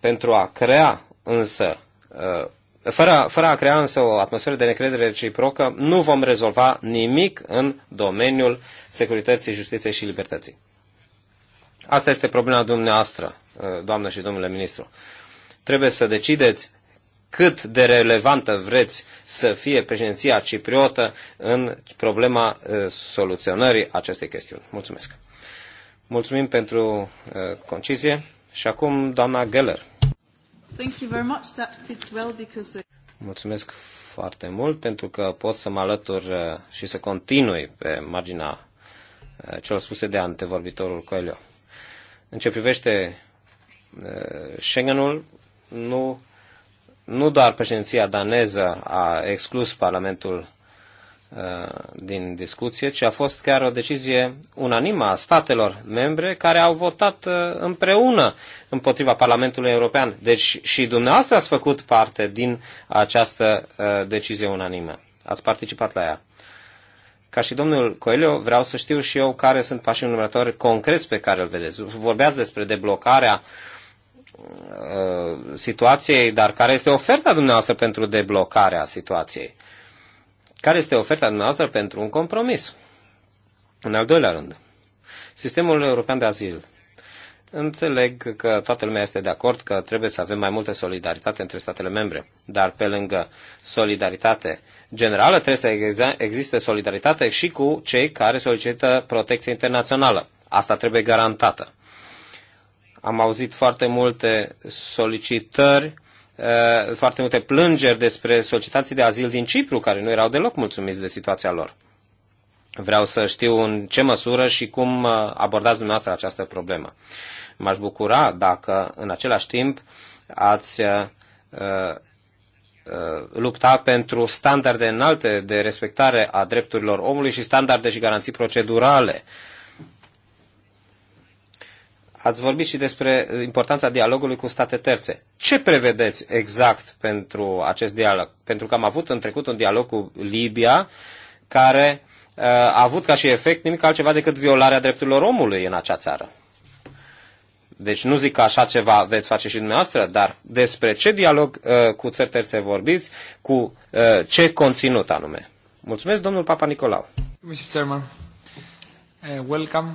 Pentru a crea însă uh, fără, fără a crea însă o atmosferă de necredere reciprocă, nu vom rezolva nimic în domeniul securității, justiției și libertății. Asta este problema dumneavoastră, uh, doamnă și domnule ministru. Trebuie să decideți cât de relevantă vreți să fie președinția cipriotă în problema uh, soluționării acestei chestiuni. Mulțumesc. Mulțumim pentru uh, concizie și acum doamna Geller. Mulțumesc foarte mult pentru că pot să mă alătur uh, și să continui pe marginea uh, celor spuse de antevorbitorul Coelho. În ce privește uh, Schengenul, nu, nu doar președinția daneză a exclus Parlamentul Uh, din discuție, ci a fost chiar o decizie unanimă a statelor membre care au votat uh, împreună împotriva Parlamentului European. Deci și dumneavoastră ați făcut parte din această uh, decizie unanimă. Ați participat la ea. Ca și domnul Coelho, vreau să știu și eu care sunt pașii numărători concreți pe care îl vedeți. Vorbeați despre deblocarea situației, dar care este oferta dumneavoastră pentru deblocarea situației? Care este oferta dumneavoastră pentru un compromis? În al doilea rând, sistemul european de azil. Înțeleg că toată lumea este de acord că trebuie să avem mai multă solidaritate între statele membre, dar pe lângă solidaritate generală trebuie să existe solidaritate și cu cei care solicită protecție internațională. Asta trebuie garantată. Am auzit foarte multe solicitări Eh, foarte multe plângeri despre solicitații de azil din Cipru, care nu erau deloc mulțumiți de situația lor. Vreau să știu în ce măsură și cum eh, abordați dumneavoastră această problemă. M-aș bucura dacă în același timp ați uh, uh, lupta pentru standarde înalte de respectare a drepturilor omului și standarde și garanții procedurale uh, Ați vorbit și despre importanța dialogului cu state terțe. Ce prevedeți exact pentru acest dialog? Pentru că am avut în trecut un dialog cu Libia care uh, a avut ca și efect nimic altceva decât violarea drepturilor omului în acea țară. Deci nu zic că așa ceva veți face și dumneavoastră, dar despre ce dialog uh, cu țări terțe vorbiți, cu uh, ce conținut anume. Mulțumesc, domnul Papa Nicolau. Mr. Chairman, uh, welcome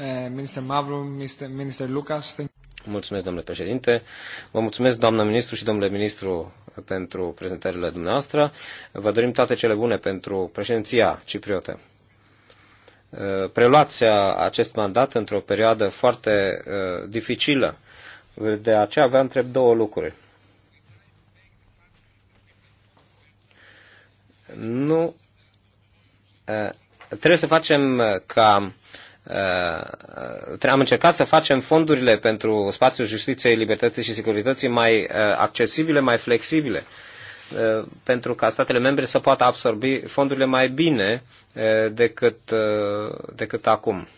Eh, Minister Mavru, Minister, Minister Lucas. Mulțumesc, domnule președinte. Vă mulțumesc, doamnă ministru și domnule ministru, pentru prezentările dumneavoastră. Vă dorim toate cele bune pentru președinția cipriotă. Eh, preluați acest mandat într-o perioadă foarte eh, dificilă. De aceea vă întreb două lucruri. Nu trebuie să facem ca uh, Uh, am încercat să facem fondurile pentru spațiul justiției, libertății și securității mai uh, accesibile, mai flexibile, uh, pentru ca statele membre să poată absorbi fondurile mai bine decât, decât acum.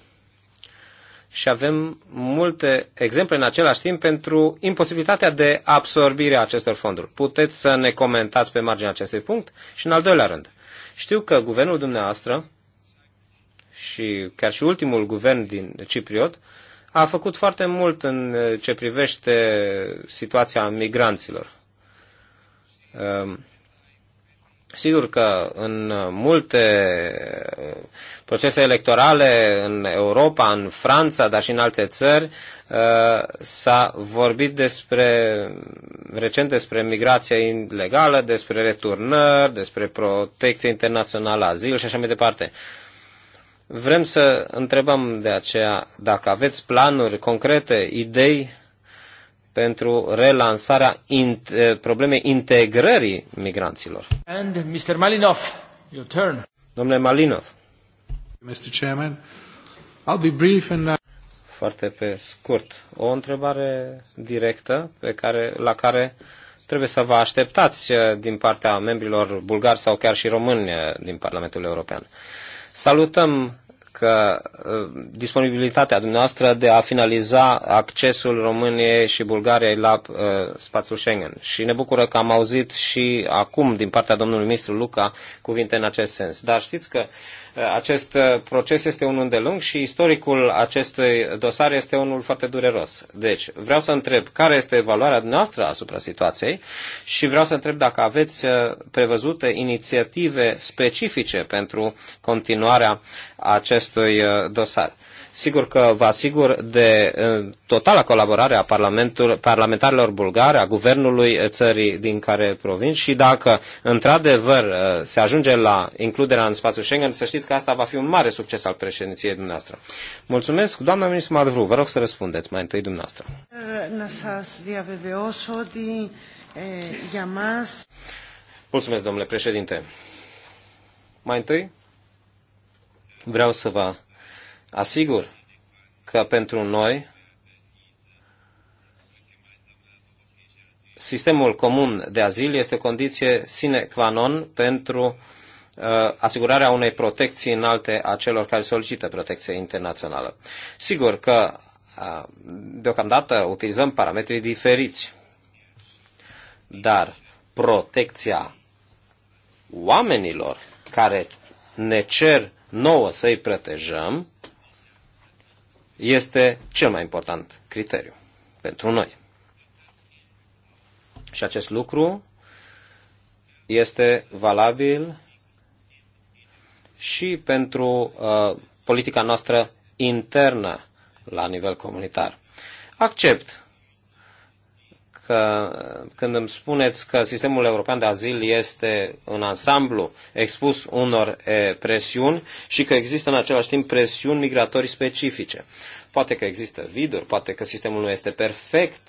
Și avem multe exemple în același timp pentru imposibilitatea de absorbire a acestor fonduri. Puteți să ne comentați pe marginea acestui punct și în al doilea rând. Știu că guvernul dumneavoastră și chiar și ultimul guvern din Cipriot a făcut foarte mult în uh, ce privește situația migranților. Um, sigur că în multe uh, procese electorale în Europa, în Franța, dar și în alte țări, uh, s-a vorbit despre, recent despre migrația ilegală, despre returnări, despre protecție internațională, azil și așa mai departe. Vrem să întrebăm de aceea dacă aveți planuri concrete, idei pentru relansarea int- eh, problemei integrării migranților. And Mr. Malinov, your turn. Domnule Malinov. Mr. Chairman, I'll be brief and uh, foarte pe scurt. O întrebare directă pe care, la care trebuie să vă așteptați eh, din partea membrilor bulgari sau chiar și români eh, din Parlamentul European. Salutăm că ă, disponibilitatea dumneavoastră de a finaliza accesul României și Bulgariei la uh, spațiul Schengen. Și ne bucură că am auzit și acum din partea domnului ministru Luca cuvinte în acest sens. Dar știți că ă, acest proces este unul de lung și istoricul acestui dosar este unul foarte dureros. Deci, vreau să întreb care este evaluarea noastră asupra situației și vreau să întreb dacă aveți prevăzute inițiative specifice pentru continuarea acestui acestui uh, dosar. Sigur că vă asigur de uh, totala colaborare a parlamentarilor bulgare, a guvernului uh, țării din care provin și dacă într-adevăr se ajunge la includerea în spațiul Schengen, să știți că asta va fi un mare succes al președinției dumneavoastră. Mulțumesc, doamna ministru Madru, vă rog să răspundeți mai întâi dumneavoastră. Mulțumesc, domnule președinte. Mai întâi, vreau să vă asigur că pentru noi sistemul comun de azil este o condiție sine qua non pentru uh, asigurarea unei protecții înalte a celor care solicită protecție internațională. Sigur că uh, deocamdată utilizăm parametrii diferiți, dar protecția oamenilor care ne cer nouă să-i protejăm, este cel mai important criteriu pentru noi. Și acest lucru este valabil și pentru uh, politica noastră internă la nivel comunitar. Accept că când îmi spuneți că sistemul european de azil este în ansamblu expus unor presiuni și că există în același timp presiuni migratorii specifice. Poate că există viduri, poate că sistemul nu este perfect,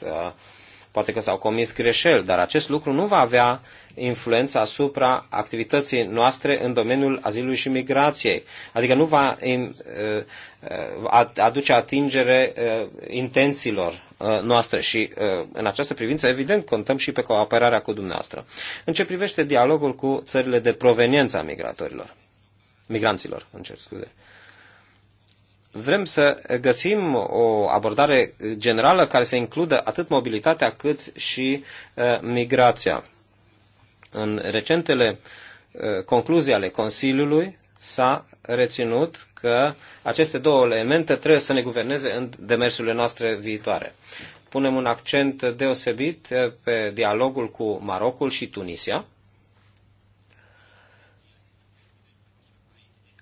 Poate că s-au comis greșeli, dar acest lucru nu va avea influență asupra activității noastre în domeniul azilului și migrației. Adică nu va uh, uh, aduce atingere uh, intențiilor noastre și în această privință, evident, contăm și pe cooperarea cu dumneavoastră. În ce privește dialogul cu țările de proveniență a migratorilor, migranților, încerc scuze. Uh, vrem să găsim o abordare generală care să includă atât mobilitatea cât și uh, migrația. În recentele uh, concluzii ale Consiliului s-a reținut că aceste două elemente trebuie să ne guverneze în demersurile noastre viitoare. Punem un accent deosebit uh, pe dialogul cu Marocul și Tunisia,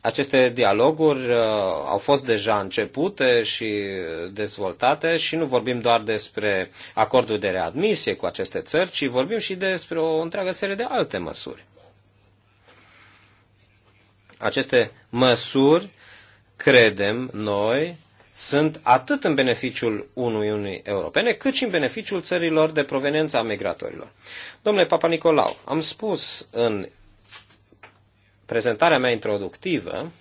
Aceste dialoguri uh, au fost deja începute și dezvoltate și nu vorbim doar despre acordul de readmisie cu aceste țări, ci vorbim și despre o întreagă serie de alte măsuri. Aceste măsuri, credem noi, sunt atât în beneficiul unii Europene, cât și în beneficiul țărilor de proveniență a migratorilor. Domnule Papa Nicolau, am spus în prezentarea mea introductivă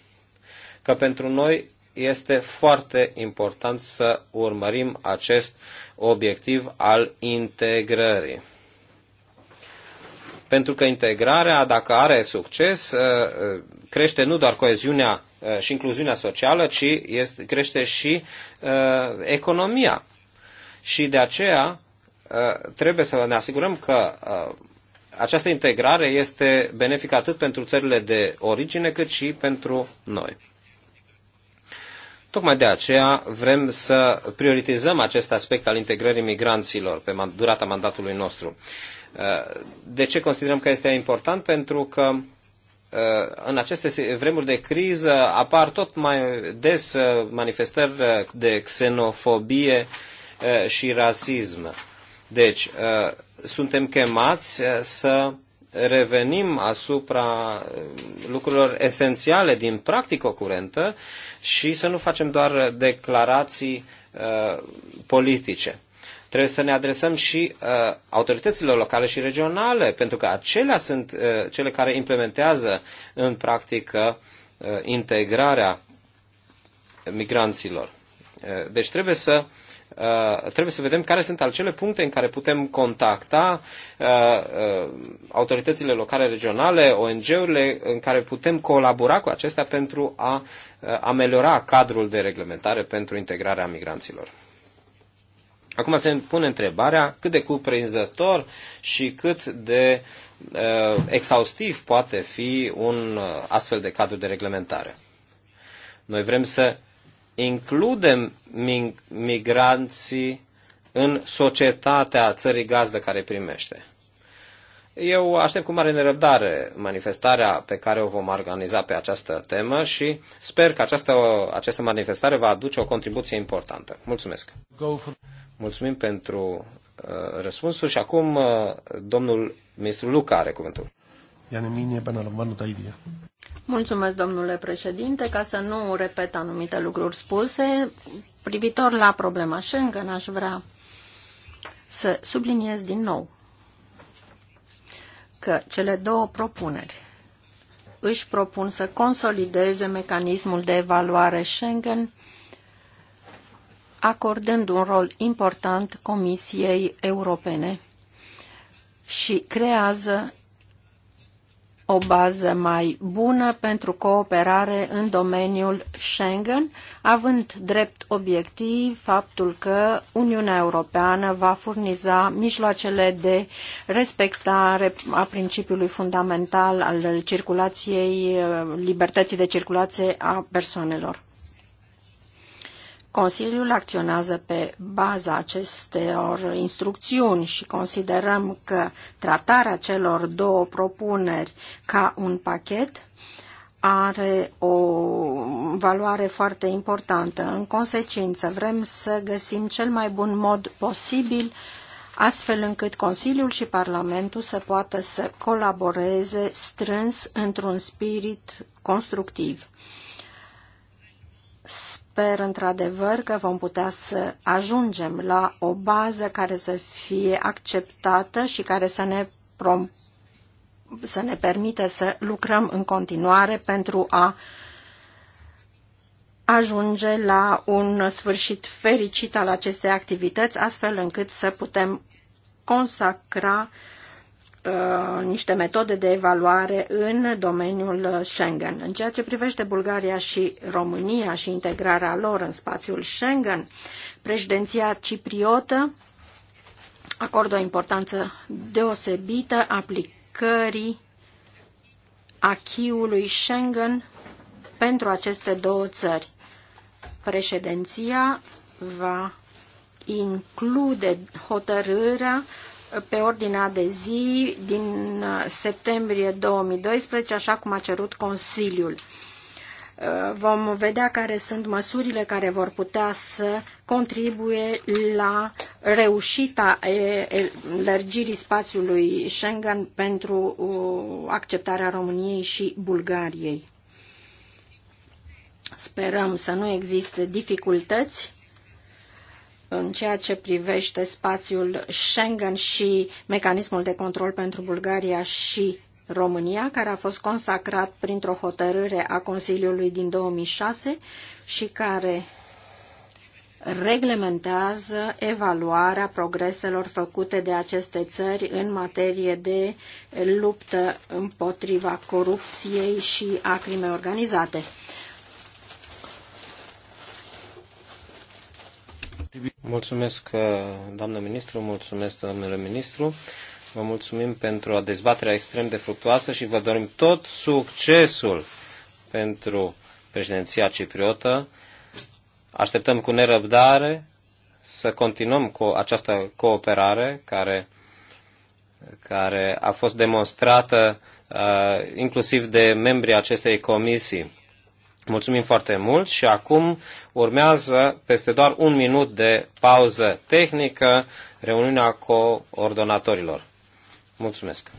că pentru noi este foarte important să urmărim acest obiectiv al integrării. Pentru că integrarea, dacă are succes, ă, ă, crește nu doar coeziunea ă, și incluziunea socială, ci este, crește și economia. Și de aceea trebuie să ne asigurăm că această integrare este benefică atât pentru țările de origine cât și pentru noi. Tocmai de aceea vrem să prioritizăm acest aspect al integrării migranților pe durata mandatului nostru. Uh, de ce considerăm că este important? Pentru că uh, în aceste vremuri de criză apar tot mai des uh, manifestări de xenofobie și rasism. Deci, suntem chemați eh, să revenim asupra eh, lucrurilor esențiale din practică curentă și să nu facem doar declarații uh, politice. Trebuie să ne adresăm și uh, autorităților locale și regionale, pentru că acelea sunt uh, cele care implementează în practică integrarea migranților. Deci trebuie să Uh, trebuie să vedem care sunt acele puncte în care putem contacta uh, uh, autoritățile locale, regionale, ONG-urile, în care putem colabora cu acestea pentru a ameliora cadrul de reglementare pentru integrarea migranților. Acum se pune întrebarea cât de cuprinzător și cât de uh, exhaustiv poate fi un uh, astfel de cadru de reglementare. Noi vrem să includem migranții în societatea țării gazdă care primește. Eu aștept cu mare nerăbdare manifestarea pe care o vom organiza pe această temă și sper că această, această manifestare va aduce o contribuție importantă. Mulțumesc! Mulțumim pentru uh, răspunsuri și acum uh, domnul ministru Luca are cuvântul. Mulțumesc, domnule președinte, ca să nu repet anumite lucruri spuse. Privitor la problema Schengen, aș vrea să subliniez din nou că cele două propuneri își propun să consolideze mecanismul de evaluare Schengen, acordând un rol important Comisiei Europene și creează o bază mai bună pentru cooperare în domeniul Schengen, având drept obiectiv faptul că Uniunea Europeană va furniza mijloacele de respectare a principiului fundamental al circulației, libertății de circulație a persoanelor. Consiliul acționează pe baza acestor instrucțiuni și considerăm că tratarea celor două propuneri ca un pachet are o valoare foarte importantă. În consecință, vrem să găsim cel mai bun mod posibil astfel încât Consiliul și Parlamentul să poată să colaboreze strâns într-un spirit constructiv sper într-adevăr că vom putea să ajungem la o bază care să fie acceptată și care să ne, prom- să ne permite să lucrăm în continuare pentru a ajunge la un sfârșit fericit al acestei activități, astfel încât să putem consacra uh, Uh, niște metode de evaluare în domeniul Schengen. În ceea ce privește Bulgaria și România și integrarea lor în spațiul Schengen, președinția cipriotă acordă o importanță deosebită aplicării achiului Schengen pentru aceste două țări. Președinția va include hotărârea pe ordinea de zi din uh, septembrie 2012, așa cum a cerut Consiliul. Uh, vom vedea care sunt măsurile care vor putea să contribuie la reușita lărgirii spațiului Schengen pentru uh, acceptarea României și Bulgariei. Sperăm să nu existe dificultăți în ceea ce privește spațiul Schengen și mecanismul de control pentru Bulgaria și România, care a fost consacrat printr-o hotărâre a Consiliului din 2006 și care reglementează evaluarea progreselor făcute de aceste țări în materie de luptă împotriva corupției și a crimei organizate. Mulțumesc, uh, doamnă ministru, mulțumesc, domnule ministru. Vă mulțumim pentru o dezbatere extrem de fructuoasă și vă dorim tot succesul pentru președinția cipriotă. Așteptăm cu nerăbdare să continuăm cu această cooperare care, care a fost demonstrată uh, inclusiv de membrii acestei comisii. Mulțumim foarte mult și acum urmează peste doar un minut de pauză tehnică reuniunea coordonatorilor. Mulțumesc!